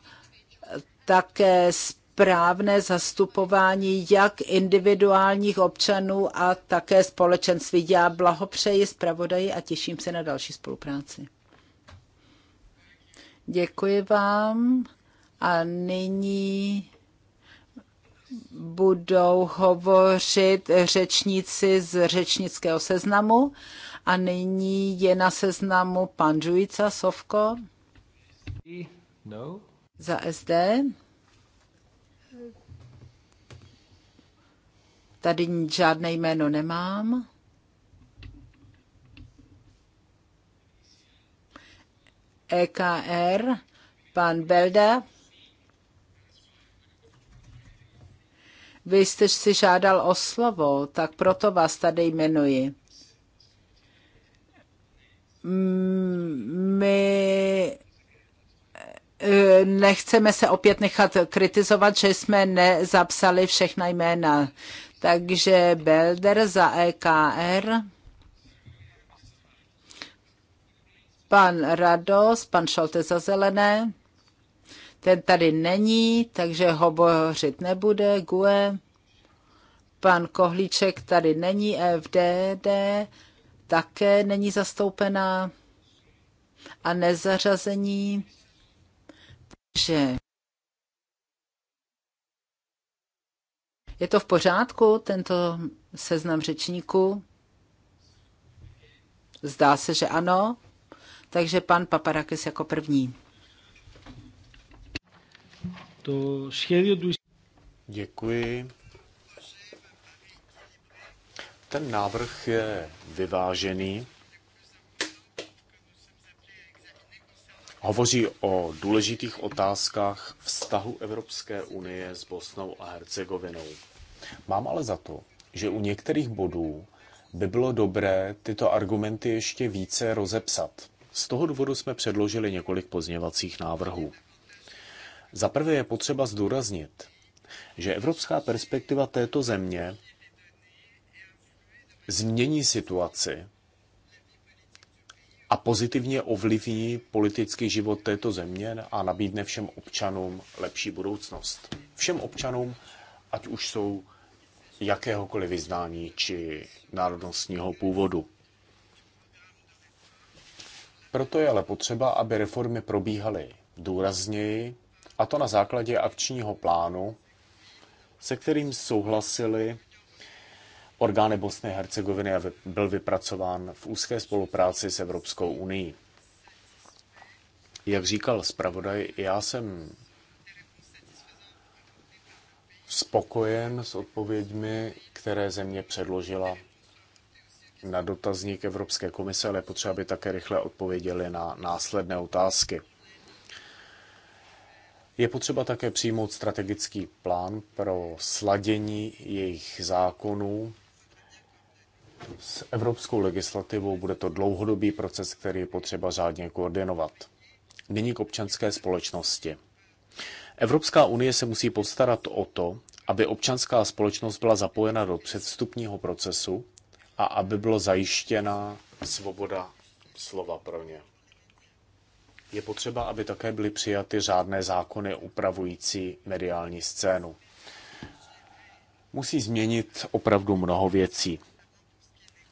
také právné zastupování jak individuálních občanů a také společenství. Já blahopřeji zpravodaji a těším se na další spolupráci. Děkuji vám a nyní budou hovořit řečníci z řečnického seznamu a nyní je na seznamu pan Žujica Sovko. No. Za SD. Tady žádné jméno nemám. EKR, pan Belda. Vy jste si žádal o slovo, tak proto vás tady jmenuji. My e, nechceme se opět nechat kritizovat, že jsme nezapsali všechna jména. Takže Belder za EKR, pan Rados, pan Šolte za Zelené, ten tady není, takže hovořit nebude, GUE, pan Kohlíček tady není, FDD také není zastoupená a nezařazení. Takže Je to v pořádku, tento seznam řečníků? Zdá se, že ano. Takže pan Paparakis jako první. To Děkuji. Ten návrh je vyvážený. hovoří o důležitých otázkách vztahu Evropské unie s Bosnou a Hercegovinou. Mám ale za to, že u některých bodů by bylo dobré tyto argumenty ještě více rozepsat. Z toho důvodu jsme předložili několik pozněvacích návrhů. Za prvé je potřeba zdůraznit, že evropská perspektiva této země změní situaci a pozitivně ovlivní politický život této země a nabídne všem občanům lepší budoucnost. Všem občanům, ať už jsou jakéhokoliv vyznání či národnostního původu. Proto je ale potřeba, aby reformy probíhaly důrazněji, a to na základě akčního plánu, se kterým souhlasili orgány Bosny a Hercegoviny a byl vypracován v úzké spolupráci s Evropskou unii. Jak říkal zpravodaj, já jsem spokojen s odpověďmi, které země předložila na dotazník Evropské komise, ale potřeba by také rychle odpověděli na následné otázky. Je potřeba také přijmout strategický plán pro sladění jejich zákonů s evropskou legislativou bude to dlouhodobý proces, který je potřeba řádně koordinovat. Nyní k občanské společnosti. Evropská unie se musí postarat o to, aby občanská společnost byla zapojena do předstupního procesu a aby byla zajištěna svoboda slova pro ně. Je potřeba, aby také byly přijaty řádné zákony upravující mediální scénu. Musí změnit opravdu mnoho věcí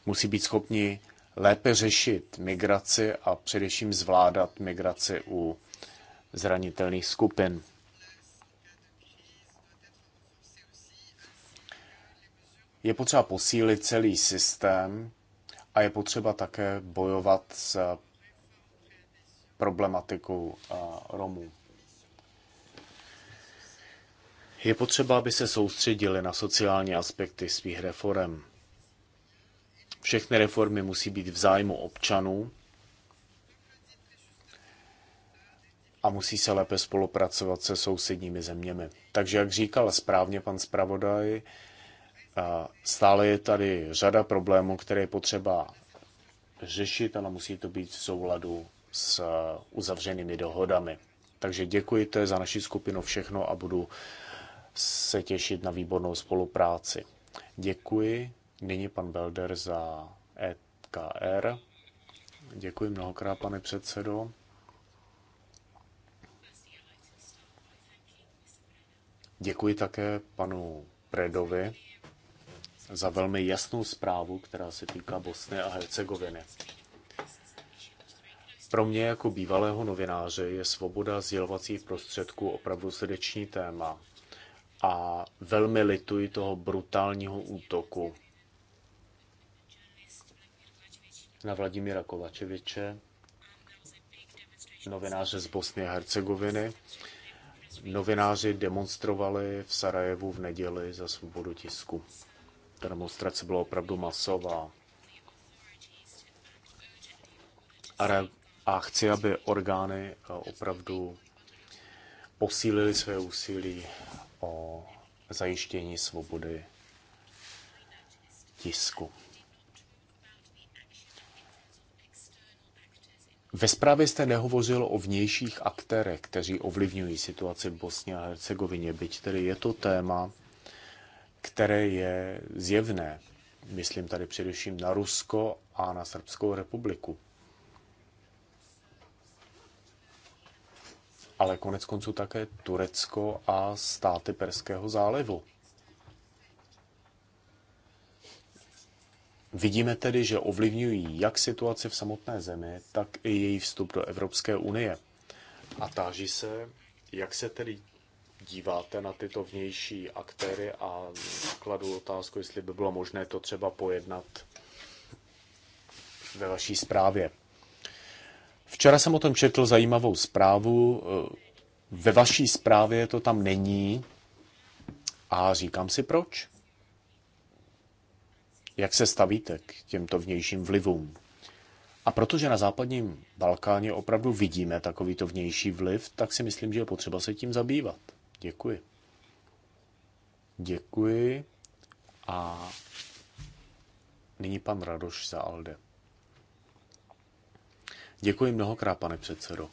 musí být schopni lépe řešit migraci a především zvládat migraci u zranitelných skupin. Je potřeba posílit celý systém a je potřeba také bojovat s problematikou eh, Romů. Je potřeba, aby se soustředili na sociální aspekty svých reform. Všechny reformy musí být v zájmu občanů a musí se lépe spolupracovat se sousedními zeměmi. Takže, jak říkal správně pan zpravodaj, eh, stále je tady řada problémů, které je potřeba řešit, ale musí to být v souladu s eh, uzavřenými dohodami. Takže děkuji, to je za naši skupinu všechno a budu se těšit na výbornou spolupráci. Děkuji. Nyní pan Belder za EKR. Děkuji mnohokrát, pane předsedo. Děkuji také panu Predovi za velmi jasnou zprávu, která se týká Bosny a Hercegoviny. Pro mě jako bývalého novináře je svoboda sdělovacích prostředků opravdu srdeční téma a velmi lituji toho brutálního útoku na Vladimíra Kovačeviče, novináře z Bosny a Hercegoviny. Novináři demonstrovali v Sarajevu v neděli za svobodu tisku. Ta demonstrace byla opravdu masová. A chci, aby orgány eh, opravdu posílili své úsilí o zajištění svobody tisku. Ve zprávě jste nehovořil o vnějších aktérech, kteří ovlivňují situaci v Bosně a Hercegovině, byť tedy je to téma, které je zjevné. Myslím tady především na Rusko a na Srbskou republiku. Ale konec konců také Turecko a státy Perského zálivu. Vidíme tedy, že ovlivňují jak situaci v samotné zemi, tak i její vstup do Evropské unie. A táží se, jak se tedy díváte na tyto vnější aktéry a kladu otázku, jestli by bylo možné to třeba pojednat ve vaší zprávě. Včera jsem o tom četl zajímavou zprávu. Ve vaší zprávě to tam není a říkám si proč. Jak se stavíte k těmto vnějším vlivům? A protože na západním Balkáně opravdu vidíme takovýto vnější vliv, tak si myslím, že je potřeba se tím zabývat. Děkuji. Děkuji. A nyní pan Radoš za Alde. Děkuji mnohokrát, pane předsedo.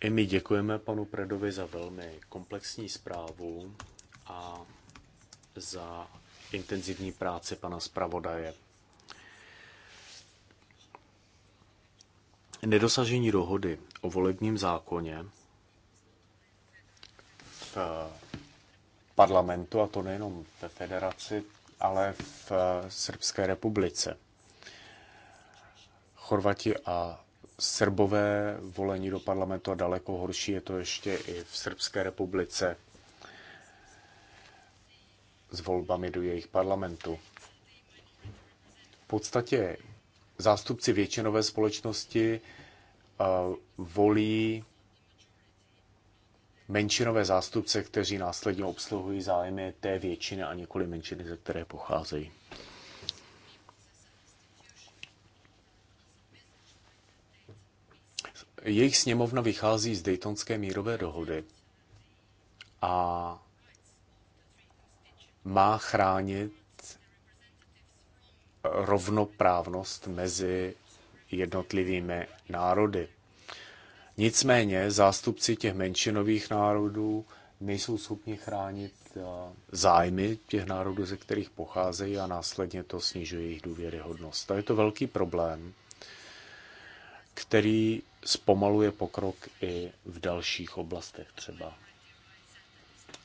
I my děkujeme panu Predovi za velmi komplexní zprávu a za intenzivní práci pana zpravodaje. Nedosažení dohody o volebním zákoně v eh, parlamentu, a to nejenom ve federaci, ale v eh, Srbské republice. Chorvati a Srbové volení do parlamentu a daleko horší je to ještě i v Srbské republice, s volbami do jejich parlamentu. V podstatě zástupci většinové společnosti eh, volí menšinové zástupce, kteří následně obsluhují zájmy té většiny a nikoli menšiny, ze které pocházejí. Jejich sněmovna vychází z Daytonské mírové dohody a má chránit rovnoprávnost mezi jednotlivými národy. Nicméně zástupci těch menšinových národů nejsou schopni chránit eh, zájmy těch národů, ze kterých pocházejí a následně to snižuje jejich důvěryhodnost. To je to velký problém, který zpomaluje pokrok i v dalších oblastech, třeba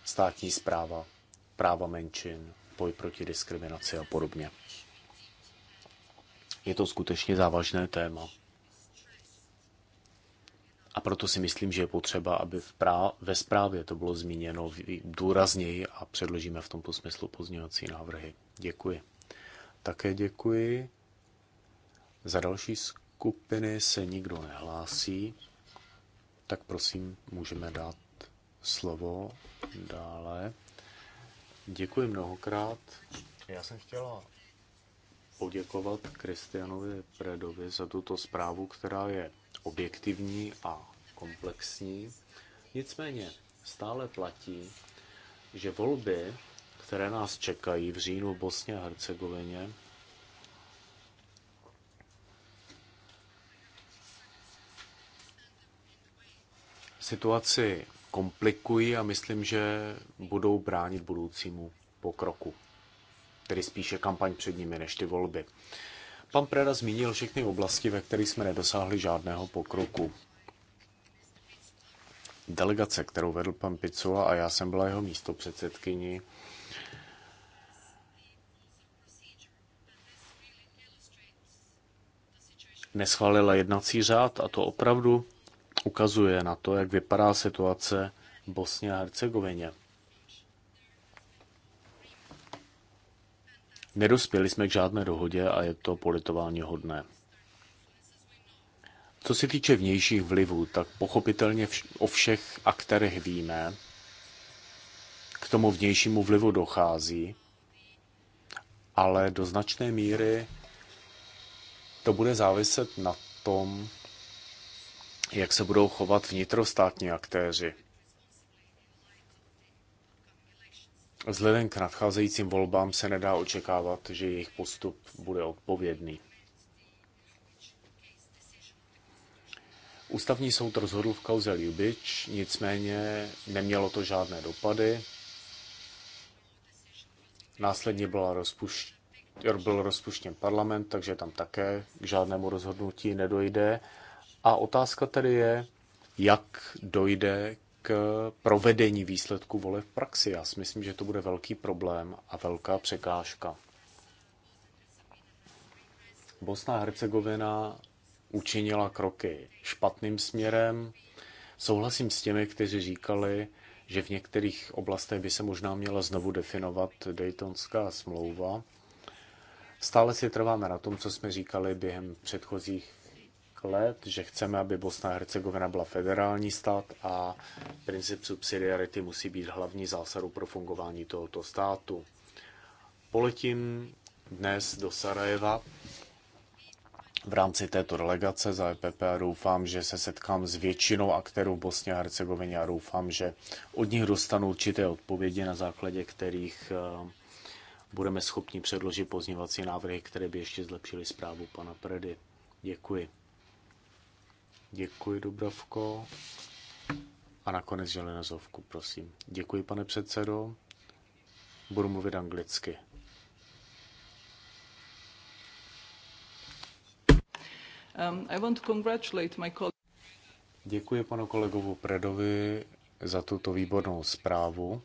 státní zpráva práva menšin, boj proti diskriminaci a podobně. Je to skutečně závažné téma. A proto si myslím, že je potřeba, aby v prá- ve zprávě to bylo zmíněno důrazněji a předložíme v tomto smyslu pozměňovací návrhy. Děkuji. Také děkuji. Za další skupiny se nikdo nehlásí, tak prosím, můžeme dát slovo dále. Děkuji mnohokrát. Já jsem chtěla poděkovat Kristianovi Predovi za tuto zprávu, která je objektivní a komplexní. Nicméně stále platí, že volby, které nás čekají v říjnu v Bosně a Hercegovině, situaci komplikují a myslím, že budou bránit budoucímu pokroku. Tedy spíše kampaň před nimi než ty volby. Pan Preda zmínil všechny oblasti, ve kterých jsme nedosáhli žádného pokroku. Delegace, kterou vedl pan Picula a já jsem byla jeho místo předsedkyni, neschválila jednací řád a to opravdu ukazuje na to, jak vypadá situace v Bosně a Hercegovině. Nedospěli jsme k žádné dohodě a je to politování hodné. Co se týče vnějších vlivů, tak pochopitelně o všech aktérech víme, k tomu vnějšímu vlivu dochází, ale do značné míry to bude záviset na tom, jak se budou chovat vnitrostátní aktéři. Vzhledem k nadcházejícím volbám se nedá očekávat, že jejich postup bude odpovědný. Ústavní soud rozhodl v kauze Ljubič, nicméně nemělo to žádné dopady. Následně byla rozpuš... byl rozpuštěn parlament, takže tam také k žádnému rozhodnutí nedojde. A otázka tedy je, jak dojde k provedení výsledku vole v praxi. Já si myslím, že to bude velký problém a velká překážka. Bosna a Hercegovina učinila kroky špatným směrem. Souhlasím s těmi, kteří říkali, že v některých oblastech by se možná měla znovu definovat Daytonská smlouva. Stále si trváme na tom, co jsme říkali během předchozích let, že chceme, aby Bosna a Hercegovina byla federální stát a princip subsidiarity musí být hlavní zásadou pro fungování tohoto státu. Poletím dnes do Sarajeva v rámci této delegace za EPP a doufám, že se setkám s většinou aktérů v Bosně a Hercegovině a doufám, že od nich dostanu určité odpovědi, na základě kterých eh, budeme schopni předložit pozněvací návrhy, které by ještě zlepšily zprávu pana Predy. Děkuji. Děkuji, Dubravko. A nakonec Želenozovku, prosím. Děkuji, pane předsedo. Budu mluvit anglicky. Um, I want to congratulate my colleague. Děkuji panu kolegovu Predovi za tuto výbornou zprávu.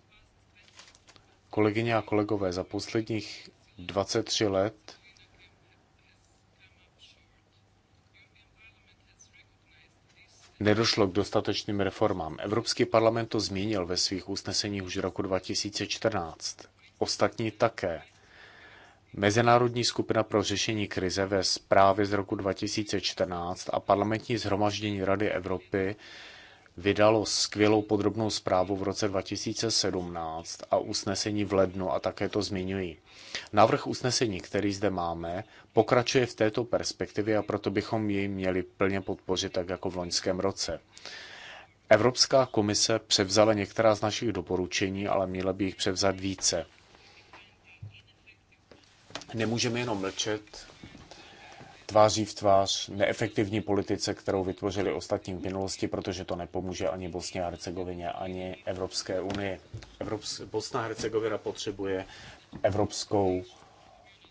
Kolegyně a kolegové, za posledních 23 let nedošlo k dostatečným reformám. Evropský parlament to změnil ve svých usneseních už roku 2014. Ostatní také. Mezinárodní skupina pro řešení krize ve zprávě z roku 2014 a parlamentní zhromaždění Rady Evropy vydalo skvělou podrobnou zprávu v roce 2017 a usnesení v lednu a také to zmiňují. Návrh usnesení, který zde máme, pokračuje v této perspektivě a proto bychom jej měli plně podpořit tak jako v loňském roce. Evropská komise převzala některá z našich doporučení, ale měla by jich převzat více. Nemůžeme jenom mlčet tváří v tvář neefektivní politice, kterou vytvořili ostatní v minulosti, protože to nepomůže ani Bosně a Hercegovině, ani Evropské unii. Evrops- Bosna a Hercegovina potřebuje evropskou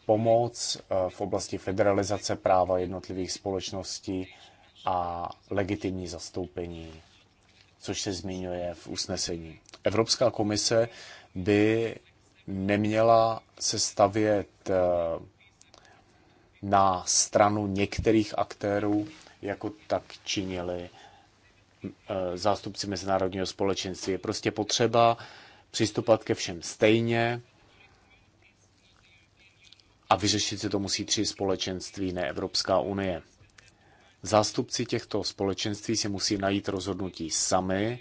pomoc eh, v oblasti federalizace práva jednotlivých společností a legitimní zastoupení, což se zmiňuje v usnesení. Evropská komise by neměla se stavět eh, na stranu některých aktérů, jako tak činili e, zástupci mezinárodního společenství. Je prostě potřeba přistupovat ke všem stejně a vyřešit si to musí tři společenství, ne Evropská unie. Zástupci těchto společenství si musí najít rozhodnutí sami,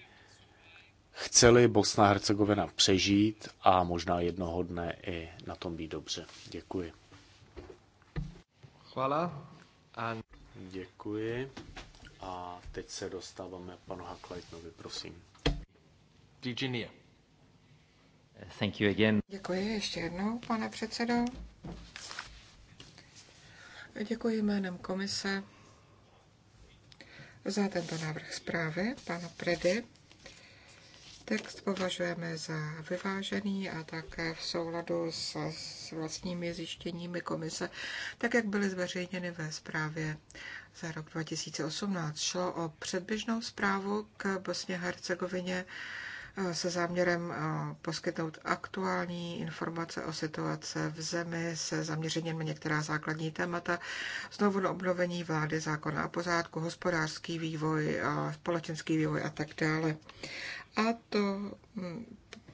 chceli Bosna a Hercegovina přežít a možná jednoho dne i na tom být dobře. Děkuji. Hvala. A... Děkuji. A teď se dostáváme panu Haklajtnovi, prosím. Virginia. Thank you again. Děkuji ještě jednou, pane předsedo. Děkuji jménem komise za tento návrh zprávy pana Predy. Text považujeme za vyvážený a také v souladu s, s vlastními zjištěními komise, tak jak byly zveřejněny ve zprávě za rok 2018. Šlo o předběžnou zprávu k Bosně Hercegovině e, se záměrem e, poskytnout aktuální informace o situace v zemi se zaměřením na některá základní témata, znovu na obnovení vlády zákona a pořádku, hospodářský vývoj, e, společenský vývoj a tak dále a to mm,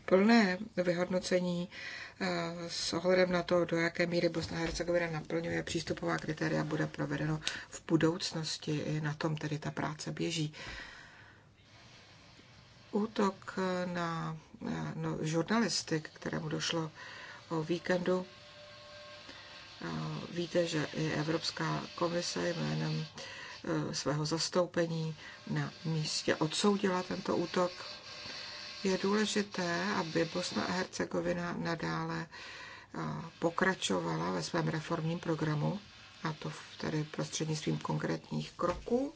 plné vyhodnocení eh, s ohledem na to, do jaké míry Bosna Hercegovina naplňuje přístupová kritéria, bude provedeno v budoucnosti. I na tom tedy ta práce běží. Útok na eh, no, žurnalisty, kterému došlo o víkendu, eh, víte, že i Evropská komise jménem svého zastoupení na místě odsoudila tento útok je důležité, aby Bosna a Hercegovina nadále pokračovala ve svém reformním programu, a to tedy prostřednictvím konkrétních kroků.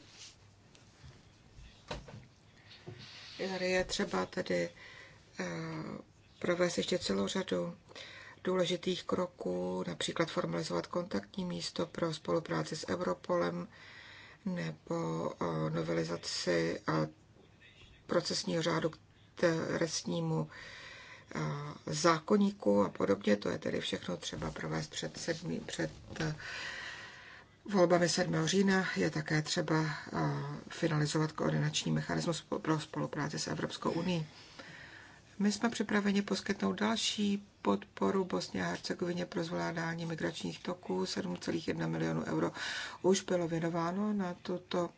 Tady je třeba tedy e, provést ještě celou řadu důležitých kroků, například formalizovat kontaktní místo pro spolupráci s Europolem nebo e, novelizaci procesního řádu, trestnímu eh, zákoníku a podobně. To je tedy všechno třeba provést před, sedmi před eh, volbami 7. října. Je také třeba eh, finalizovat koordinační mechanismus pro spolupráci s Evropskou unii. My jsme připraveni poskytnout další podporu Bosně a Hercegovině pro zvládání migračních toků. 7,1 milionu euro už bylo věnováno na tuto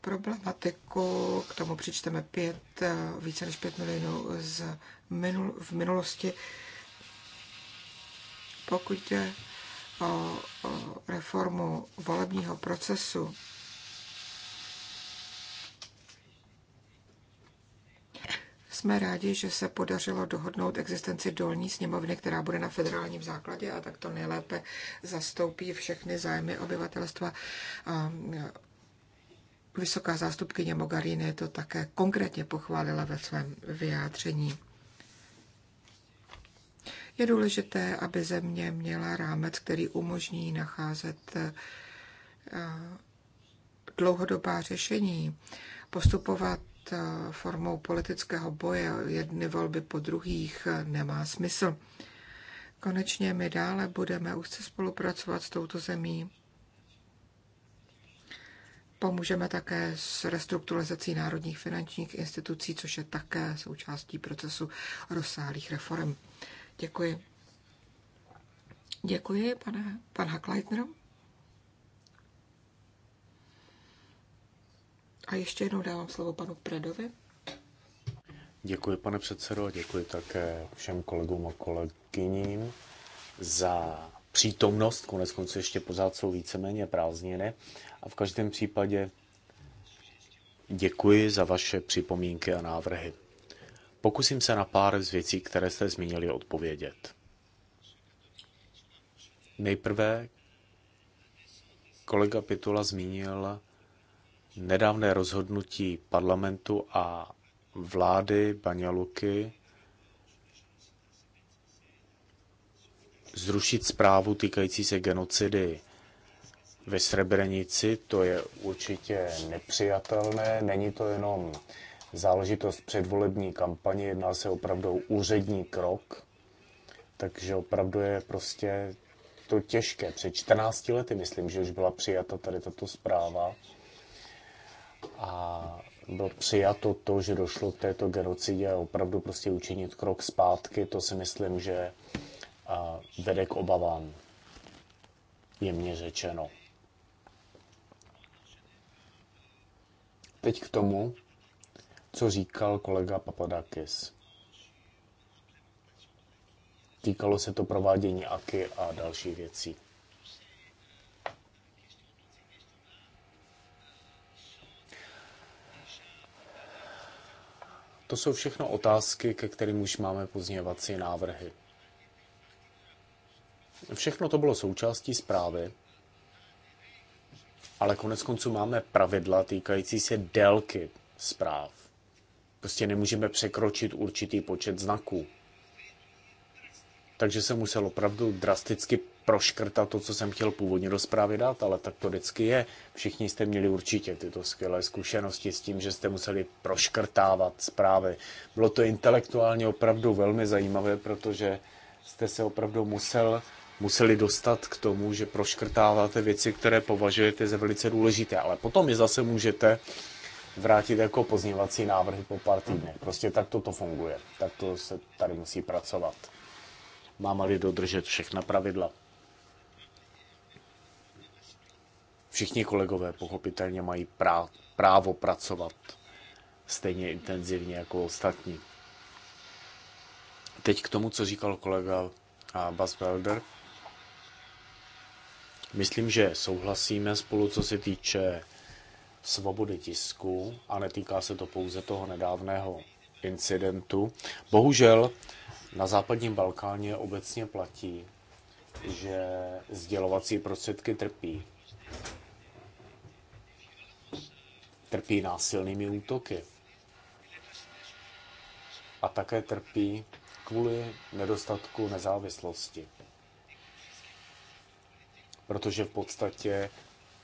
problematiku. K tomu přičteme pět, eh, více než pět milionů z minul, v minulosti. Pokud jde o, o reformu volebního procesu, jsme rádi, že se podařilo dohodnout existenci dolní sněmovny, která bude na federálním základě a tak to nejlépe zastoupí všechny zájmy obyvatelstva Vysoká zástupkyně Mogarine to také konkrétně pochválila ve svém vyjádření. Je důležité, aby země měla rámec, který umožní nacházet eh, dlouhodobá řešení, postupovat eh, formou politického boje jedny volby po druhých eh, nemá smysl. Konečně my dále budeme úzce spolupracovat s touto zemí Pomůžeme také s restrukturalizací národních finančních institucí, což je také součástí procesu rozsáhlých reform. Děkuji. Děkuji, pane, pan Hakleitner. A ještě jednou dávám slovo panu Predovi. Děkuji, pane předsedo, a děkuji také všem kolegům a kolegyním za přítomnost, konec konců ještě pořád jsou víceméně prázdniny. A v každém případě děkuji za vaše připomínky a návrhy. Pokusím se na pár z věcí, které jste zmínili, odpovědět. Nejprve kolega Pitula zmínil nedávné rozhodnutí parlamentu a vlády Baňaluky zrušit zprávu týkající se genocidy ve Srebrenici, to je určitě nepřijatelné. Není to jenom záležitost předvolební kampaně, jedná se opravdu o úřední krok, takže opravdu je prostě to těžké. Před 14 lety, myslím, že už byla přijata tady tato zpráva a bylo přijato to, že došlo k této genocidě a opravdu prostě učinit krok zpátky, to si myslím, že vede k obavám, jemně řečeno. Teď k tomu, co říkal kolega Papadakis. Týkalo se to provádění AKY a další věcí. To jsou všechno otázky, ke kterým už máme pozněvací návrhy. Všechno to bylo součástí zprávy, ale konec konců máme pravidla týkající se délky zpráv. Prostě nemůžeme překročit určitý počet znaků. Takže se musel opravdu drasticky proškrtat to, co jsem chtěl původně do zprávy dát, ale tak to vždycky je. Všichni jste měli určitě tyto skvělé zkušenosti s tím, že jste museli proškrtávat zprávy. Bylo to intelektuálně opravdu velmi zajímavé, protože jste se opravdu musel museli dostat k tomu, že proškrtáváte věci, které považujete za velice důležité, ale potom je zase můžete vrátit jako pozněvací návrhy po pár týdnech. Prostě tak to funguje. Tak to se tady musí pracovat. Máme-li dodržet všechna pravidla. Všichni kolegové pochopitelně mají právo pracovat stejně intenzivně jako ostatní. Teď k tomu, co říkal kolega Bas Belder. Myslím, že souhlasíme spolu, co se týče svobody tisku a netýká se to pouze toho nedávného incidentu. Bohužel na západním Balkáně obecně platí, že sdělovací prostředky trpí. Trpí násilnými útoky. A také trpí kvůli nedostatku nezávislosti protože v podstatě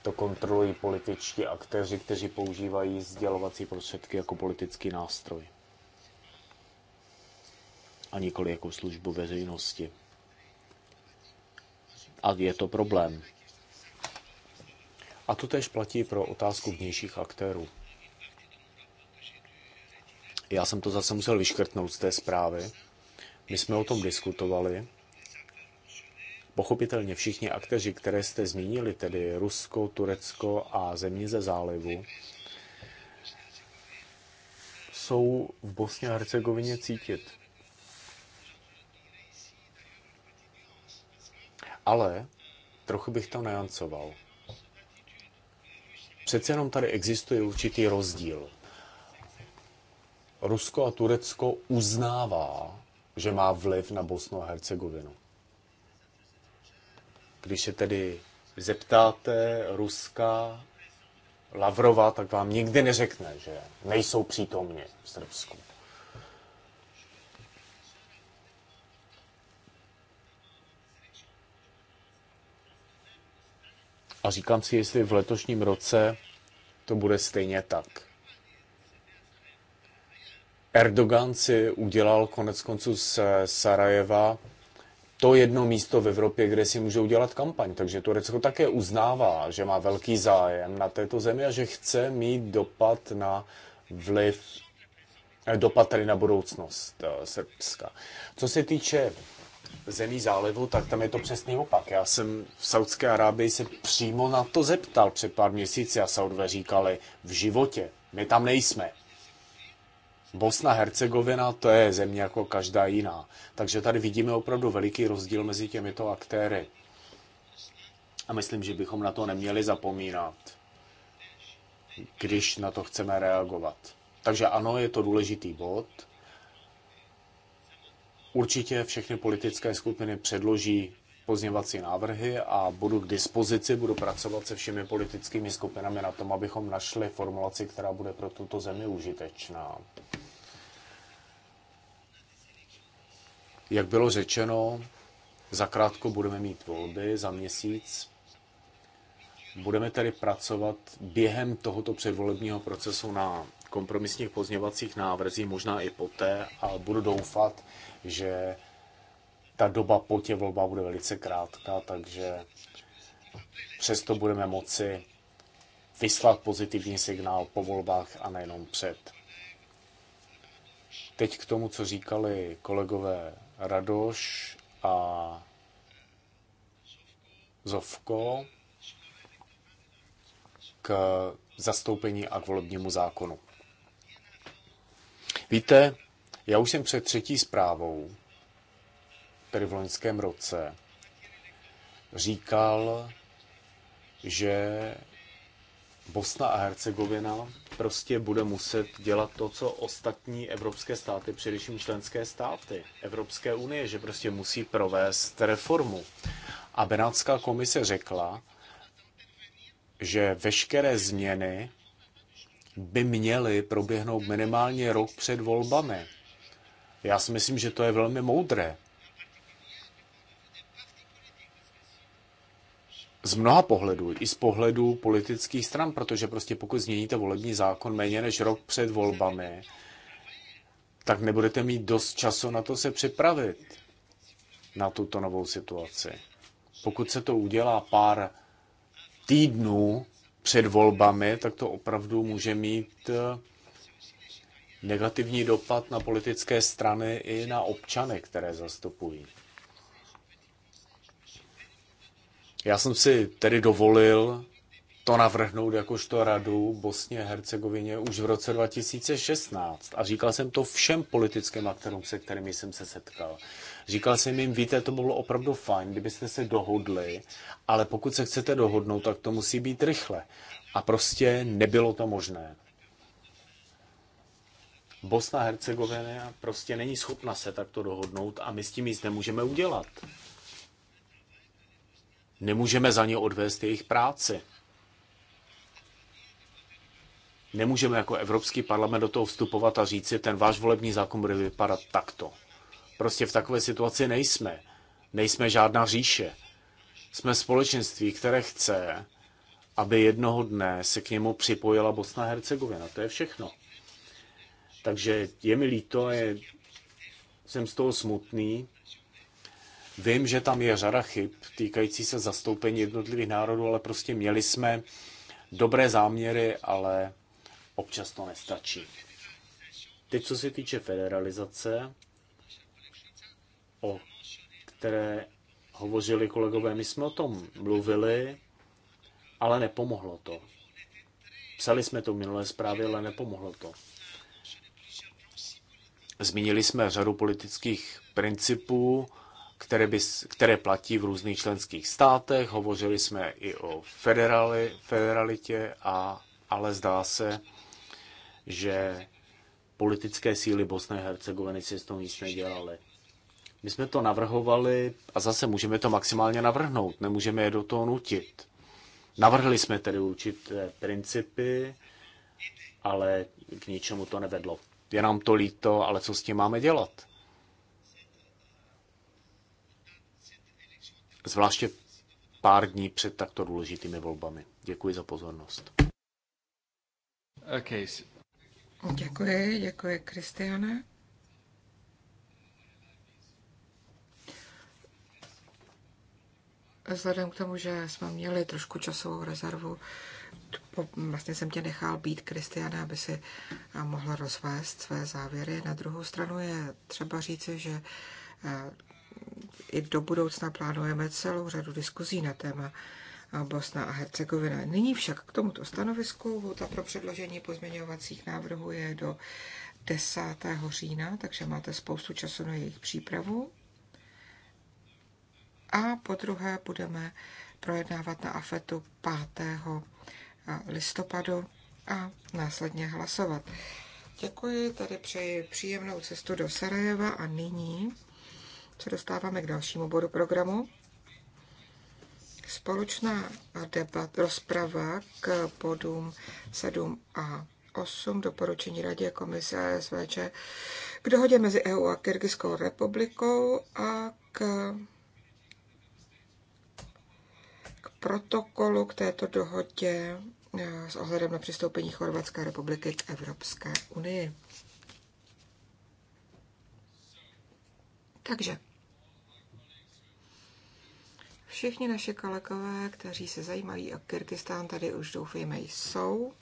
to kontrolují političtí aktéři, kteří používají sdělovací prostředky jako politický nástroj a nikoli jako službu veřejnosti. A je to problém. A to tež platí pro otázku vnějších aktérů. Já jsem to zase musel vyškrtnout z té zprávy. My jsme o tom diskutovali Pochopitelně všichni akteři, které jste zmínili, tedy Rusko, Turecko a země ze zálivu, jsou v Bosně a Hercegovině cítit. Ale trochu bych to neancoval. Přece jenom tady existuje určitý rozdíl. Rusko a Turecko uznává, že má vliv na Bosnu a Hercegovinu. Když se tedy zeptáte Ruska, Lavrova, tak vám nikdy neřekne, že nejsou přítomni v Srbsku. A říkám si, jestli v letošním roce to bude stejně tak. Erdogan si udělal konec konců z Sarajeva to jedno místo v Evropě, kde si můžou dělat kampaň. Takže Turecko také uznává, že má velký zájem na této zemi a že chce mít dopad na vliv, eh, dopad tedy na budoucnost eh, Srbska. Co se týče zemí zálivu, tak tam je to přesný opak. Já jsem v Saudské Arábii se přímo na to zeptal před pár měsíci a Saudové říkali v životě, my tam nejsme. Bosna Hercegovina to je země jako každá jiná. Takže tady vidíme opravdu veliký rozdíl mezi těmito aktéry. A myslím, že bychom na to neměli zapomínat, když na to chceme reagovat. Takže ano, je to důležitý bod. Určitě všechny politické skupiny předloží pozněvací návrhy a budu k dispozici, budu pracovat se všemi politickými skupinami na tom, abychom našli formulaci, která bude pro tuto zemi užitečná. Jak bylo řečeno, za krátko budeme mít volby, za měsíc. Budeme tedy pracovat během tohoto předvolebního procesu na kompromisních pozněvacích návrzích, možná i poté, a budu doufat, že ta doba po těch volbách bude velice krátká, takže přesto budeme moci vyslat pozitivní signál po volbách a nejenom před. Teď k tomu, co říkali kolegové Radoš a Zovko k zastoupení a k volebnímu zákonu. Víte, já už jsem před třetí zprávou tedy v loňském roce, říkal, že Bosna a Hercegovina prostě bude muset dělat to, co ostatní evropské státy, především členské státy Evropské unie, že prostě musí provést reformu. A Benátská komise řekla, že veškeré změny by měly proběhnout minimálně rok před volbami. Já si myslím, že to je velmi moudré, z mnoha pohledů, i z pohledu politických stran, protože prostě pokud změníte volební zákon méně než rok před volbami, tak nebudete mít dost času na to se připravit na tuto novou situaci. Pokud se to udělá pár týdnů před volbami, tak to opravdu může mít eh, negativní dopad na politické strany i na občany, které zastupují. Já jsem si tedy dovolil to navrhnout jakožto radu Bosně a Hercegovině už v roce 2016. A říkal jsem to všem politickým aktérům, se kterými jsem se setkal. Říkal jsem jim, víte, to bylo opravdu fajn, kdybyste se dohodli, ale pokud se chcete dohodnout, tak to musí být rychle. A prostě nebylo to možné. Bosna a Hercegovina prostě není schopna se takto dohodnout a my s tím nic nemůžeme udělat. Nemůžeme za ně odvést jejich práci. Nemůžeme jako Evropský parlament do toho vstupovat a říct si, ten váš volební zákon bude vypadat takto. Prostě v takové situaci nejsme. Nejsme žádná říše. Jsme společenství, které chce, aby jednoho dne se k němu připojila Bosna a Hercegovina. To je všechno. Takže je mi líto, je, jsem z toho smutný, Vím, že tam je řada chyb týkající se zastoupení jednotlivých národů, ale prostě měli jsme dobré záměry, ale občas to nestačí. Teď, co se týče federalizace, o které hovořili kolegové, my jsme o tom mluvili, ale nepomohlo to. Psali jsme to v minulé zprávě, ale nepomohlo to. Zmínili jsme řadu politických principů, které, by, které platí v různých členských státech. Hovořili jsme i o federali, federalitě, a, ale zdá se, že politické síly Bosné a Hercegoviny si s tom nic nedělali. My jsme to navrhovali a zase můžeme to maximálně navrhnout, nemůžeme je do toho nutit. Navrhli jsme tedy určité principy, ale k ničemu to nevedlo. Je nám to líto, ale co s tím máme dělat? zvláště pár dní před takto důležitými volbami. Děkuji za pozornost. Okay. Děkuji, děkuji, Kristiane. Vzhledem k tomu, že jsme měli trošku časovou rezervu, vlastně jsem tě nechal být, Kristiane, aby si eh, mohla rozvést své závěry. Na druhou stranu je třeba říci, že eh, i do budoucna plánujeme celou řadu diskuzí na téma Bosna a Hercegovina. Nyní však k tomuto stanovisku lhuta pro předložení pozměňovacích návrhů je do 10. října, takže máte spoustu času na jejich přípravu. A po druhé budeme projednávat na AFETu 5. listopadu a následně hlasovat. Děkuji, tady přeji příjemnou cestu do Sarajeva a nyní se dostáváme k dalšímu bodu programu. Společná debat, rozprava k bodům 7 a 8 doporučení Radě komise SVČ k dohodě mezi EU a Kyrgyzskou republikou a k, k protokolu k této dohodě eh, s ohledem na přistoupení Chorvatské republiky k Evropské unii. Takže Všichni naše kolegové, kteří se zajímají o Kyrgyzstán, tady už doufejme jsou.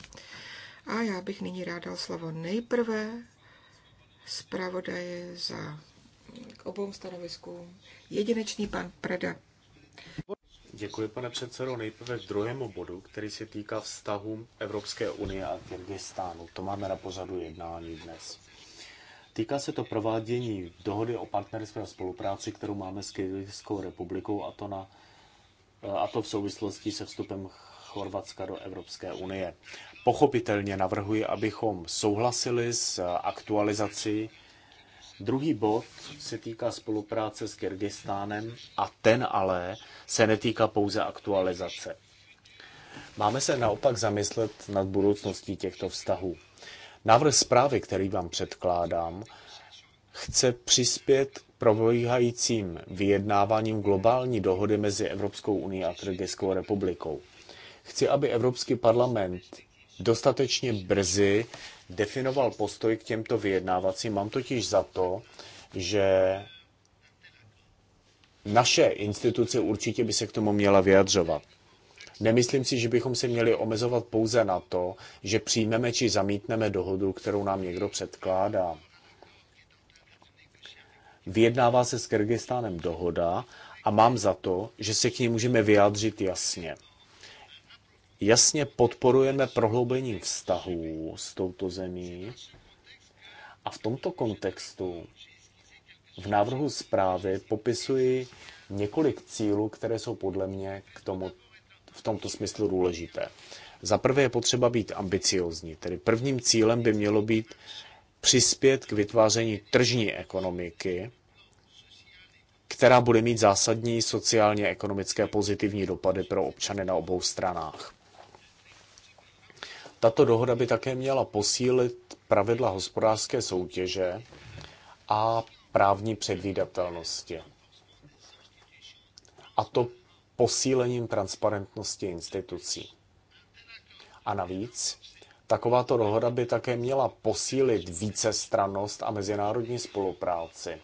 A já bych nyní rád slovo nejprve zpravodaje za k obou stanoviskům. Jedinečný pan Preda. Děkuji, pane předsedo. Nejprve k druhému bodu, který se týká vztahu Evropské unie a Kyrgyzstánu. To máme na pozadu jednání dnes. Týká se to provádění dohody o partnerské spolupráci, kterou máme s Kyrgyzskou republikou, a to, na, a to v souvislosti se vstupem Chorvatska do Evropské unie. Pochopitelně navrhuji, abychom souhlasili s aktualizací. Druhý bod se týká spolupráce s Kyrgyzstánem a ten ale se netýká pouze aktualizace. Máme se naopak zamyslet nad budoucností těchto vztahů. Návrh zprávy, který vám předkládám, chce přispět probíhajícím vyjednáváním globální dohody mezi Evropskou unii a Kyrgyzskou republikou. Chci, aby Evropský parlament dostatečně brzy definoval postoj k těmto vyjednávacím. Mám totiž za to, že naše instituce určitě by se k tomu měla vyjadřovat. Nemyslím si, že bychom se měli omezovat pouze na to, že přijmeme či zamítneme dohodu, kterou nám někdo předkládá. Vyjednává se s Kyrgyzstánem dohoda a mám za to, že se k ní můžeme vyjádřit jasně. Jasně podporujeme prohloubení vztahů s touto zemí a v tomto kontextu v návrhu zprávy popisuji několik cílů, které jsou podle mě k tomu v tomto smyslu důležité. Za prvé je potřeba být ambiciozní, tedy prvním cílem by mělo být přispět k vytváření tržní ekonomiky, která bude mít zásadní sociálně ekonomické pozitivní dopady pro občany na obou stranách. Tato dohoda by také měla posílit pravidla hospodářské soutěže a právní předvídatelnosti. A to posílením transparentnosti institucí. A navíc, takováto dohoda by také měla posílit vícestrannost a mezinárodní spolupráci,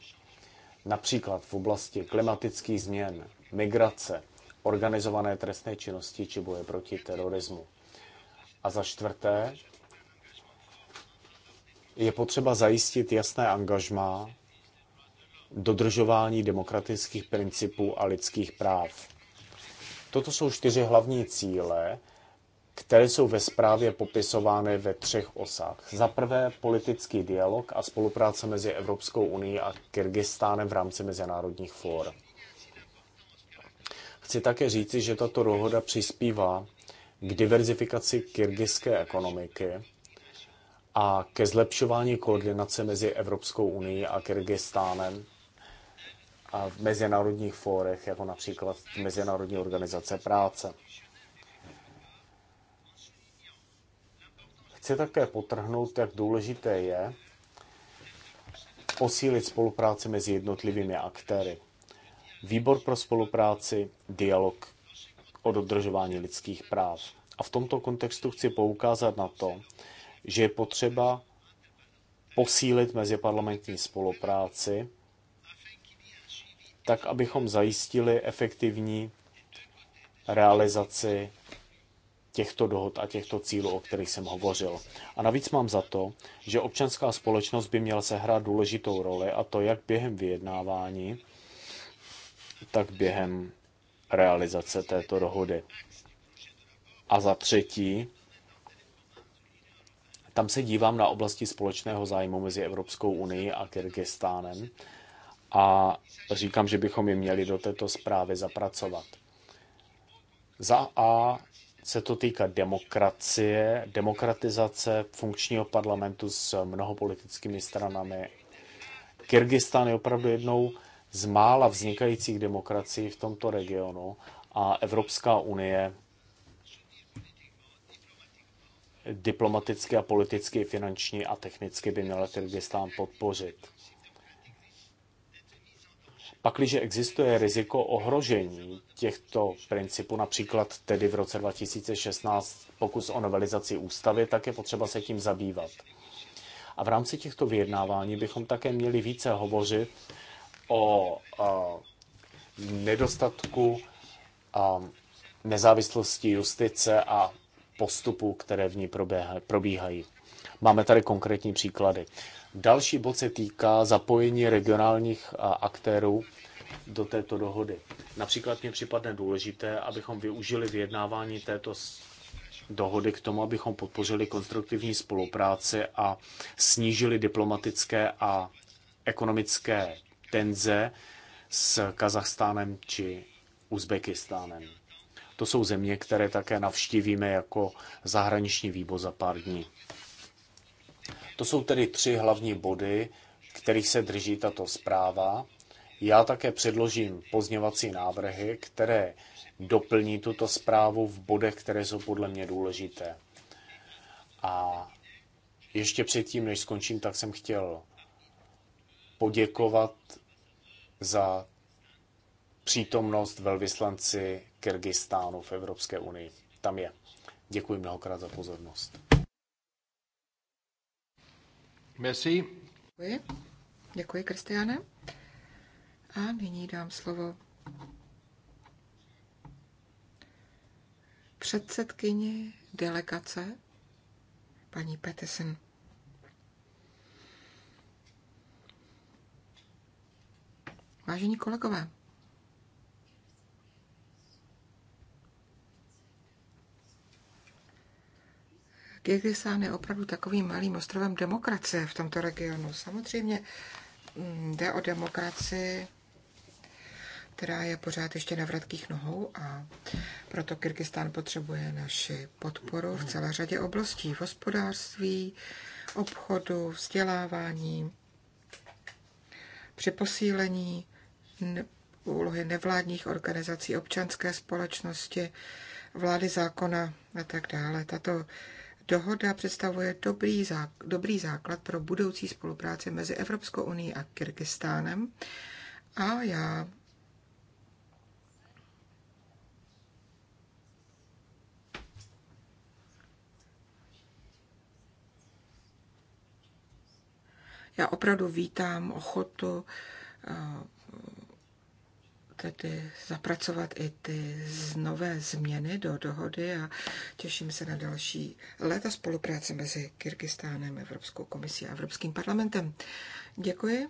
například v oblasti klimatických změn, migrace, organizované trestné činnosti či boje proti terorismu. A za čtvrté, je potřeba zajistit jasné angažmá dodržování demokratických principů a lidských práv. Toto jsou čtyři hlavní cíle, které jsou ve zprávě popisovány ve třech osách. Za prvé politický dialog a spolupráce mezi Evropskou unii a Kyrgyzstánem v rámci mezinárodních fór. Chci také říci, že tato dohoda přispívá k diverzifikaci kyrgyzské ekonomiky a ke zlepšování koordinace mezi Evropskou unii a Kyrgyzstánem v mezinárodních fórech, jako například Mezinárodní organizace práce. Chci také potrhnout, jak důležité je posílit spolupráci mezi jednotlivými aktéry. Výbor pro spolupráci, dialog o dodržování lidských práv. A v tomto kontextu chci poukázat na to, že je potřeba posílit meziparlamentní spolupráci tak abychom zajistili efektivní realizaci těchto dohod a těchto cílů, o kterých jsem hovořil. A navíc mám za to, že občanská společnost by měla sehrát důležitou roli, a to jak během vyjednávání, tak během realizace této dohody. A za třetí, tam se dívám na oblasti společného zájmu mezi Evropskou unii a Kyrgyzstánem, a říkám, že bychom je měli do této zprávy zapracovat. Za A se to týká demokracie, demokratizace funkčního parlamentu s mnohopolitickými stranami. Kyrgyzstán je opravdu jednou z mála vznikajících demokracií v tomto regionu a Evropská unie diplomaticky a politicky, finančně a technicky by měla Kyrgyzstán podpořit. Pakliže existuje riziko ohrožení těchto principů, například tedy v roce 2016 pokus o novelizaci ústavy, tak je potřeba se tím zabývat. A v rámci těchto vyjednávání bychom také měli více hovořit o a, nedostatku a, nezávislosti justice a postupů, které v ní probíhají. Máme tady konkrétní příklady. Další bod se týká zapojení regionálních aktérů do této dohody. Například mě připadne důležité, abychom využili vyjednávání této dohody k tomu, abychom podpořili konstruktivní spolupráci a snížili diplomatické a ekonomické tenze s Kazachstánem či Uzbekistánem. To jsou země, které také navštívíme jako zahraniční výbor za pár dní. To jsou tedy tři hlavní body, kterých se drží tato zpráva. Já také předložím pozněvací návrhy, které doplní tuto zprávu v bodech, které jsou podle mě důležité. A ještě předtím, než skončím, tak jsem chtěl poděkovat za přítomnost velvyslanci Kyrgyzstánu v Evropské unii. Tam je. Děkuji mnohokrát za pozornost. Merci. Děkuji. Děkuji, Kristiane. A nyní dám slovo předsedkyni delegace, paní Petesen. Vážení kolegové, Kyrgyzstán je opravdu takovým malým ostrovem demokracie v tomto regionu. Samozřejmě mm, jde o demokracii, která je pořád ještě na vratkých nohou a proto Kyrgyzstán potřebuje naši podporu v celé řadě oblastí, v hospodářství, obchodu, vzdělávání, při posílení úlohy nevládních organizací, občanské společnosti, vlády zákona a tak dále. Tato Dohoda představuje dobrý, zák- dobrý základ pro budoucí spolupráci mezi Evropskou unii a Kyrgyzstánem a já Já opravdu vítám ochotu eh, tedy zapracovat i ty nové změny do dohody a těším se na další léta spolupráce mezi Kyrgyzstánem, Evropskou komisí a Evropským parlamentem. Děkuji.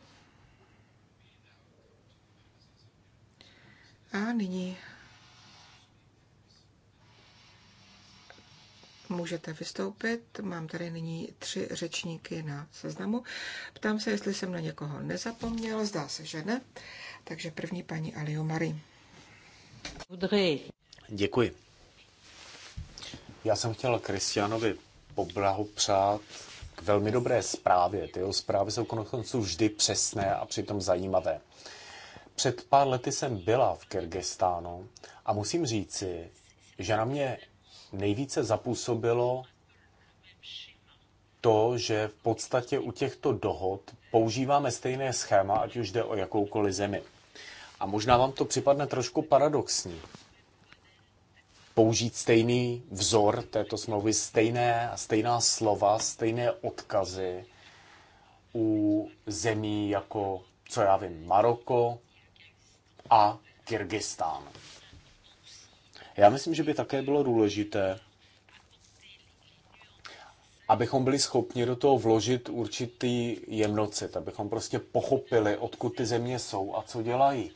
A nyní můžete vystoupit. Mám tady nyní tři řečníky na seznamu. Ptám se, jestli jsem na někoho nezapomněl. Zdá se, že ne. Takže první paní Alio Mari. Děkuji. Já jsem chtěl Kristianovi poblahopřát k velmi dobré zprávě. Ty jeho zprávy jsou konců vždy přesné a přitom zajímavé. Před pár lety jsem byla v Kyrgyzstánu a musím říci, že na mě nejvíce zapůsobilo to, že v podstatě u těchto dohod používáme stejné schéma, ať už jde o jakoukoliv zemi. A možná vám to připadne trošku paradoxní. Použít stejný vzor této smlouvy, stejné, stejná slova, stejné odkazy u zemí jako, co já vím, Maroko a Kyrgyzstán. Já myslím, že by také bylo důležité, abychom byli schopni do toho vložit určitý jemnocit, abychom prostě pochopili, odkud ty země jsou a co dělají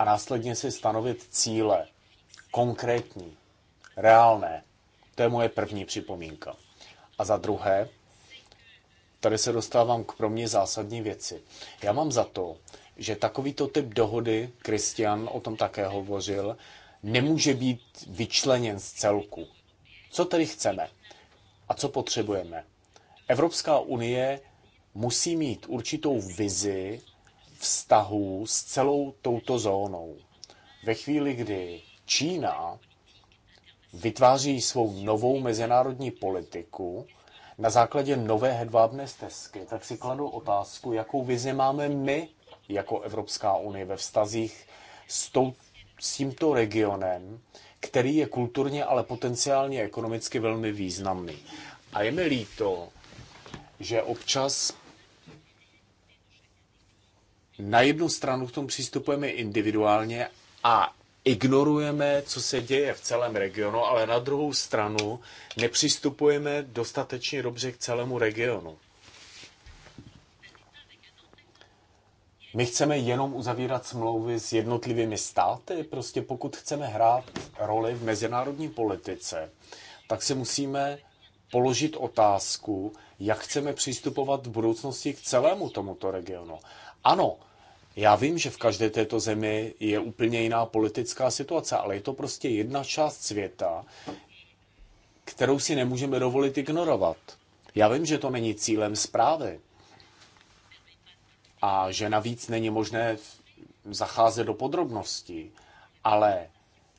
a následně si stanovit cíle. Konkrétní, reálné. To je moje první připomínka. A za druhé, tady se dostávám k pro mě zásadní věci. Já mám za to, že takovýto typ dohody, Kristian o tom také hovořil, nemůže být vyčleněn z celku. Co tedy chceme a co potřebujeme? Evropská unie musí mít určitou vizi vztahů s celou touto zónou. Ve chvíli, kdy Čína vytváří svou novou mezinárodní politiku na základě nové hedvábné stezky, tak si kladu otázku, jakou vizi máme my jako Evropská unie ve vztazích s, tou, s tímto regionem, který je kulturně, ale potenciálně ekonomicky velmi významný. A je mi líto, že občas na jednu stranu k tomu přistupujeme individuálně a ignorujeme, co se děje v celém regionu, ale na druhou stranu nepřistupujeme dostatečně dobře k celému regionu. My chceme jenom uzavírat smlouvy s jednotlivými státy. Prostě pokud chceme hrát roli v mezinárodní politice, tak si musíme položit otázku, jak chceme přistupovat v budoucnosti k celému tomuto regionu. Ano, já vím, že v každé této zemi je úplně jiná politická situace, ale je to prostě jedna část světa, kterou si nemůžeme dovolit ignorovat. Já vím, že to není cílem zprávy a že navíc není možné zacházet do podrobností, ale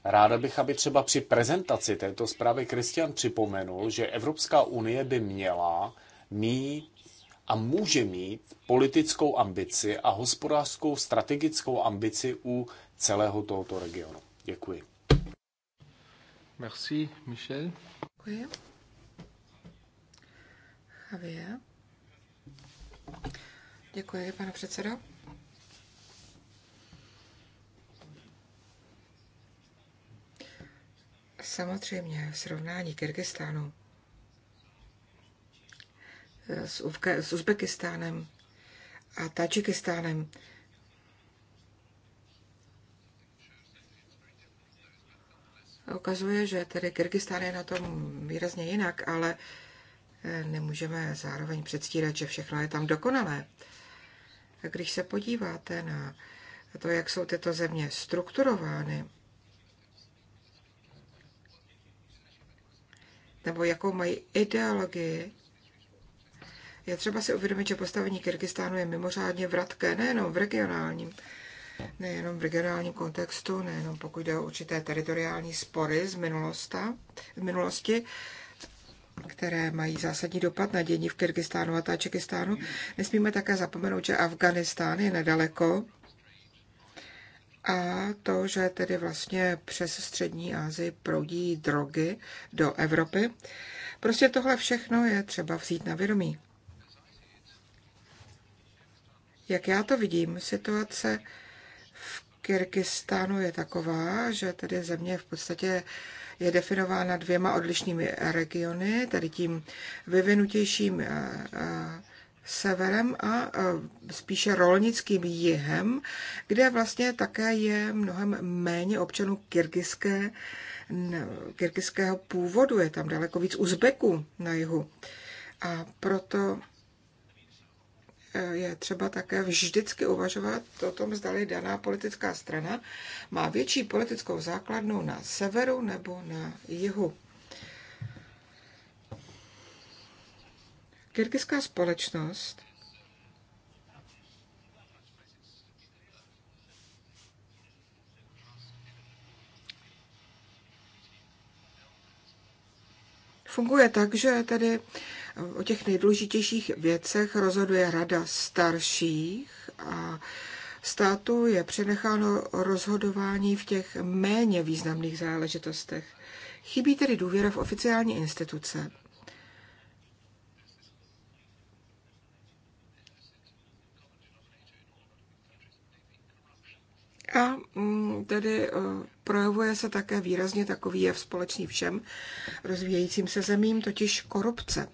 ráda bych, aby třeba při prezentaci této zprávy Kristian připomenul, že Evropská unie by měla mít a může mít politickou ambici a hospodářskou strategickou ambici u celého tohoto regionu. Děkuji. Merci, Michel. Děkuji. Javier. Děkuji, pane předsedo. Samozřejmě, srovnání Kyrgyzstánu s, s Uzbekistánem a Tadžikistánem. Ukazuje, že tedy Kyrgyzstán je na tom výrazně jinak, ale eh, nemůžeme zároveň předstírat, že všechno je tam dokonalé. když se podíváte na to, jak jsou tyto země strukturovány, nebo jakou mají ideologii, je třeba si uvědomit, že postavení Kyrgyzstánu je mimořádně vratké, nejenom v regionálním, nejenom v regionálním kontextu, nejenom pokud jde o určité teritoriální spory z, minulosta, z minulosti, které mají zásadní dopad na dění v Kyrgyzstánu a Tadžikistánu. Nesmíme také zapomenout, že Afganistán je nedaleko a to, že tedy vlastně přes střední Asii proudí drogy do Evropy. Prostě tohle všechno je třeba vzít na vědomí. Jak já to vidím, situace v Kyrgyzstánu je taková, že tedy země v podstatě je definována dvěma odlišnými regiony, tedy tím vyvinutějším eh, eh, severem a eh, spíše rolnickým jihem, kde vlastně také je mnohem méně občanů kyrgyzské, kyrgyzského původu. Je tam daleko víc Uzbeků na jihu. A proto je třeba také vždycky uvažovat o tom, zdali daná politická strana má větší politickou základnu na severu nebo na jihu. Kyrgyzská společnost funguje tak, že tedy o těch nejdůležitějších věcech rozhoduje rada starších a státu je přenecháno rozhodování v těch méně významných záležitostech. Chybí tedy důvěra v oficiální instituce. A mm, tedy eh, projevuje se také výrazně takový jev společný všem rozvíjejícím se zemím, totiž korupce.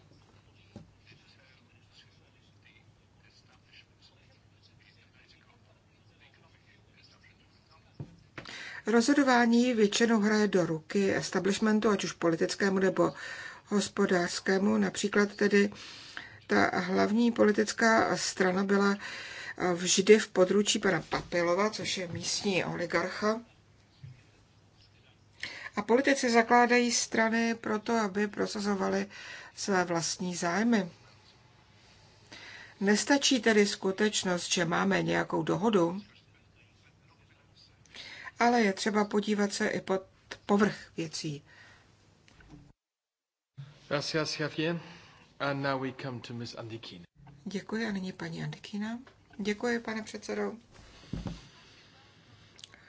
Rozhodování většinou hraje do ruky establishmentu, ať už politickému nebo hospodářskému. Například tedy ta hlavní politická strana byla vždy v područí pana Papilova, což je místní oligarcha. A politici zakládají strany proto, aby prosazovali své vlastní zájmy. Nestačí tedy skutečnost, že máme nějakou dohodu, ale je třeba podívat se i pod povrch věcí. Gracias, Javier. And now we come to Ms. Andikina. Děkuji a nyní paní Andikina. Děkuji, pane předsedo.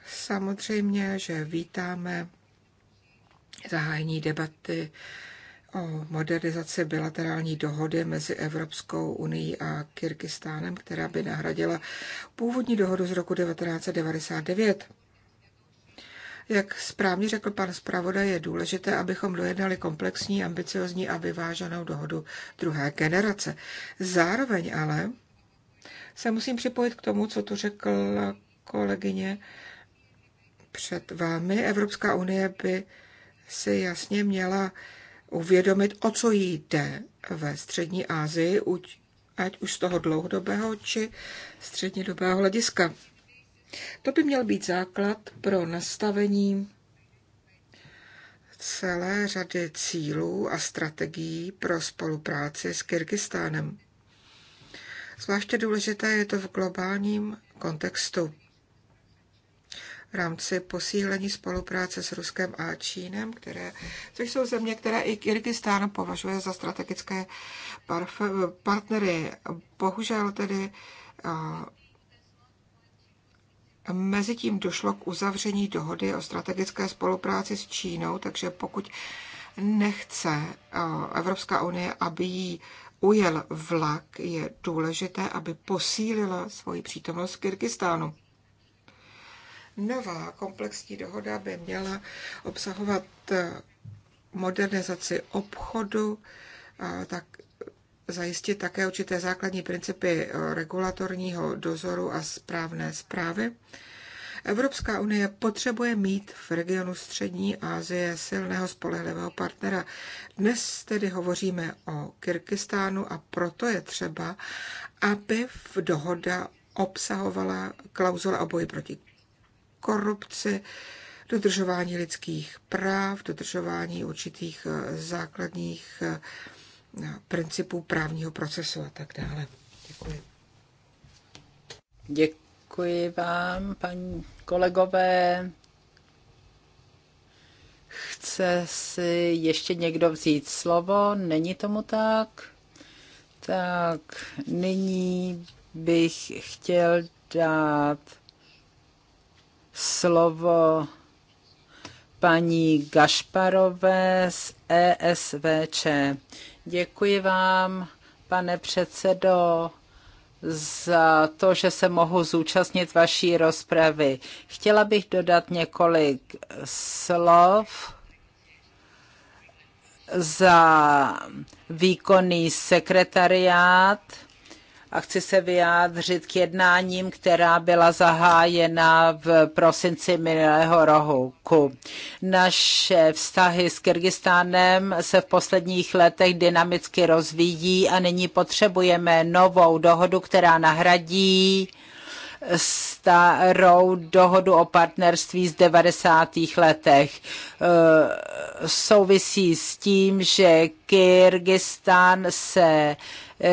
Samozřejmě, že vítáme zahájení debaty o modernizaci bilaterální dohody mezi Evropskou unii a Kyrgyzstánem, která by nahradila původní dohodu z roku 1999. Jak správně řekl pan zpravodaj, je důležité, abychom dojednali komplexní, ambiciozní a vyváženou dohodu druhé generace. Zároveň ale se musím připojit k tomu, co tu řekla kolegyně před vámi. Evropská unie by si jasně měla uvědomit, o co jí jde ve střední Asii, ať už z toho dlouhodobého či střednědobého hlediska. To by měl být základ pro nastavení celé řady cílů a strategií pro spolupráci s Kyrgyzstánem. Zvláště důležité je to v globálním kontextu. V rámci posílení spolupráce s Ruskem a Čínem, které, což jsou země, které i Kyrgyzstán považuje za strategické partnery. Bohužel tedy Mezitím došlo k uzavření dohody o strategické spolupráci s Čínou, takže pokud nechce eh, Evropská unie, aby jí ujel vlak, je důležité, aby posílila svoji přítomnost v Kyrgyzstánu. Nová komplexní dohoda by měla obsahovat eh, modernizaci obchodu, eh, tak zajistit také určité základní principy regulatorního dozoru a správné zprávy. Evropská unie potřebuje mít v regionu Střední Asie silného spolehlivého partnera. Dnes tedy hovoříme o Kyrgyzstánu a proto je třeba, aby v dohoda obsahovala klauzule o boji proti korupci, dodržování lidských práv, dodržování určitých základních principů právního procesu a tak dále. Děkuji. Děkuji vám, paní kolegové. Chce si ještě někdo vzít slovo? Není tomu tak? Tak nyní bych chtěl dát slovo paní Gašparové z ESVČ. Děkuji vám, pane předsedo za to, že se mohu zúčastnit vaší rozpravy. Chtěla bych dodat několik slov za výkonný sekretariát a chci se vyjádřit k jednáním, která byla zahájena v prosinci minulého roku. Naše vztahy s Kyrgyzstánem se v posledních letech dynamicky rozvíjí a nyní potřebujeme novou dohodu, která nahradí starou dohodu o partnerství z 90. letech. E, souvisí s tím, že Kyrgyzstán se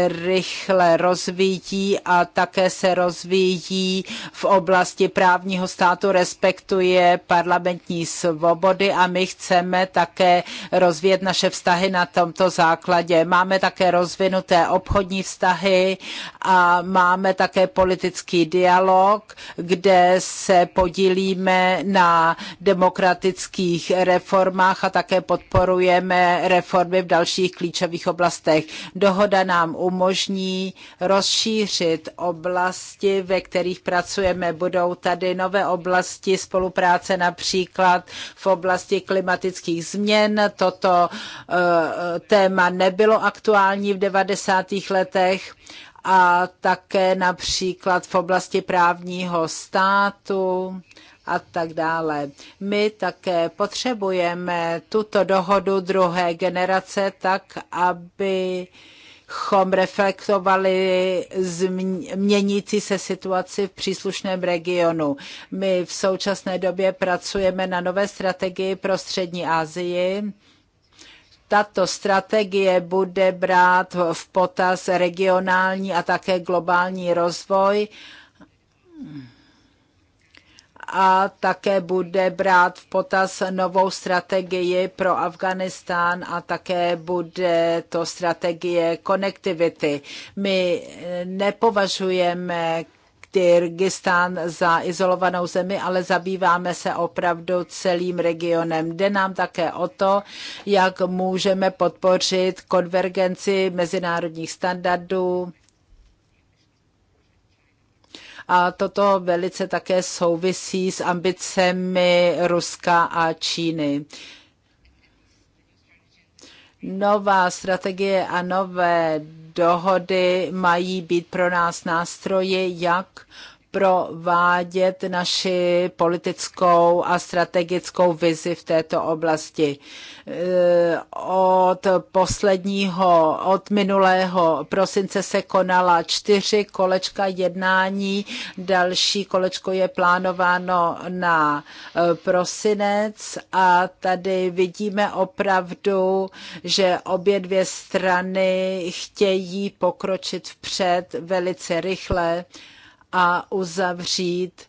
rychle rozvíjí a také se rozvíjí v oblasti právního státu, respektuje parlamentní svobody a my chceme také rozvíjet naše vztahy na tomto základě. Máme také rozvinuté obchodní vztahy a máme také politický dialog, kde se podílíme na demokratických reformách a také podporujeme reformy v dalších klíčových oblastech. Dohoda nám umožní rozšířit oblasti, ve kterých pracujeme. Budou tady nové oblasti spolupráce, například v oblasti klimatických změn. Toto eh, téma nebylo aktuální v 90. letech a také například v oblasti právního státu a tak dále. My také potřebujeme tuto dohodu druhé generace tak, aby Chom reflektovali měnící se situaci v příslušném regionu. My v současné době pracujeme na nové strategii pro střední Asii. Tato strategie bude brát v potaz regionální a také globální rozvoj a také bude brát v potaz novou strategii pro Afganistán a také bude to strategie konektivity. My nepovažujeme Kyrgyzstán za izolovanou zemi, ale zabýváme se opravdu celým regionem. Jde nám také o to, jak můžeme podpořit konvergenci mezinárodních standardů a toto velice také souvisí s ambicemi Ruska a Číny nová strategie a nové dohody mají být pro nás nástroje, jak provádět naši politickou a strategickou vizi v této oblasti. Eh, od posledního, od minulého prosince se konala čtyři kolečka jednání, další kolečko je plánováno na eh, prosinec a tady vidíme opravdu, že obě dvě strany chtějí pokročit vpřed velice rychle a uzavřít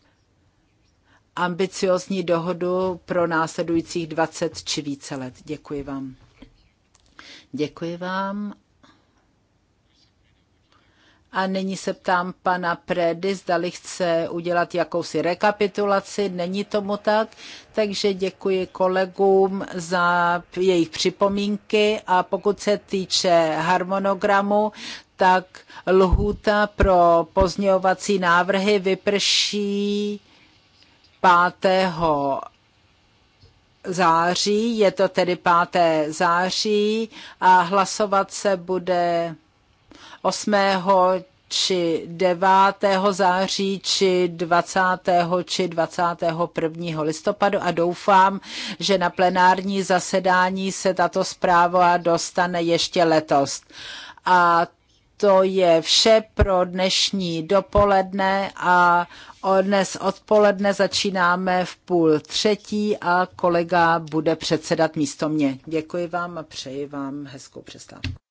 ambiciozní dohodu pro následujících 20 či více let. Děkuji vám. Děkuji vám. A nyní se ptám pana Predy, zdali chce udělat jakousi rekapitulaci. Není tomu tak, takže děkuji kolegům za jejich připomínky a pokud se týče harmonogramu, tak lhůta pro pozměňovací návrhy vyprší 5. září, je to tedy 5. září a hlasovat se bude 8 či 9. září, či 20. či 21. listopadu a doufám, že na plenární zasedání se tato zpráva dostane ještě letos. A to je vše pro dnešní dopoledne a dnes odpoledne začínáme v půl třetí a kolega bude předsedat místo mě. Děkuji vám a přeji vám hezkou přestávku.